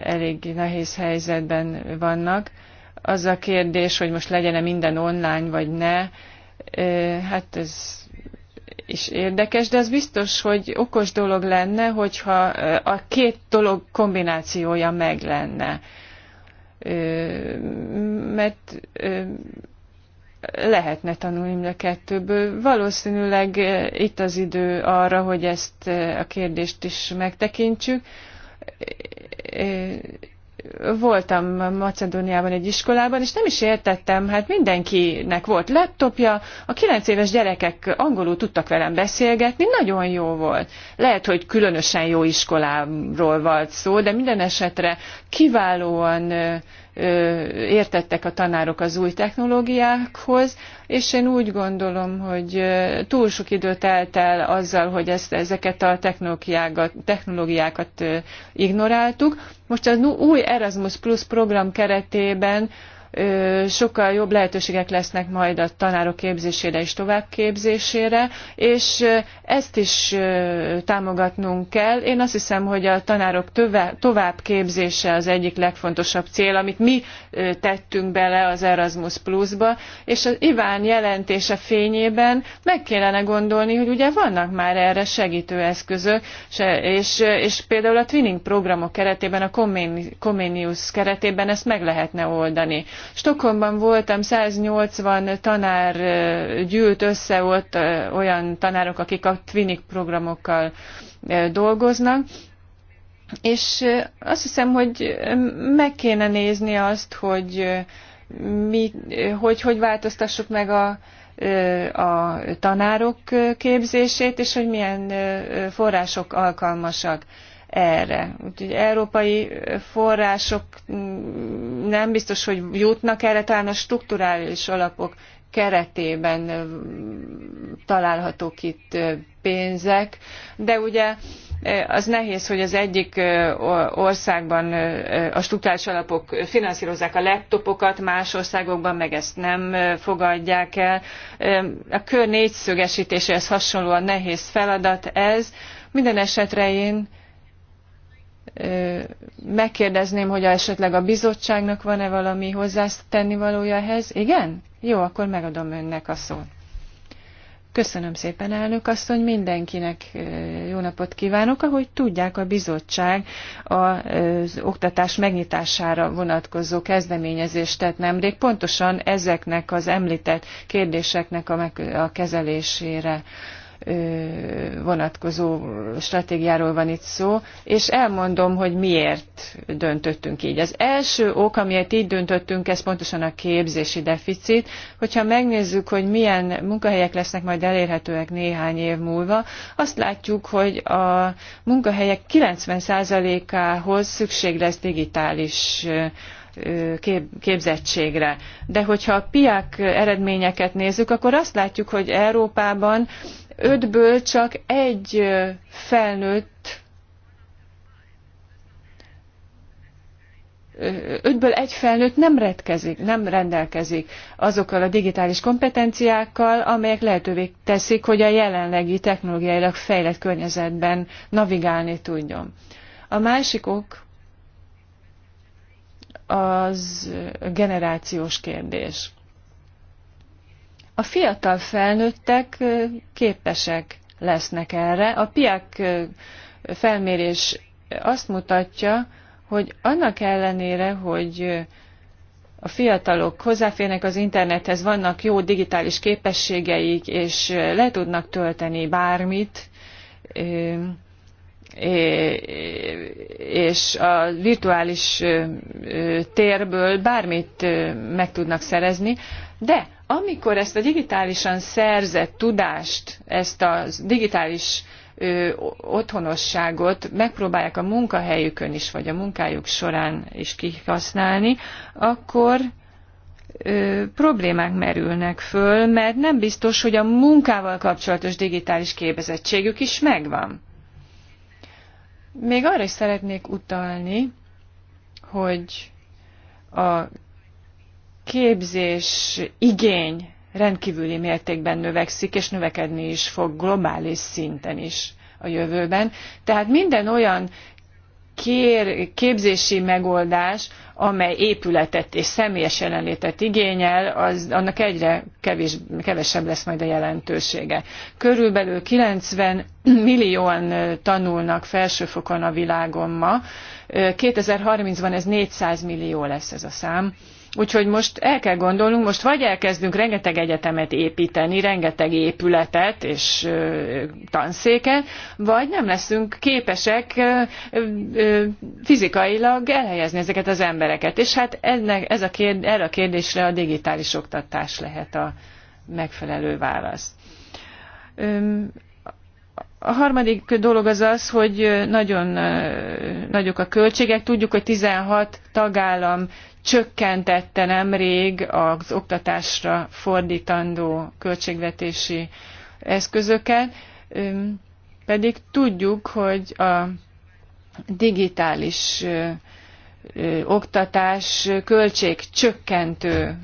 elég nehéz helyzetben vannak. Az a kérdés, hogy most legyen-e minden online, vagy ne, hát ez is érdekes, de az biztos, hogy okos dolog lenne, hogyha a két dolog kombinációja meg lenne. Mert lehetne tanulni a kettőből. Valószínűleg itt az idő arra, hogy ezt a kérdést is megtekintsük voltam Macedóniában egy iskolában, és nem is értettem, hát mindenkinek volt laptopja, a kilenc éves gyerekek angolul tudtak velem beszélgetni, nagyon jó volt. Lehet, hogy különösen jó iskoláról volt szó, de minden esetre kiválóan értettek a tanárok az új technológiákhoz, és én úgy gondolom, hogy túl sok időt el azzal, hogy ezt, ezeket a technológiákat, technológiákat ignoráltuk. Most az új Erasmus Plus program keretében sokkal jobb lehetőségek lesznek majd a tanárok képzésére és továbbképzésére, és ezt is támogatnunk kell. Én azt hiszem, hogy a tanárok továbbképzése az egyik legfontosabb cél, amit mi tettünk bele az Erasmus Plus-ba, és az Iván jelentése fényében meg kellene gondolni, hogy ugye vannak már erre segítő eszközök, és, és például a twinning programok keretében, a Comenius keretében ezt meg lehetne oldani. Stockholmban voltam, 180 tanár gyűlt össze ott olyan tanárok, akik a Twinik programokkal dolgoznak, és azt hiszem, hogy meg kéne nézni azt, hogy mi, hogy, hogy változtassuk meg a, a tanárok képzését, és hogy milyen források alkalmasak erre. Úgyhogy európai források mm, nem biztos, hogy jutnak erre, talán a strukturális alapok keretében mm, találhatók itt pénzek, de ugye az nehéz, hogy az egyik országban a struktúrális alapok finanszírozzák a laptopokat, más országokban meg ezt nem fogadják el. A kör négyszögesítéséhez hasonlóan nehéz feladat ez. Minden esetre én megkérdezném, hogy esetleg a bizottságnak van-e valami hozzátenni valója ehhez. Igen? Jó, akkor megadom önnek a szót. Köszönöm szépen, elnök asszony, mindenkinek jó napot kívánok. Ahogy tudják, a bizottság az oktatás megnyitására vonatkozó kezdeményezést tett nemrég, pontosan ezeknek az említett kérdéseknek a, kezelésére vonatkozó stratégiáról van itt szó, és elmondom, hogy miért döntöttünk így. Az első ok, amiért így döntöttünk, ez pontosan a képzési deficit. Hogyha megnézzük, hogy milyen munkahelyek lesznek majd elérhetőek néhány év múlva, azt látjuk, hogy a munkahelyek 90%-ához szükség lesz digitális képzettségre. De hogyha a piák eredményeket nézzük, akkor azt látjuk, hogy Európában ötből csak egy felnőtt ötből egy felnőtt nem retkezik, nem rendelkezik azokkal a digitális kompetenciákkal, amelyek lehetővé teszik, hogy a jelenlegi technológiailag fejlett környezetben navigálni tudjon. A másik ok az generációs kérdés a fiatal felnőttek képesek lesznek erre. A piák felmérés azt mutatja, hogy annak ellenére, hogy a fiatalok hozzáférnek az internethez, vannak jó digitális képességeik, és le tudnak tölteni bármit, és a virtuális térből bármit meg tudnak szerezni, de amikor ezt a digitálisan szerzett tudást, ezt a digitális ö, otthonosságot megpróbálják a munkahelyükön is, vagy a munkájuk során is kihasználni, akkor ö, problémák merülnek föl, mert nem biztos, hogy a munkával kapcsolatos digitális képezettségük is megvan. Még arra is szeretnék utalni, hogy a képzés igény rendkívüli mértékben növekszik, és növekedni is fog globális szinten is a jövőben. Tehát minden olyan kér, képzési megoldás, amely épületet és személyes jelenlétet igényel, az, annak egyre kevés, kevesebb lesz majd a jelentősége. Körülbelül 90 millióan tanulnak felsőfokon a világon ma, 2030-ban ez 400 millió lesz ez a szám Úgyhogy most el kell gondolnunk, most vagy elkezdünk rengeteg egyetemet építeni, rengeteg épületet és ö, tanszéket, vagy nem leszünk képesek ö, ö, fizikailag elhelyezni ezeket az embereket. És hát ennek, ez a kérd, erre a kérdésre a digitális oktatás lehet a megfelelő válasz. A harmadik dolog az az, hogy nagyon nagyok a költségek. Tudjuk, hogy 16 tagállam csökkentette nemrég az oktatásra fordítandó költségvetési eszközöket, pedig tudjuk, hogy a digitális oktatás csökkentő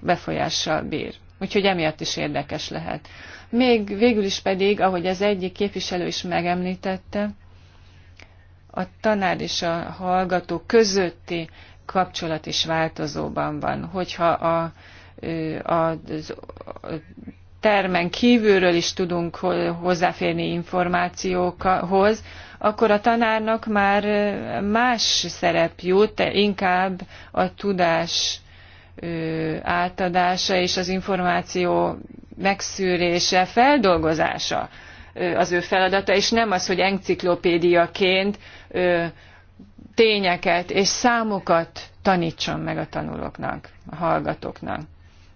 befolyással bír. Úgyhogy emiatt is érdekes lehet. Még végül is pedig, ahogy az egyik képviselő is megemlítette, a tanár és a hallgató közötti kapcsolat is változóban van. Hogyha a, a, a termen kívülről is tudunk hozzáférni információkhoz, akkor a tanárnak már más szerep jut, inkább a tudás átadása és az információ megszűrése, feldolgozása az ő feladata, és nem az, hogy enciklopédiaként tényeket és számokat tanítson meg a tanulóknak, a hallgatóknak.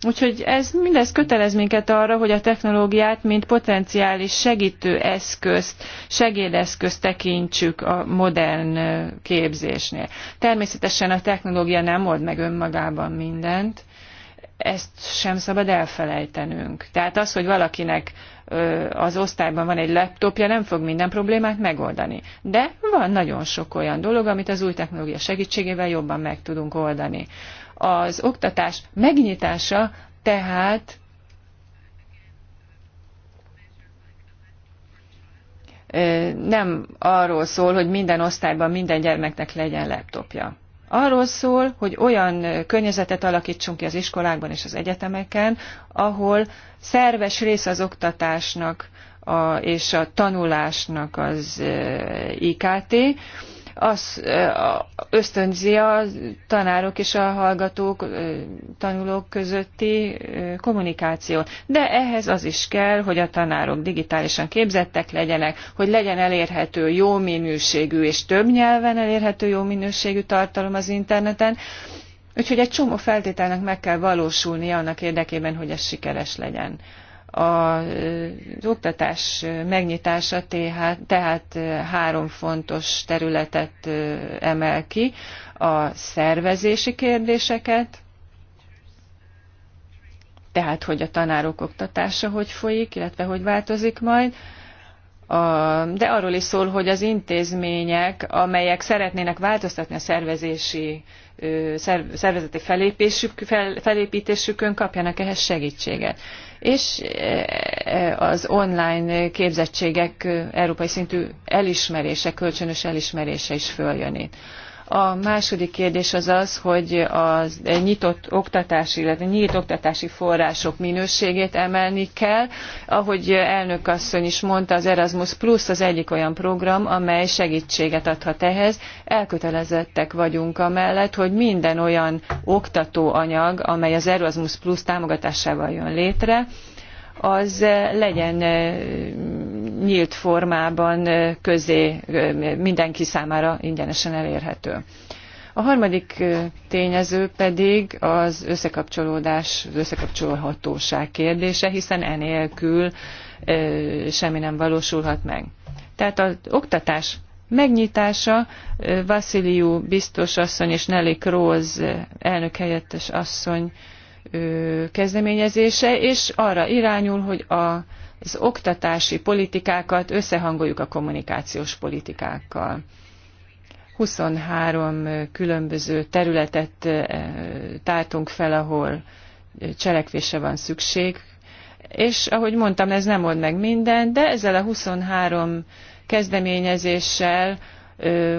Úgyhogy ez mindez kötelez minket arra, hogy a technológiát, mint potenciális segítő eszközt, segédeszközt tekintsük a modern képzésnél. Természetesen a technológia nem old meg önmagában mindent, ezt sem szabad elfelejtenünk. Tehát az, hogy valakinek az osztályban van egy laptopja, nem fog minden problémát megoldani. De van nagyon sok olyan dolog, amit az új technológia segítségével jobban meg tudunk oldani. Az oktatás megnyitása tehát nem arról szól, hogy minden osztályban minden gyermeknek legyen laptopja arról szól, hogy olyan környezetet alakítsunk ki az iskolákban és az egyetemeken, ahol szerves része az oktatásnak a, és a tanulásnak az eh, IKT, az ösztönzi a tanárok és a hallgatók, tanulók közötti kommunikációt. De ehhez az is kell, hogy a tanárok digitálisan képzettek legyenek, hogy legyen elérhető jó minőségű és több nyelven elérhető jó minőségű tartalom az interneten. Úgyhogy egy csomó feltételnek meg kell valósulnia annak érdekében, hogy ez sikeres legyen. Az oktatás megnyitása tehát három fontos területet emel ki, a szervezési kérdéseket, tehát hogy a tanárok oktatása hogy folyik, illetve hogy változik majd, a, de arról is szól, hogy az intézmények, amelyek szeretnének változtatni a szervezési, szervezeti felépésük, fel, felépítésükön, kapjanak ehhez segítséget és e, e, az online képzettségek e, európai szintű elismerése, kölcsönös elismerése is följön itt. A második kérdés az az, hogy a nyitott oktatási, illetve nyílt oktatási források minőségét emelni kell. Ahogy elnök asszony is mondta, az Erasmus Plus az egyik olyan program, amely segítséget adhat ehhez. Elkötelezettek vagyunk amellett, hogy minden olyan oktatóanyag, amely az Erasmus Plus támogatásával jön létre, az legyen nyílt formában közé mindenki számára ingyenesen elérhető. A harmadik tényező pedig az összekapcsolódás, az összekapcsolhatóság kérdése, hiszen enélkül semmi nem valósulhat meg. Tehát az oktatás megnyitása Vasiliu biztos asszony és Nelly Króz elnök helyettes asszony kezdeményezése, és arra irányul, hogy a, az oktatási politikákat összehangoljuk a kommunikációs politikákkal. 23 különböző területet tártunk fel, ahol cselekvése van szükség, és ahogy mondtam, ez nem old meg minden, de ezzel a 23 kezdeményezéssel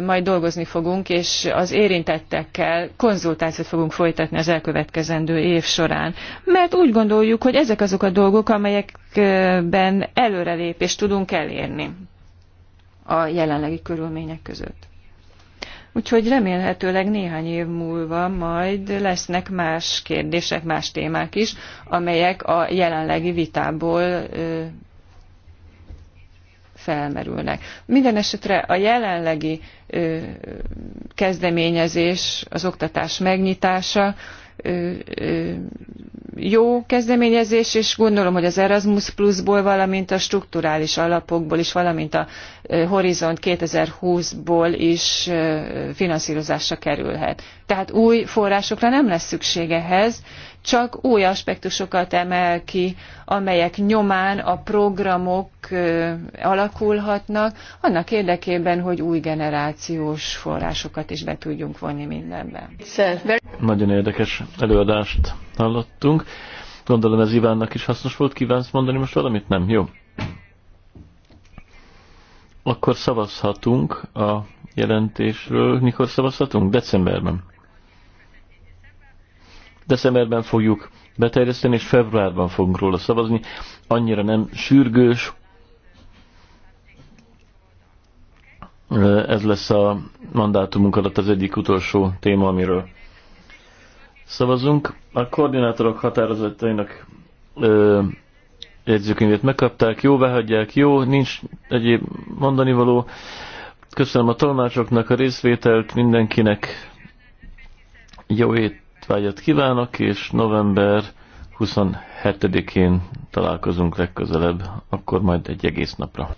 majd dolgozni fogunk, és az érintettekkel konzultációt fogunk folytatni az elkövetkezendő év során. Mert úgy gondoljuk, hogy ezek azok a dolgok, amelyekben előrelépést tudunk elérni a jelenlegi körülmények között. Úgyhogy remélhetőleg néhány év múlva majd lesznek más kérdések, más témák is, amelyek a jelenlegi vitából felmerülnek. Minden esetre a jelenlegi kezdeményezés, az oktatás megnyitása jó kezdeményezés, és gondolom, hogy az Erasmus Plus-ból, valamint a strukturális alapokból is, valamint a Horizont 2020-ból is finanszírozásra kerülhet. Tehát új forrásokra nem lesz szükség ehhez, csak új aspektusokat emel ki, amelyek nyomán a programok alakulhatnak, annak érdekében, hogy új generációs forrásokat is be tudjunk vonni mindenben. Nagyon érdekes előadást hallottunk. Gondolom ez Ivánnak is hasznos volt. Kívánsz mondani most valamit? Nem? Jó. Akkor szavazhatunk a jelentésről. Mikor szavazhatunk? Decemberben. Decemberben fogjuk beterjeszteni, és februárban fogunk róla szavazni. Annyira nem sürgős. Ez lesz a mandátumunk alatt az egyik utolsó téma, amiről szavazunk. A koordinátorok határozatainak jegyzőkönyvét megkapták, jó, behagyják, jó, nincs egyéb mondani való. Köszönöm a tolmácsoknak a részvételt, mindenkinek jó ét vágyat kívánok, és november 27-én találkozunk legközelebb, akkor majd egy egész napra.